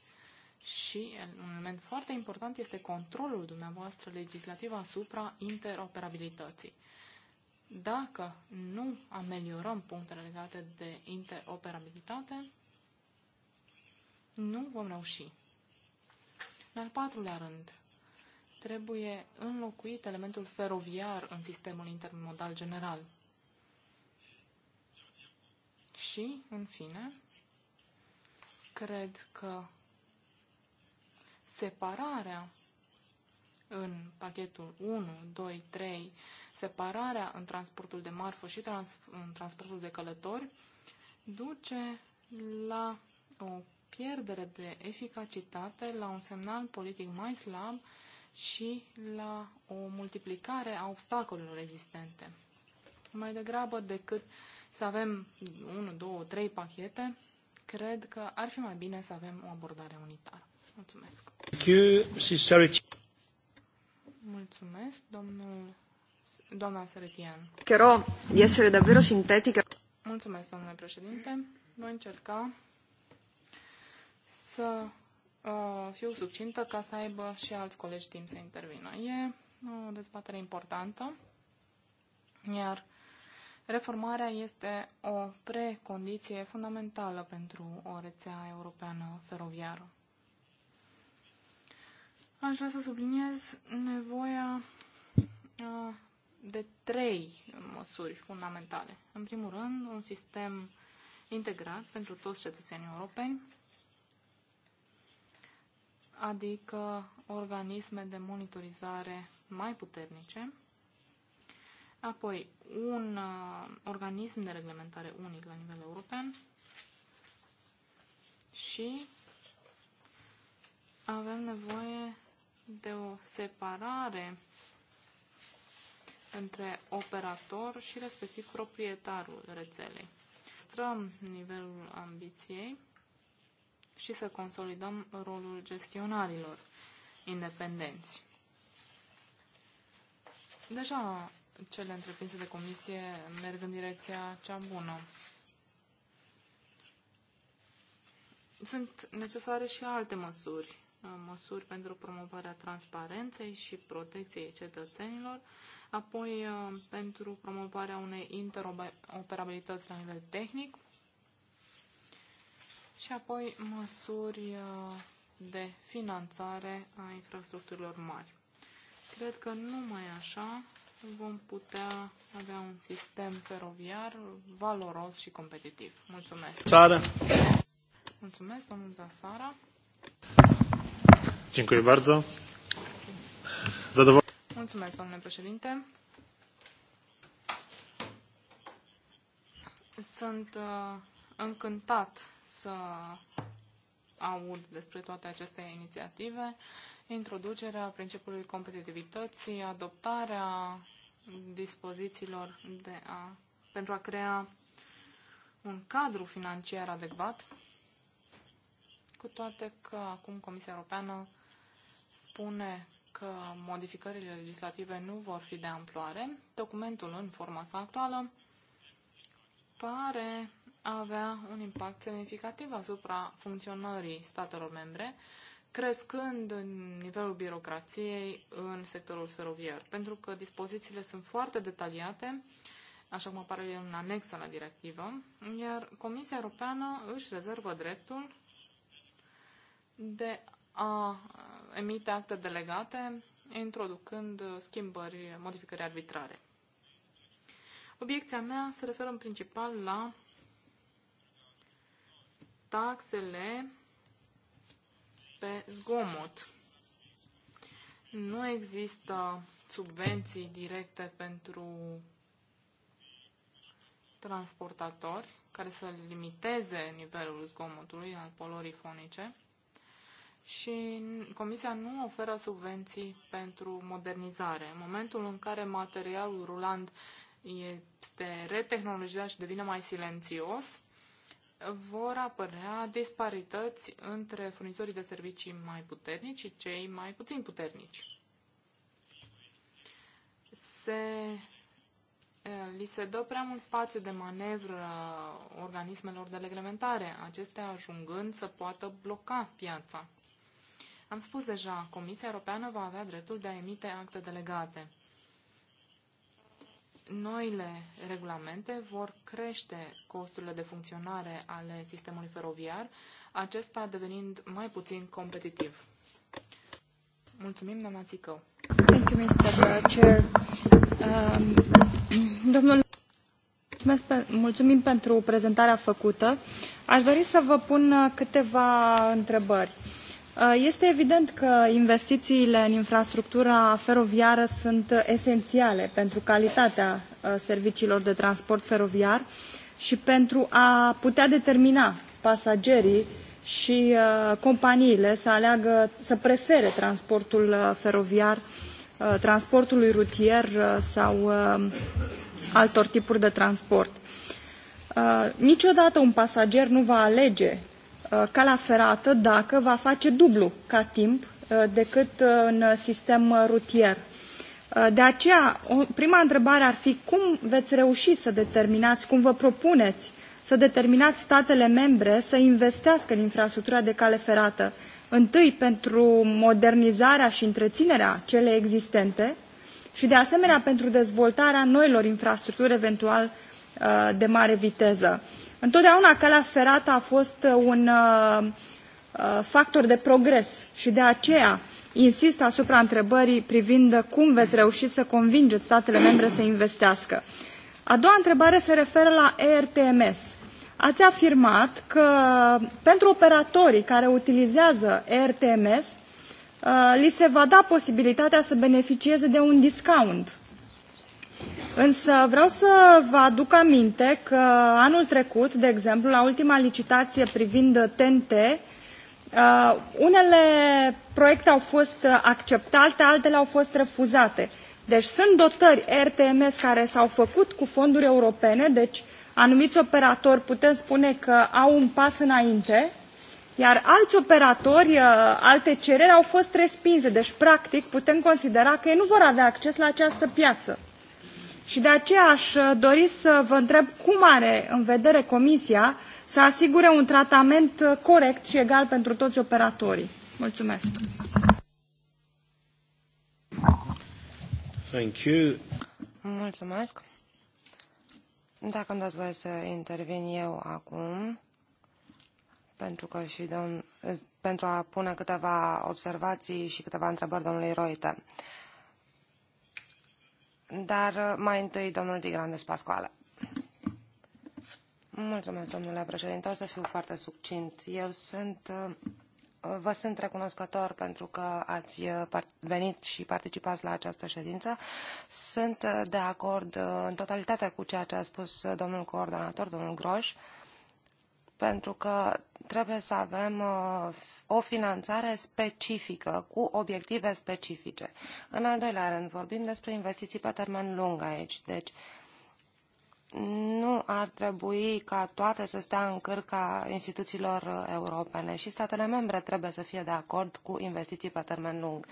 Și un element foarte important este controlul dumneavoastră legislativ asupra interoperabilității. Dacă nu ameliorăm punctele legate de interoperabilitate, nu vom reuși. În al patrulea rând, trebuie înlocuit elementul feroviar în sistemul intermodal general. Și, în fine, cred că separarea în pachetul 1, 2, 3, separarea în transportul de marfă și trans, în transportul de călători duce la o pierdere de eficacitate, la un semnal politic mai slab și la o multiplicare a obstacolelor existente. Mai degrabă decât să avem 1, 2, 3 pachete, cred că ar fi mai bine să avem o abordare unitară. Mulțumesc. Mulțumesc, Mulțumesc domnul, doamna Sărătian. Chero, essere davvero sintetică. Mulțumesc, domnule președinte. Voi încerca să Uh, fiu succintă ca să aibă și alți colegi timp să intervină. E o dezbatere importantă, iar reformarea este o precondiție fundamentală pentru o rețea europeană feroviară. Aș vrea să subliniez nevoia uh, de trei măsuri fundamentale. În primul rând, un sistem integrat pentru toți cetățenii europeni, adică organisme de monitorizare mai puternice, apoi un uh, organism de reglementare unic la nivel european și avem nevoie de o separare între operator și respectiv proprietarul rețelei. Străm nivelul ambiției și să consolidăm rolul gestionarilor independenți. Deja cele întreprinse de comisie merg în direcția cea bună. Sunt necesare și alte măsuri, măsuri pentru promovarea transparenței și protecției cetățenilor, apoi pentru promovarea unei interoperabilități la nivel tehnic, și apoi măsuri uh, de finanțare a infrastructurilor mari. Cred că numai așa vom putea avea un sistem feroviar valoros și competitiv. Mulțumesc! Țară! Mulțumesc, domnul Zasara! Dziękuję bardzo. Zadowol- Mulțumesc, domnule președinte. Sunt uh, încântat să aud despre toate aceste inițiative, introducerea principiului competitivității, adoptarea dispozițiilor de a, pentru a crea un cadru financiar adecvat, cu toate că acum Comisia Europeană spune că modificările legislative nu vor fi de amploare. Documentul în forma sa actuală pare avea un impact semnificativ asupra funcționării statelor membre, crescând în nivelul birocrației în sectorul feroviar, pentru că dispozițiile sunt foarte detaliate, așa cum apare în anexă la directivă, iar Comisia Europeană își rezervă dreptul de a emite acte delegate, introducând schimbări, modificări arbitrare. Obiecția mea se referă în principal la taxele pe zgomot. Nu există subvenții directe pentru transportatori care să limiteze nivelul zgomotului al polorii fonice și Comisia nu oferă subvenții pentru modernizare. În momentul în care materialul rulant este retehnologizat și devine mai silențios, vor apărea disparități între furnizorii de servicii mai puternici și cei mai puțin puternici. Se, li se dă prea mult spațiu de manevră organismelor de reglementare, acestea ajungând să poată bloca piața. Am spus deja, Comisia Europeană va avea dreptul de a emite acte delegate noile regulamente vor crește costurile de funcționare ale sistemului feroviar, acesta devenind mai puțin competitiv. Mulțumim, doamna Țicău. Thank you, Mr. Uh, Chair. Um, domnul, mulțumim pentru prezentarea făcută. Aș dori să vă pun uh, câteva întrebări. Uh, Uh, este evident că investițiile în infrastructura feroviară sunt esențiale pentru calitatea uh, serviciilor de transport feroviar și pentru a putea determina pasagerii și uh, companiile să aleagă, să prefere transportul feroviar transportului rutier sau altor tipuri de transport. Niciodată un pasager nu va alege Uh, calea ferată dacă va face dublu ca timp uh, decât uh, în sistem rutier. De aceea, prima întrebare ar fi cum veți reuși să determinați, cum vă propuneți să determinați statele membre să investească în infrastructura de cale ferată, întâi pentru modernizarea și întreținerea cele existente și, de asemenea, pentru dezvoltarea noilor infrastructuri, eventual de mare viteză. Întotdeauna calea ferată a fost uh, un uh, uh, factor de progres și de aceea insist asupra întrebării privind cum veți reuși să convingeți statele membre să investească. A doua întrebare se referă la ERTMS. Ați afirmat că pentru operatorii care utilizează ERTMS li se va da posibilitatea să beneficieze de un discount Însă vreau să vă aduc aminte că anul trecut, de exemplu, la ultima licitație privind TNT, uh, unele proiecte au fost acceptate, altele au fost refuzate. Deci sunt dotări RTMS care s-au făcut cu fonduri europene, deci anumiți operatori putem spune că au un pas înainte, iar alți operatori, uh, alte cereri au fost respinse. Deci, practic, putem considera că ei nu vor avea acces la această piață și de aceea aș uh, dori să vă întreb cum are în vedere Comisia să asigure un tratament uh, corect și egal pentru toți operatorii. Mulțumesc. Thank you. Mulțumesc. Dacă îmi dați voie să intervin eu acum, pentru, că și domn, pentru a pune câteva observații și câteva întrebări domnului Reuter. Dar uh, mai întâi domnul Tigran de Spascoală. Mulțumesc, domnule președinte. O să fiu foarte succint. Eu sunt, uh, vă sunt recunoscător pentru că ați uh, venit și participați la această ședință. Sunt de acord în totalitate cu ceea ce a spus domnul coordonator, domnul Groș pentru că trebuie să avem uh, o finanțare specifică, cu obiective specifice. În al doilea rând, vorbim despre investiții pe termen lung aici, deci nu ar trebui ca toate să stea în cârca instituțiilor uh, europene și statele membre trebuie să fie de acord cu investiții pe termen lung.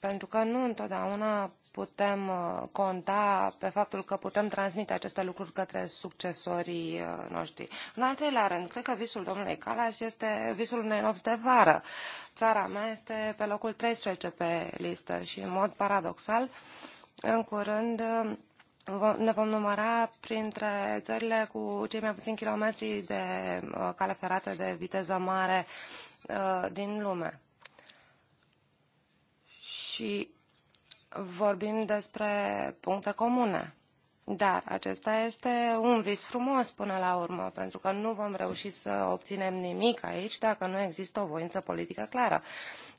Pentru că nu întotdeauna putem uh, conta pe faptul că putem transmite aceste lucruri către succesorii uh, noștri. În al treilea rând, cred că visul domnului Calas este visul unei nopți de vară. Țara mea este pe locul 13 pe listă și, în mod paradoxal, în curând uh, ne vom număra printre țările cu cei mai puțini kilometri de cale ferată de viteză mare din lume. Și vorbim despre puncte comune. Dar acesta este un vis frumos până la urmă, pentru că nu vom reuși să obținem nimic aici dacă nu există o voință politică clară.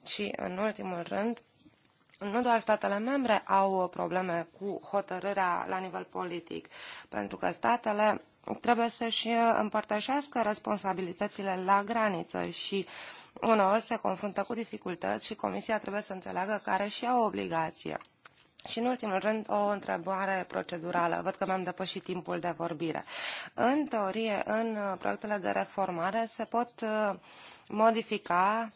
Și, în ultimul rând, nu doar statele membre au probleme cu hotărârea la nivel politic, pentru că statele trebuie să-și uh, împărtășească responsabilitățile la graniță și uneori se confruntă cu dificultăți și Comisia trebuie să înțeleagă care și au obligație. Și în ultimul rând, o întrebare procedurală. Văd că mi-am depășit timpul de vorbire. În teorie, în uh, proiectele de reformare se pot uh, modifica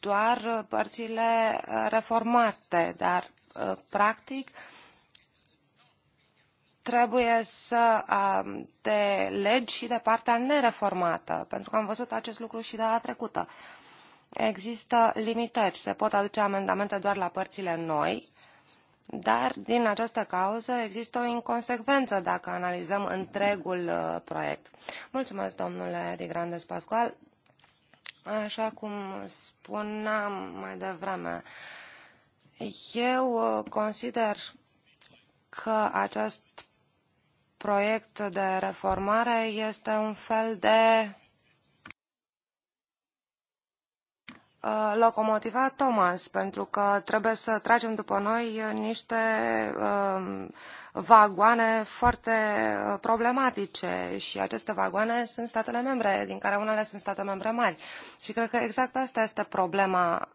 doar părțile reformate, dar practic trebuie să te legi și de partea nereformată, pentru că am văzut acest lucru și data trecută. Există limitări, se pot aduce amendamente doar la părțile noi, dar din această cauză există o inconsecvență dacă analizăm întregul uh, proiect. Mulțumesc, domnule Di Grandes Pascual. Așa cum spuneam mai devreme, eu uh, consider că acest proiect de reformare este un fel de uh, locomotiva Thomas, pentru că trebuie să tragem după noi uh, niște um, vagoane foarte uh, problematice și aceste vagoane sunt statele membre, din care unele sunt state membre mari. Și cred că exact asta este problema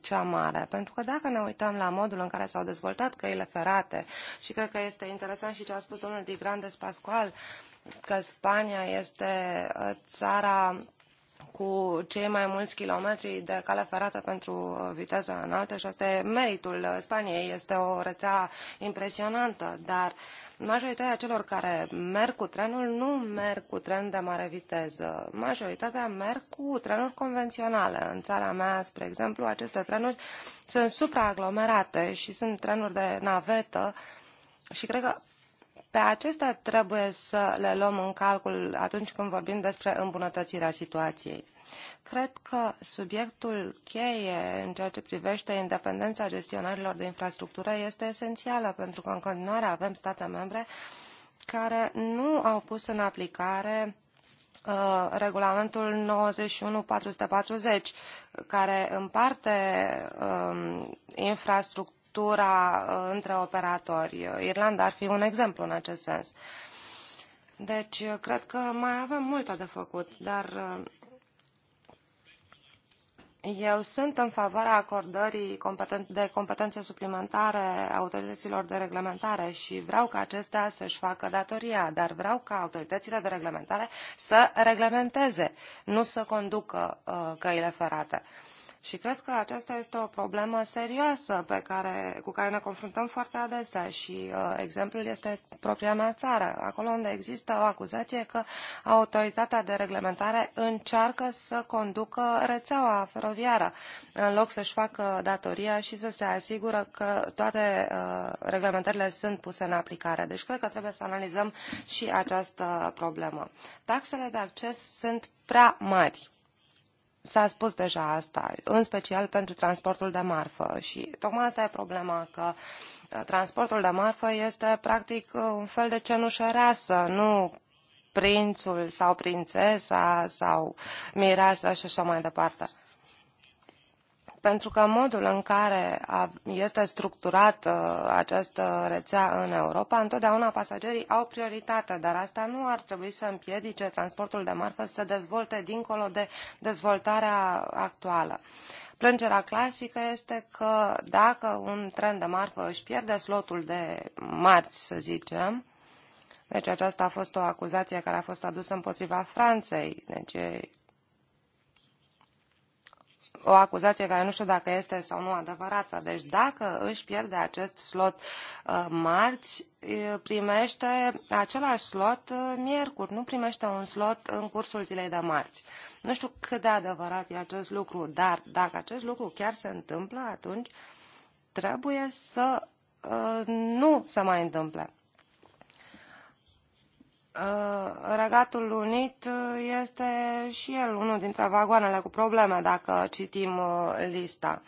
cea mare. Pentru că dacă ne uităm la modul în care s-au dezvoltat căile ferate și cred că este interesant și ce a spus domnul de Pascual, că Spania este uh, țara cu cei mai mulți kilometri de cale ferată pentru uh, viteză înaltă și asta e meritul Spaniei. Este o rețea impresionantă, dar uh, Majoritatea celor care merg cu trenul nu merg cu tren de mare viteză. Majoritatea merg cu trenuri convenționale. În țara mea, spre exemplu, aceste trenuri sunt supraaglomerate și sunt trenuri de navetă și cred că pe acestea trebuie să le luăm în calcul atunci când vorbim despre îmbunătățirea situației cred că subiectul cheie în ceea ce privește independența gestionarilor de infrastructură este esențială, pentru că în continuare avem state membre care nu au pus în aplicare uh, regulamentul 91440, care împarte uh, infrastructura uh, între operatori. Irlanda ar fi un exemplu în acest sens. Deci, cred că mai avem multe de făcut, dar uh, eu sunt în favoarea acordării de competențe suplimentare autorităților de reglementare și vreau ca acestea să-și facă datoria, dar vreau ca autoritățile de reglementare să reglementeze, nu să conducă uh, căile ferate. Uh, și cred că aceasta este o problemă serioasă pe care, cu care ne confruntăm foarte adesea și uh, exemplul este propria mea țară, acolo unde există o acuzație că autoritatea de reglementare încearcă să conducă rețeaua feroviară, în loc să-și facă datoria și să se asigură că toate uh, reglementările sunt puse în aplicare. Deci cred că trebuie să analizăm și această problemă. Taxele de acces sunt prea mari S-a spus deja asta, în special pentru transportul de marfă și tocmai asta e problema, că uh, transportul de marfă este practic uh, un fel de cenușăreasă, nu prințul sau prințesa sau mireasa și așa mai departe pentru că modul în care este structurată uh, această rețea în Europa, întotdeauna pasagerii au prioritate, dar asta nu ar trebui să împiedice transportul de marfă să se dezvolte dincolo de dezvoltarea actuală. Plângerea clasică este că dacă un tren de marfă își pierde slotul de marți, să zicem, deci aceasta a fost o acuzație care a fost adusă împotriva Franței, deci o acuzație care nu știu dacă este sau nu adevărată. Deci dacă își pierde acest slot uh, marți, uh, primește același slot uh, miercuri, nu primește un slot în cursul zilei de marți. Nu știu cât de adevărat e acest lucru, dar dacă acest lucru chiar se întâmplă, atunci trebuie să nu se mai întâmple. Uh, Regatul Unit uh, este și el unul dintre vagoanele cu probleme, dacă citim uh, lista.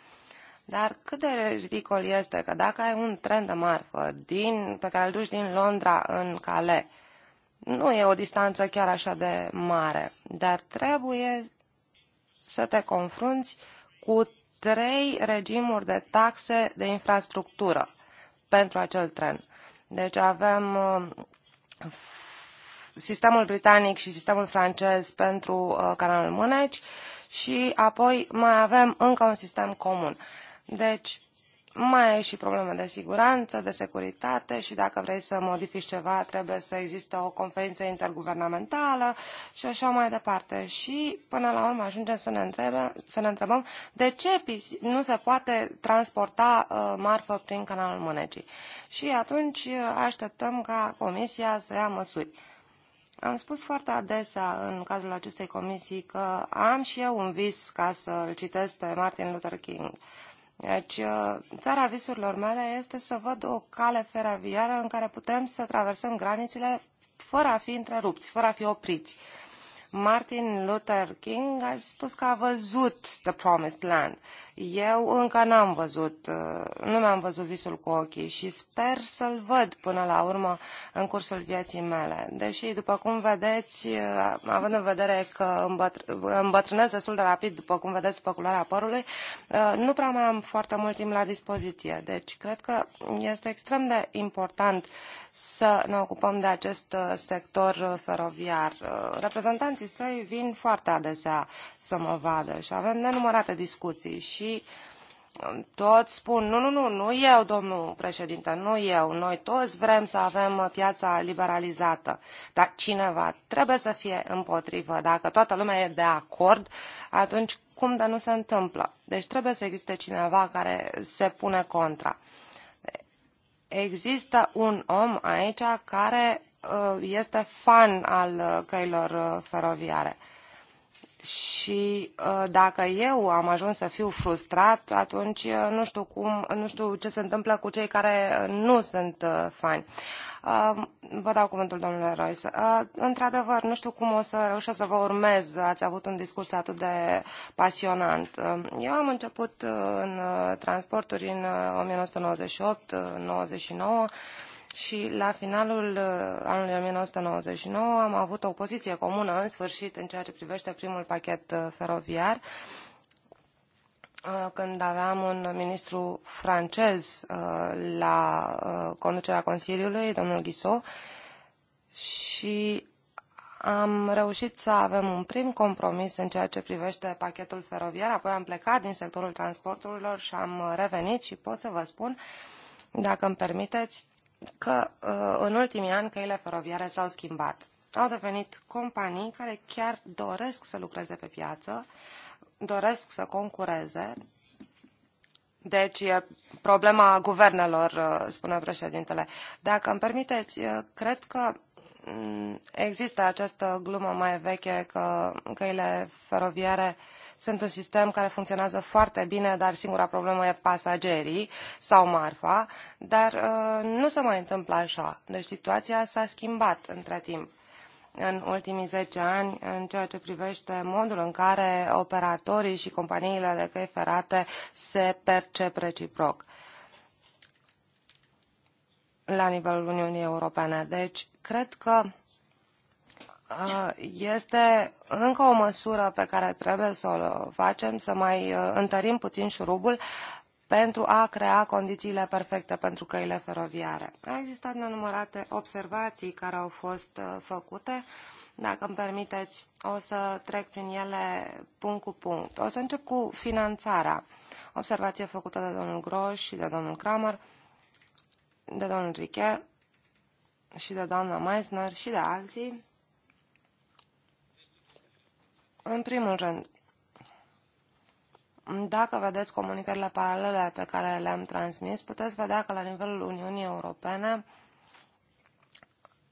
Dar cât de ridicol este că dacă ai un tren de marfă din, pe care îl duci din Londra în Cale, nu e o distanță chiar așa de mare, dar trebuie să te confrunți cu trei regimuri de taxe de infrastructură pentru acel tren. Deci avem sistemul britanic și sistemul francez pentru uh, canalul Mâneci și apoi mai avem încă un sistem comun. Deci, mai e și probleme de siguranță, de securitate și dacă vrei să modifici ceva, trebuie să existe o conferință interguvernamentală și așa mai departe. Și până la urmă ajungem să ne, întrebe, să ne întrebăm de ce nu se poate transporta uh, marfă prin canalul Mânecii. Și atunci uh, așteptăm ca Comisia să ia măsuri. Am spus foarte adesea în cadrul acestei comisii că am și eu un vis ca să îl citesc pe Martin Luther King. Deci, uh, țara visurilor mele este să văd o cale feroviară în care putem să traversăm granițele fără a fi întrerupți, fără a fi opriți. Martin Luther King a spus că a văzut The Promised Land. Eu încă n-am văzut, uh, nu mi-am văzut visul cu ochii și sper să-l văd până la urmă în cursul vieții mele. Deși, după cum vedeți, uh, având în vedere că îmbătrânesc destul de rapid, după cum vedeți, după culoarea părului, uh, nu prea mai am foarte mult timp la dispoziție. Deci, cred că este extrem de important să ne ocupăm de acest sector feroviar. Reprezentanții clienții săi vin foarte adesea să mă vadă și avem nenumărate discuții și um, toți spun, nu, nu, nu, nu eu, domnul președinte, nu eu, noi toți vrem să avem uh, piața liberalizată, dar cineva trebuie să fie împotrivă. Dacă toată lumea e de acord, atunci cum de nu se întâmplă? Deci trebuie să existe cineva care se pune contra. Există un om aici care Uh, este fan al uh, căilor uh, feroviare. Și dacă eu am ajuns să fiu frustrat, atunci nu știu, cum, nu știu ce se întâmplă cu cei care nu sunt fani. Vă dau cuvântul, domnule Royce. Într-adevăr, nu știu cum o să reușesc să vă urmez. Ați avut un discurs atât de pasionant. Eu am început în transporturi în 1998-99 și la finalul uh, anului 1999 am avut o poziție comună, în sfârșit, în ceea ce privește primul pachet uh, feroviar, uh, când aveam un ministru francez la conducerea Consiliului, domnul Ghisot, și am reușit să avem un prim compromis în ceea ce privește pachetul feroviar, apoi am plecat din sectorul transporturilor și am revenit și pot să vă spun, dacă îmi permiteți, că uh, în ultimii ani căile feroviare s-au schimbat. Au devenit companii care chiar doresc să lucreze pe piață, doresc să concureze. Deci e problema guvernelor, uh, spune președintele. Dacă îmi permiteți, uh, cred că mm, există această glumă mai veche că căile feroviare uh, sunt un sistem care funcționează foarte bine, dar singura problemă e pasagerii sau marfa, dar uh, nu se mai întâmplă așa. Deci situația s-a schimbat între timp în ultimii 10 ani în ceea ce privește modul în care operatorii și companiile de căi ferate se percep reciproc la nivelul Uniunii Europene. Deci, cred că Uh, este încă o măsură pe care trebuie să o facem, să mai uh, întărim puțin șurubul pentru a crea condițiile perfecte pentru căile feroviare. Au existat nenumărate observații care au fost uh, făcute. Dacă îmi permiteți, o să trec prin ele punct cu punct. O să încep cu finanțarea. Observație făcută de domnul Groș și de domnul Kramer, de domnul Riche și de doamna Meisner și de alții în primul rând, dacă vedeți comunicările paralele pe care le-am transmis, puteți vedea că la nivelul Uniunii Europene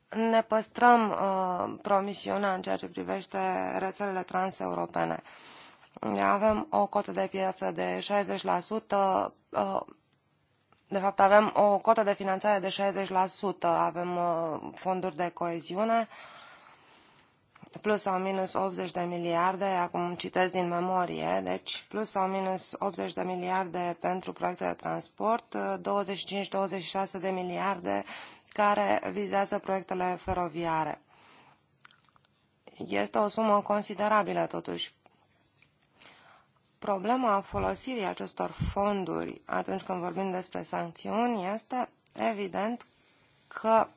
ne păstrăm uh, promisiunea în ceea ce privește rețelele transeuropene. Avem o cotă de piață de 60%, uh, de fapt avem o cotă de finanțare de 60%, avem uh, fonduri de coeziune, uh, plus sau minus 80 de miliarde, acum citesc din memorie, deci plus sau minus 80 de miliarde pentru proiecte de transport, 25-26 de miliarde care vizează proiectele feroviare. Este o sumă considerabilă totuși. Problema folosirii acestor fonduri atunci când vorbim despre sancțiuni este evident că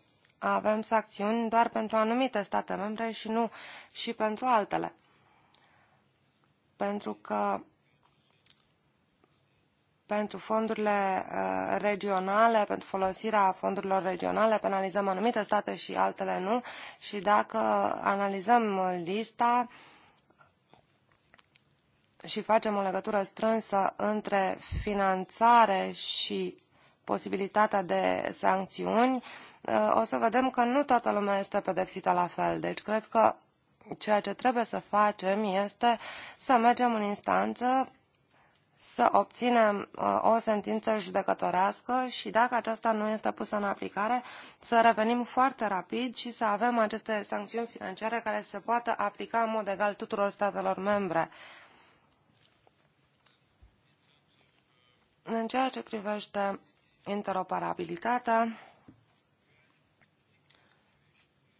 avem sancțiuni doar pentru anumite state membre și nu și pentru altele. Pentru că pentru fondurile uh, regionale, pentru folosirea fondurilor regionale, penalizăm anumite state și altele nu. Și dacă analizăm lista și facem o legătură strânsă între finanțare și posibilitatea de sancțiuni, Uh, o să vedem că nu toată lumea este pedepsită la fel. Deci cred că ceea ce trebuie să facem este să mergem în instanță să obținem uh, o sentință judecătorească și dacă aceasta nu este pusă în aplicare, să revenim foarte rapid și să avem aceste sancțiuni financiare care se poată aplica în mod egal tuturor statelor membre. În ceea ce privește interoperabilitatea,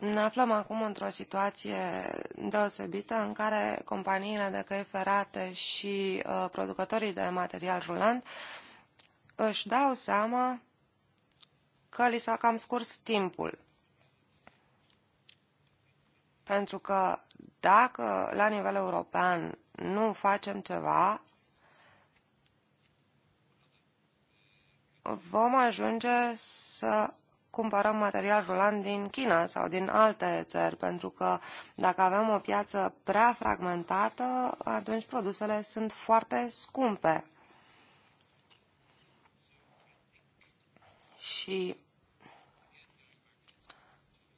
ne aflăm acum într-o situație deosebită în care companiile de căi ferate și uh, producătorii de material rulant își dau seama că li s-a cam scurs timpul. Pentru că dacă la nivel european nu facem ceva, vom ajunge să cumpărăm material rulant din China sau din alte țări, pentru că dacă avem o piață prea fragmentată, atunci produsele sunt foarte scumpe. Și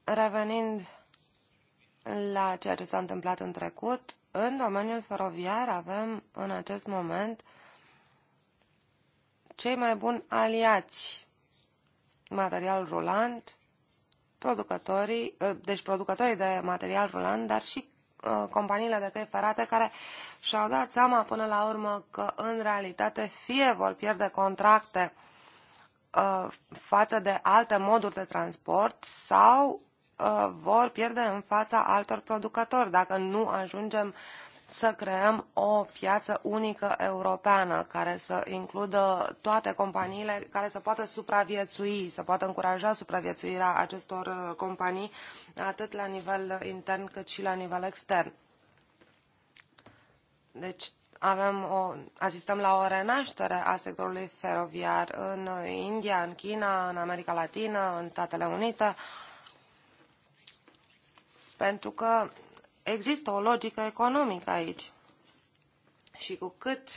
revenind la ceea ce s-a întâmplat în trecut, în domeniul feroviar avem în acest moment cei mai buni aliați material rulant, producătorii, ă, deci producătorii de material rulant, dar și ă, companiile de căi ferate care și-au dat seama până la urmă că în realitate fie vor pierde contracte ă, față de alte moduri de transport sau vor pierde în fața altor producători dacă nu ajungem uh, să creăm o piață unică europeană care să includă toate companiile care să poată supraviețui, să poată încuraja supraviețuirea acestor uh, companii atât la nivel intern cât și la nivel extern. Deci avem o, asistăm la o renaștere a sectorului feroviar în India, în China, în America Latină, în Statele Unite, pentru că Există o logică economică aici. Și cu cât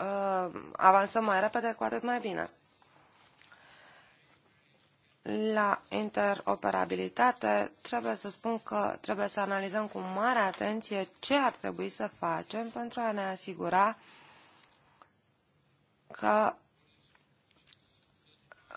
uh, avansăm mai repede, cu atât mai bine. La interoperabilitate trebuie să spun că trebuie să analizăm cu mare atenție ce ar trebui să facem pentru a ne asigura că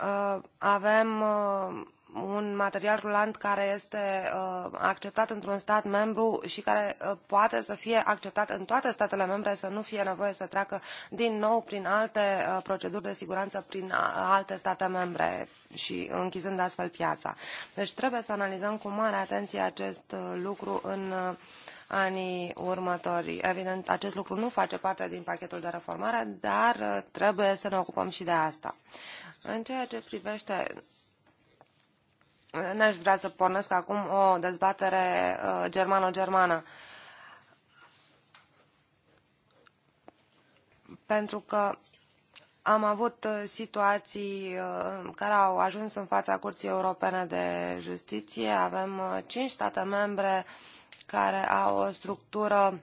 uh, avem uh, un material rulant care este uh, acceptat într-un stat membru și care uh, poate să fie acceptat în toate statele membre, să nu fie nevoie să treacă din nou prin alte uh, proceduri de siguranță prin alte state membre și închizând astfel piața. Deci trebuie să analizăm cu mare atenție acest lucru în anii următori. Evident, acest lucru nu face parte din pachetul de reformare, dar trebuie să ne ocupăm și de asta. În ceea ce privește n-aș vrea să pornesc acum o dezbatere uh, germano-germană. Pentru că am avut uh, situații uh, care au ajuns în fața Curții Europene de Justiție. Avem cinci state membre care au o structură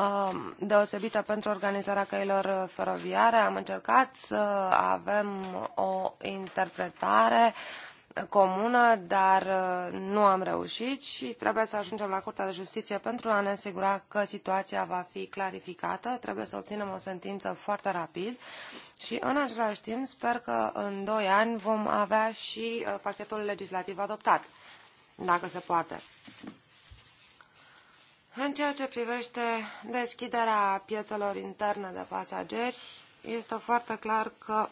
Um, deosebită pentru organizarea căilor uh, feroviare. Am încercat să avem o interpretare comună, dar uh, nu am reușit și trebuie să ajungem la Curtea de Justiție pentru a ne asigura că situația va fi clarificată. Trebuie să obținem o sentință foarte rapid și în același timp sper că în doi ani vom avea și uh, pachetul legislativ adoptat, dacă se poate. În ceea ce privește deschiderea piețelor interne de pasageri, este foarte clar că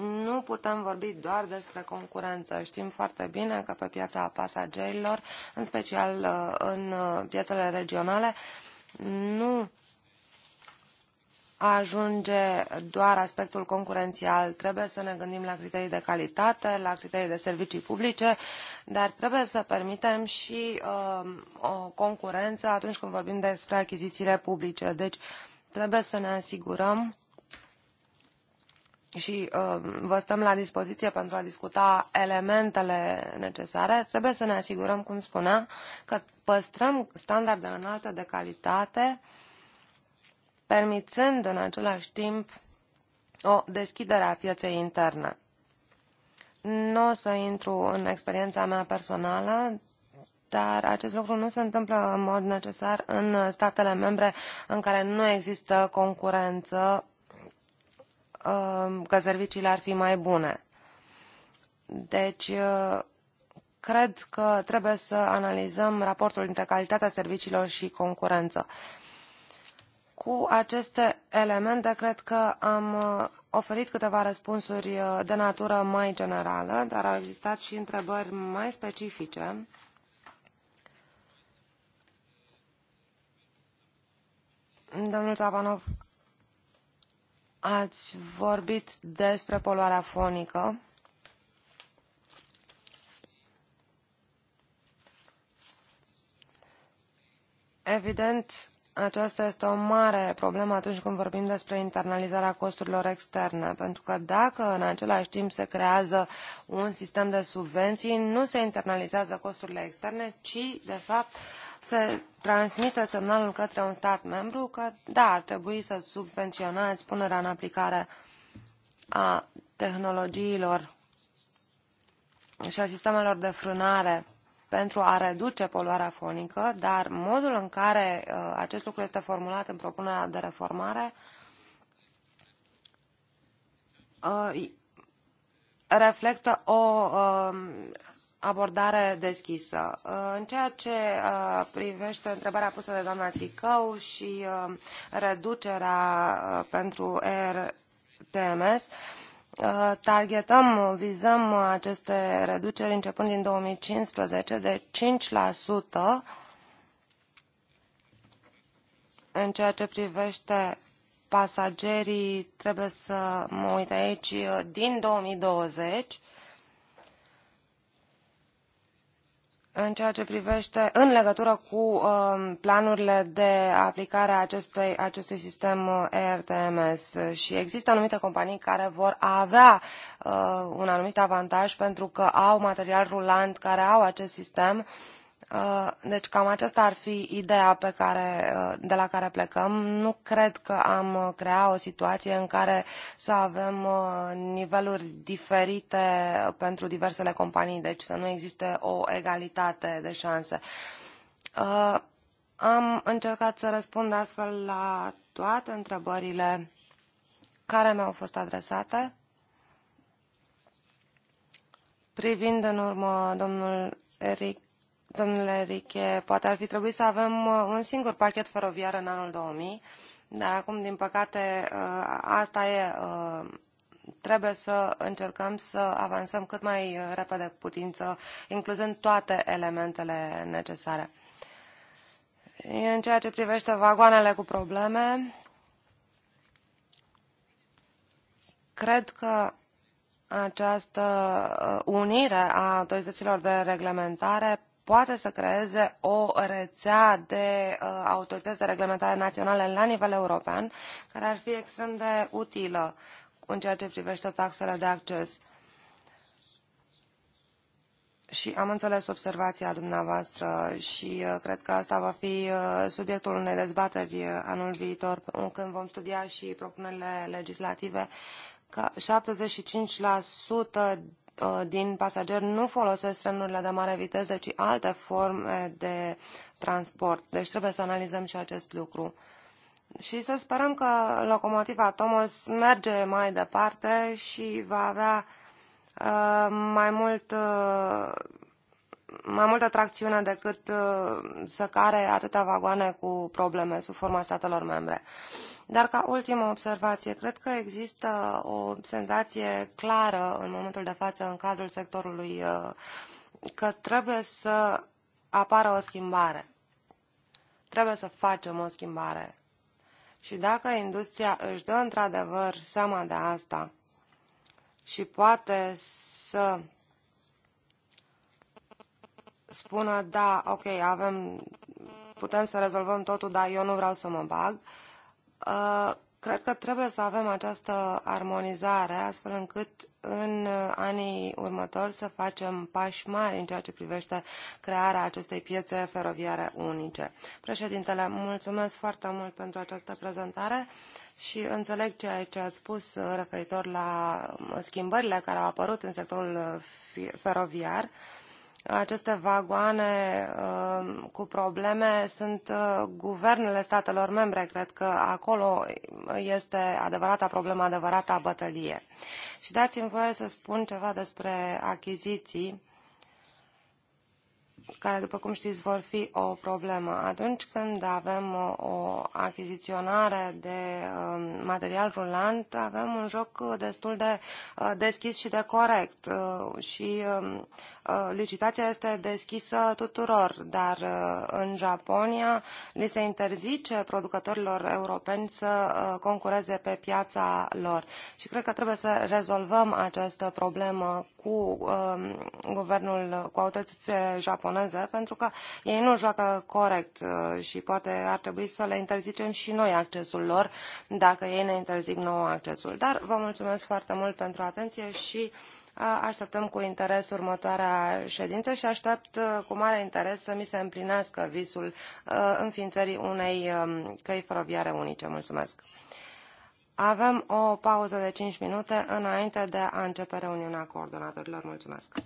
nu putem vorbi doar despre concurență. Știm foarte bine că pe piața pasagerilor, în special uh, în uh, piețele regionale, nu ajunge doar aspectul concurențial. Trebuie să ne gândim la criterii de calitate, la criterii de servicii publice, dar trebuie să permitem și uh, o concurență atunci când vorbim despre achizițiile publice. Deci trebuie să ne asigurăm și uh, vă stăm la dispoziție pentru a discuta elementele necesare, trebuie să ne asigurăm, cum spunea, că păstrăm standarde înalte de calitate uh, permițând în același timp o deschidere a pieței interne. Nu o să intru în experiența mea personală, dar acest lucru nu se întâmplă în mod necesar în statele membre în care nu există concurență, uh, că serviciile ar fi mai bune. Deci, uh, cred că trebuie să analizăm raportul dintre calitatea serviciilor și concurență. Uh, cu aceste elemente, cred că am uh, oferit câteva răspunsuri uh, de natură mai generală, dar au existat și întrebări mai specifice. Domnul Țapanov, ați vorbit despre poluarea fonică. Evident, aceasta este o mare problemă atunci când vorbim despre internalizarea costurilor externe, pentru că dacă în același timp se creează un sistem de subvenții, nu se internalizează costurile externe, ci, de fapt, se transmite semnalul către un stat membru că, da, ar trebui să subvenționați punerea în aplicare a tehnologiilor și a sistemelor de frânare pentru a reduce poluarea fonică, dar modul în care uh, acest lucru este formulat în propunerea de reformare uh, reflectă o um, abordare deschisă. Uh, în ceea ce privește întrebarea pusă de doamna Țicău și um, reducerea pentru uh, Uh, targetăm, uh, vizăm uh, aceste reduceri începând din 2015 de 5% în ceea ce privește pasagerii, trebuie să mă uit aici, din 2020 în ceea ce privește în legătură cu um, planurile de aplicare a acestui, acestui sistem uh, ERTMS și există anumite companii care vor avea uh, un anumit avantaj pentru că au material rulant care au acest sistem Uh, deci cam aceasta ar fi ideea pe care, uh, de la care plecăm. Nu cred că am uh, crea o situație în care să avem niveluri diferite pentru diversele companii, deci să nu existe o egalitate de șanse. Am încercat să răspund astfel la toate întrebările care mi-au fost adresate. Privind în urmă domnul Eric Domnule Riche, poate ar fi trebuit să avem uh, un singur pachet feroviar în anul 2000, dar acum, din păcate, uh, asta e. Uh, trebuie să încercăm să avansăm cât mai repede cu putință, incluzând toate elementele necesare. În ceea ce privește vagoanele cu probleme, cred că această unire a autorităților de reglementare poate să creeze o rețea de uh, autorități de reglementare naționale la nivel european, care ar fi extrem de utilă în ceea ce privește taxele de acces. Și am înțeles observația dumneavoastră și uh, cred că asta va fi uh, subiectul unei dezbateri uh, anul viitor, când vom studia și propunerile legislative, că 75% Uh, din pasageri nu folosesc trenurile de mare viteză, ci alte forme de transport. Deci trebuie să analizăm și acest lucru. Și să sperăm că locomotiva Thomas merge mai departe și va avea uh, mai mult uh, mai multă tracțiune decât uh, să care atâtea vagoane cu probleme sub forma statelor membre. Uh, dar ca ultimă observație, cred că există o senzație clară în momentul de față în cadrul sectorului uh, că trebuie să apară o schimbare. Trebuie să facem o schimbare. Și dacă industria își dă într-adevăr seama de asta și poate să spună, da, ok, avem, putem să rezolvăm totul, dar eu nu vreau să mă bag, uh, Uh, cred că trebuie să avem această armonizare, astfel încât în uh, anii următori să facem pași mari în ceea ce privește crearea acestei piețe feroviare unice. Președintele, mulțumesc foarte mult pentru această prezentare și înțeleg ceea ce ați spus uh, referitor la um, schimbările care au apărut în sectorul feroviar aceste vagoane uh, cu probleme sunt uh, guvernele statelor membre. Cred că acolo este adevărata problemă, adevărata bătălie. Și dați-mi voie să spun ceva despre achiziții care, după cum știți, vor fi o problemă. Atunci când avem uh, o achiziționare de uh, material rulant, avem un joc destul de uh, deschis și de corect și um, Uh, licitația este deschisă tuturor, dar uh, în Japonia li se interzice producătorilor europeni să uh, concureze pe piața lor. Și cred că trebuie să rezolvăm această problemă cu um, guvernul, cu autoritățile japoneze, pentru că ei nu joacă corect și poate ar trebui să le interzicem și noi accesul lor, dacă ei ne interzic nouă accesul. Dar vă mulțumesc foarte mult pentru atenție și Așteptăm cu interes următoarea ședință și aștept uh, cu mare interes să mi se împlinească visul uh, înființării unei um, căi feroviare unice. Mulțumesc! Avem o pauză de 5 minute înainte de a începe reuniunea coordonatorilor. Mulțumesc!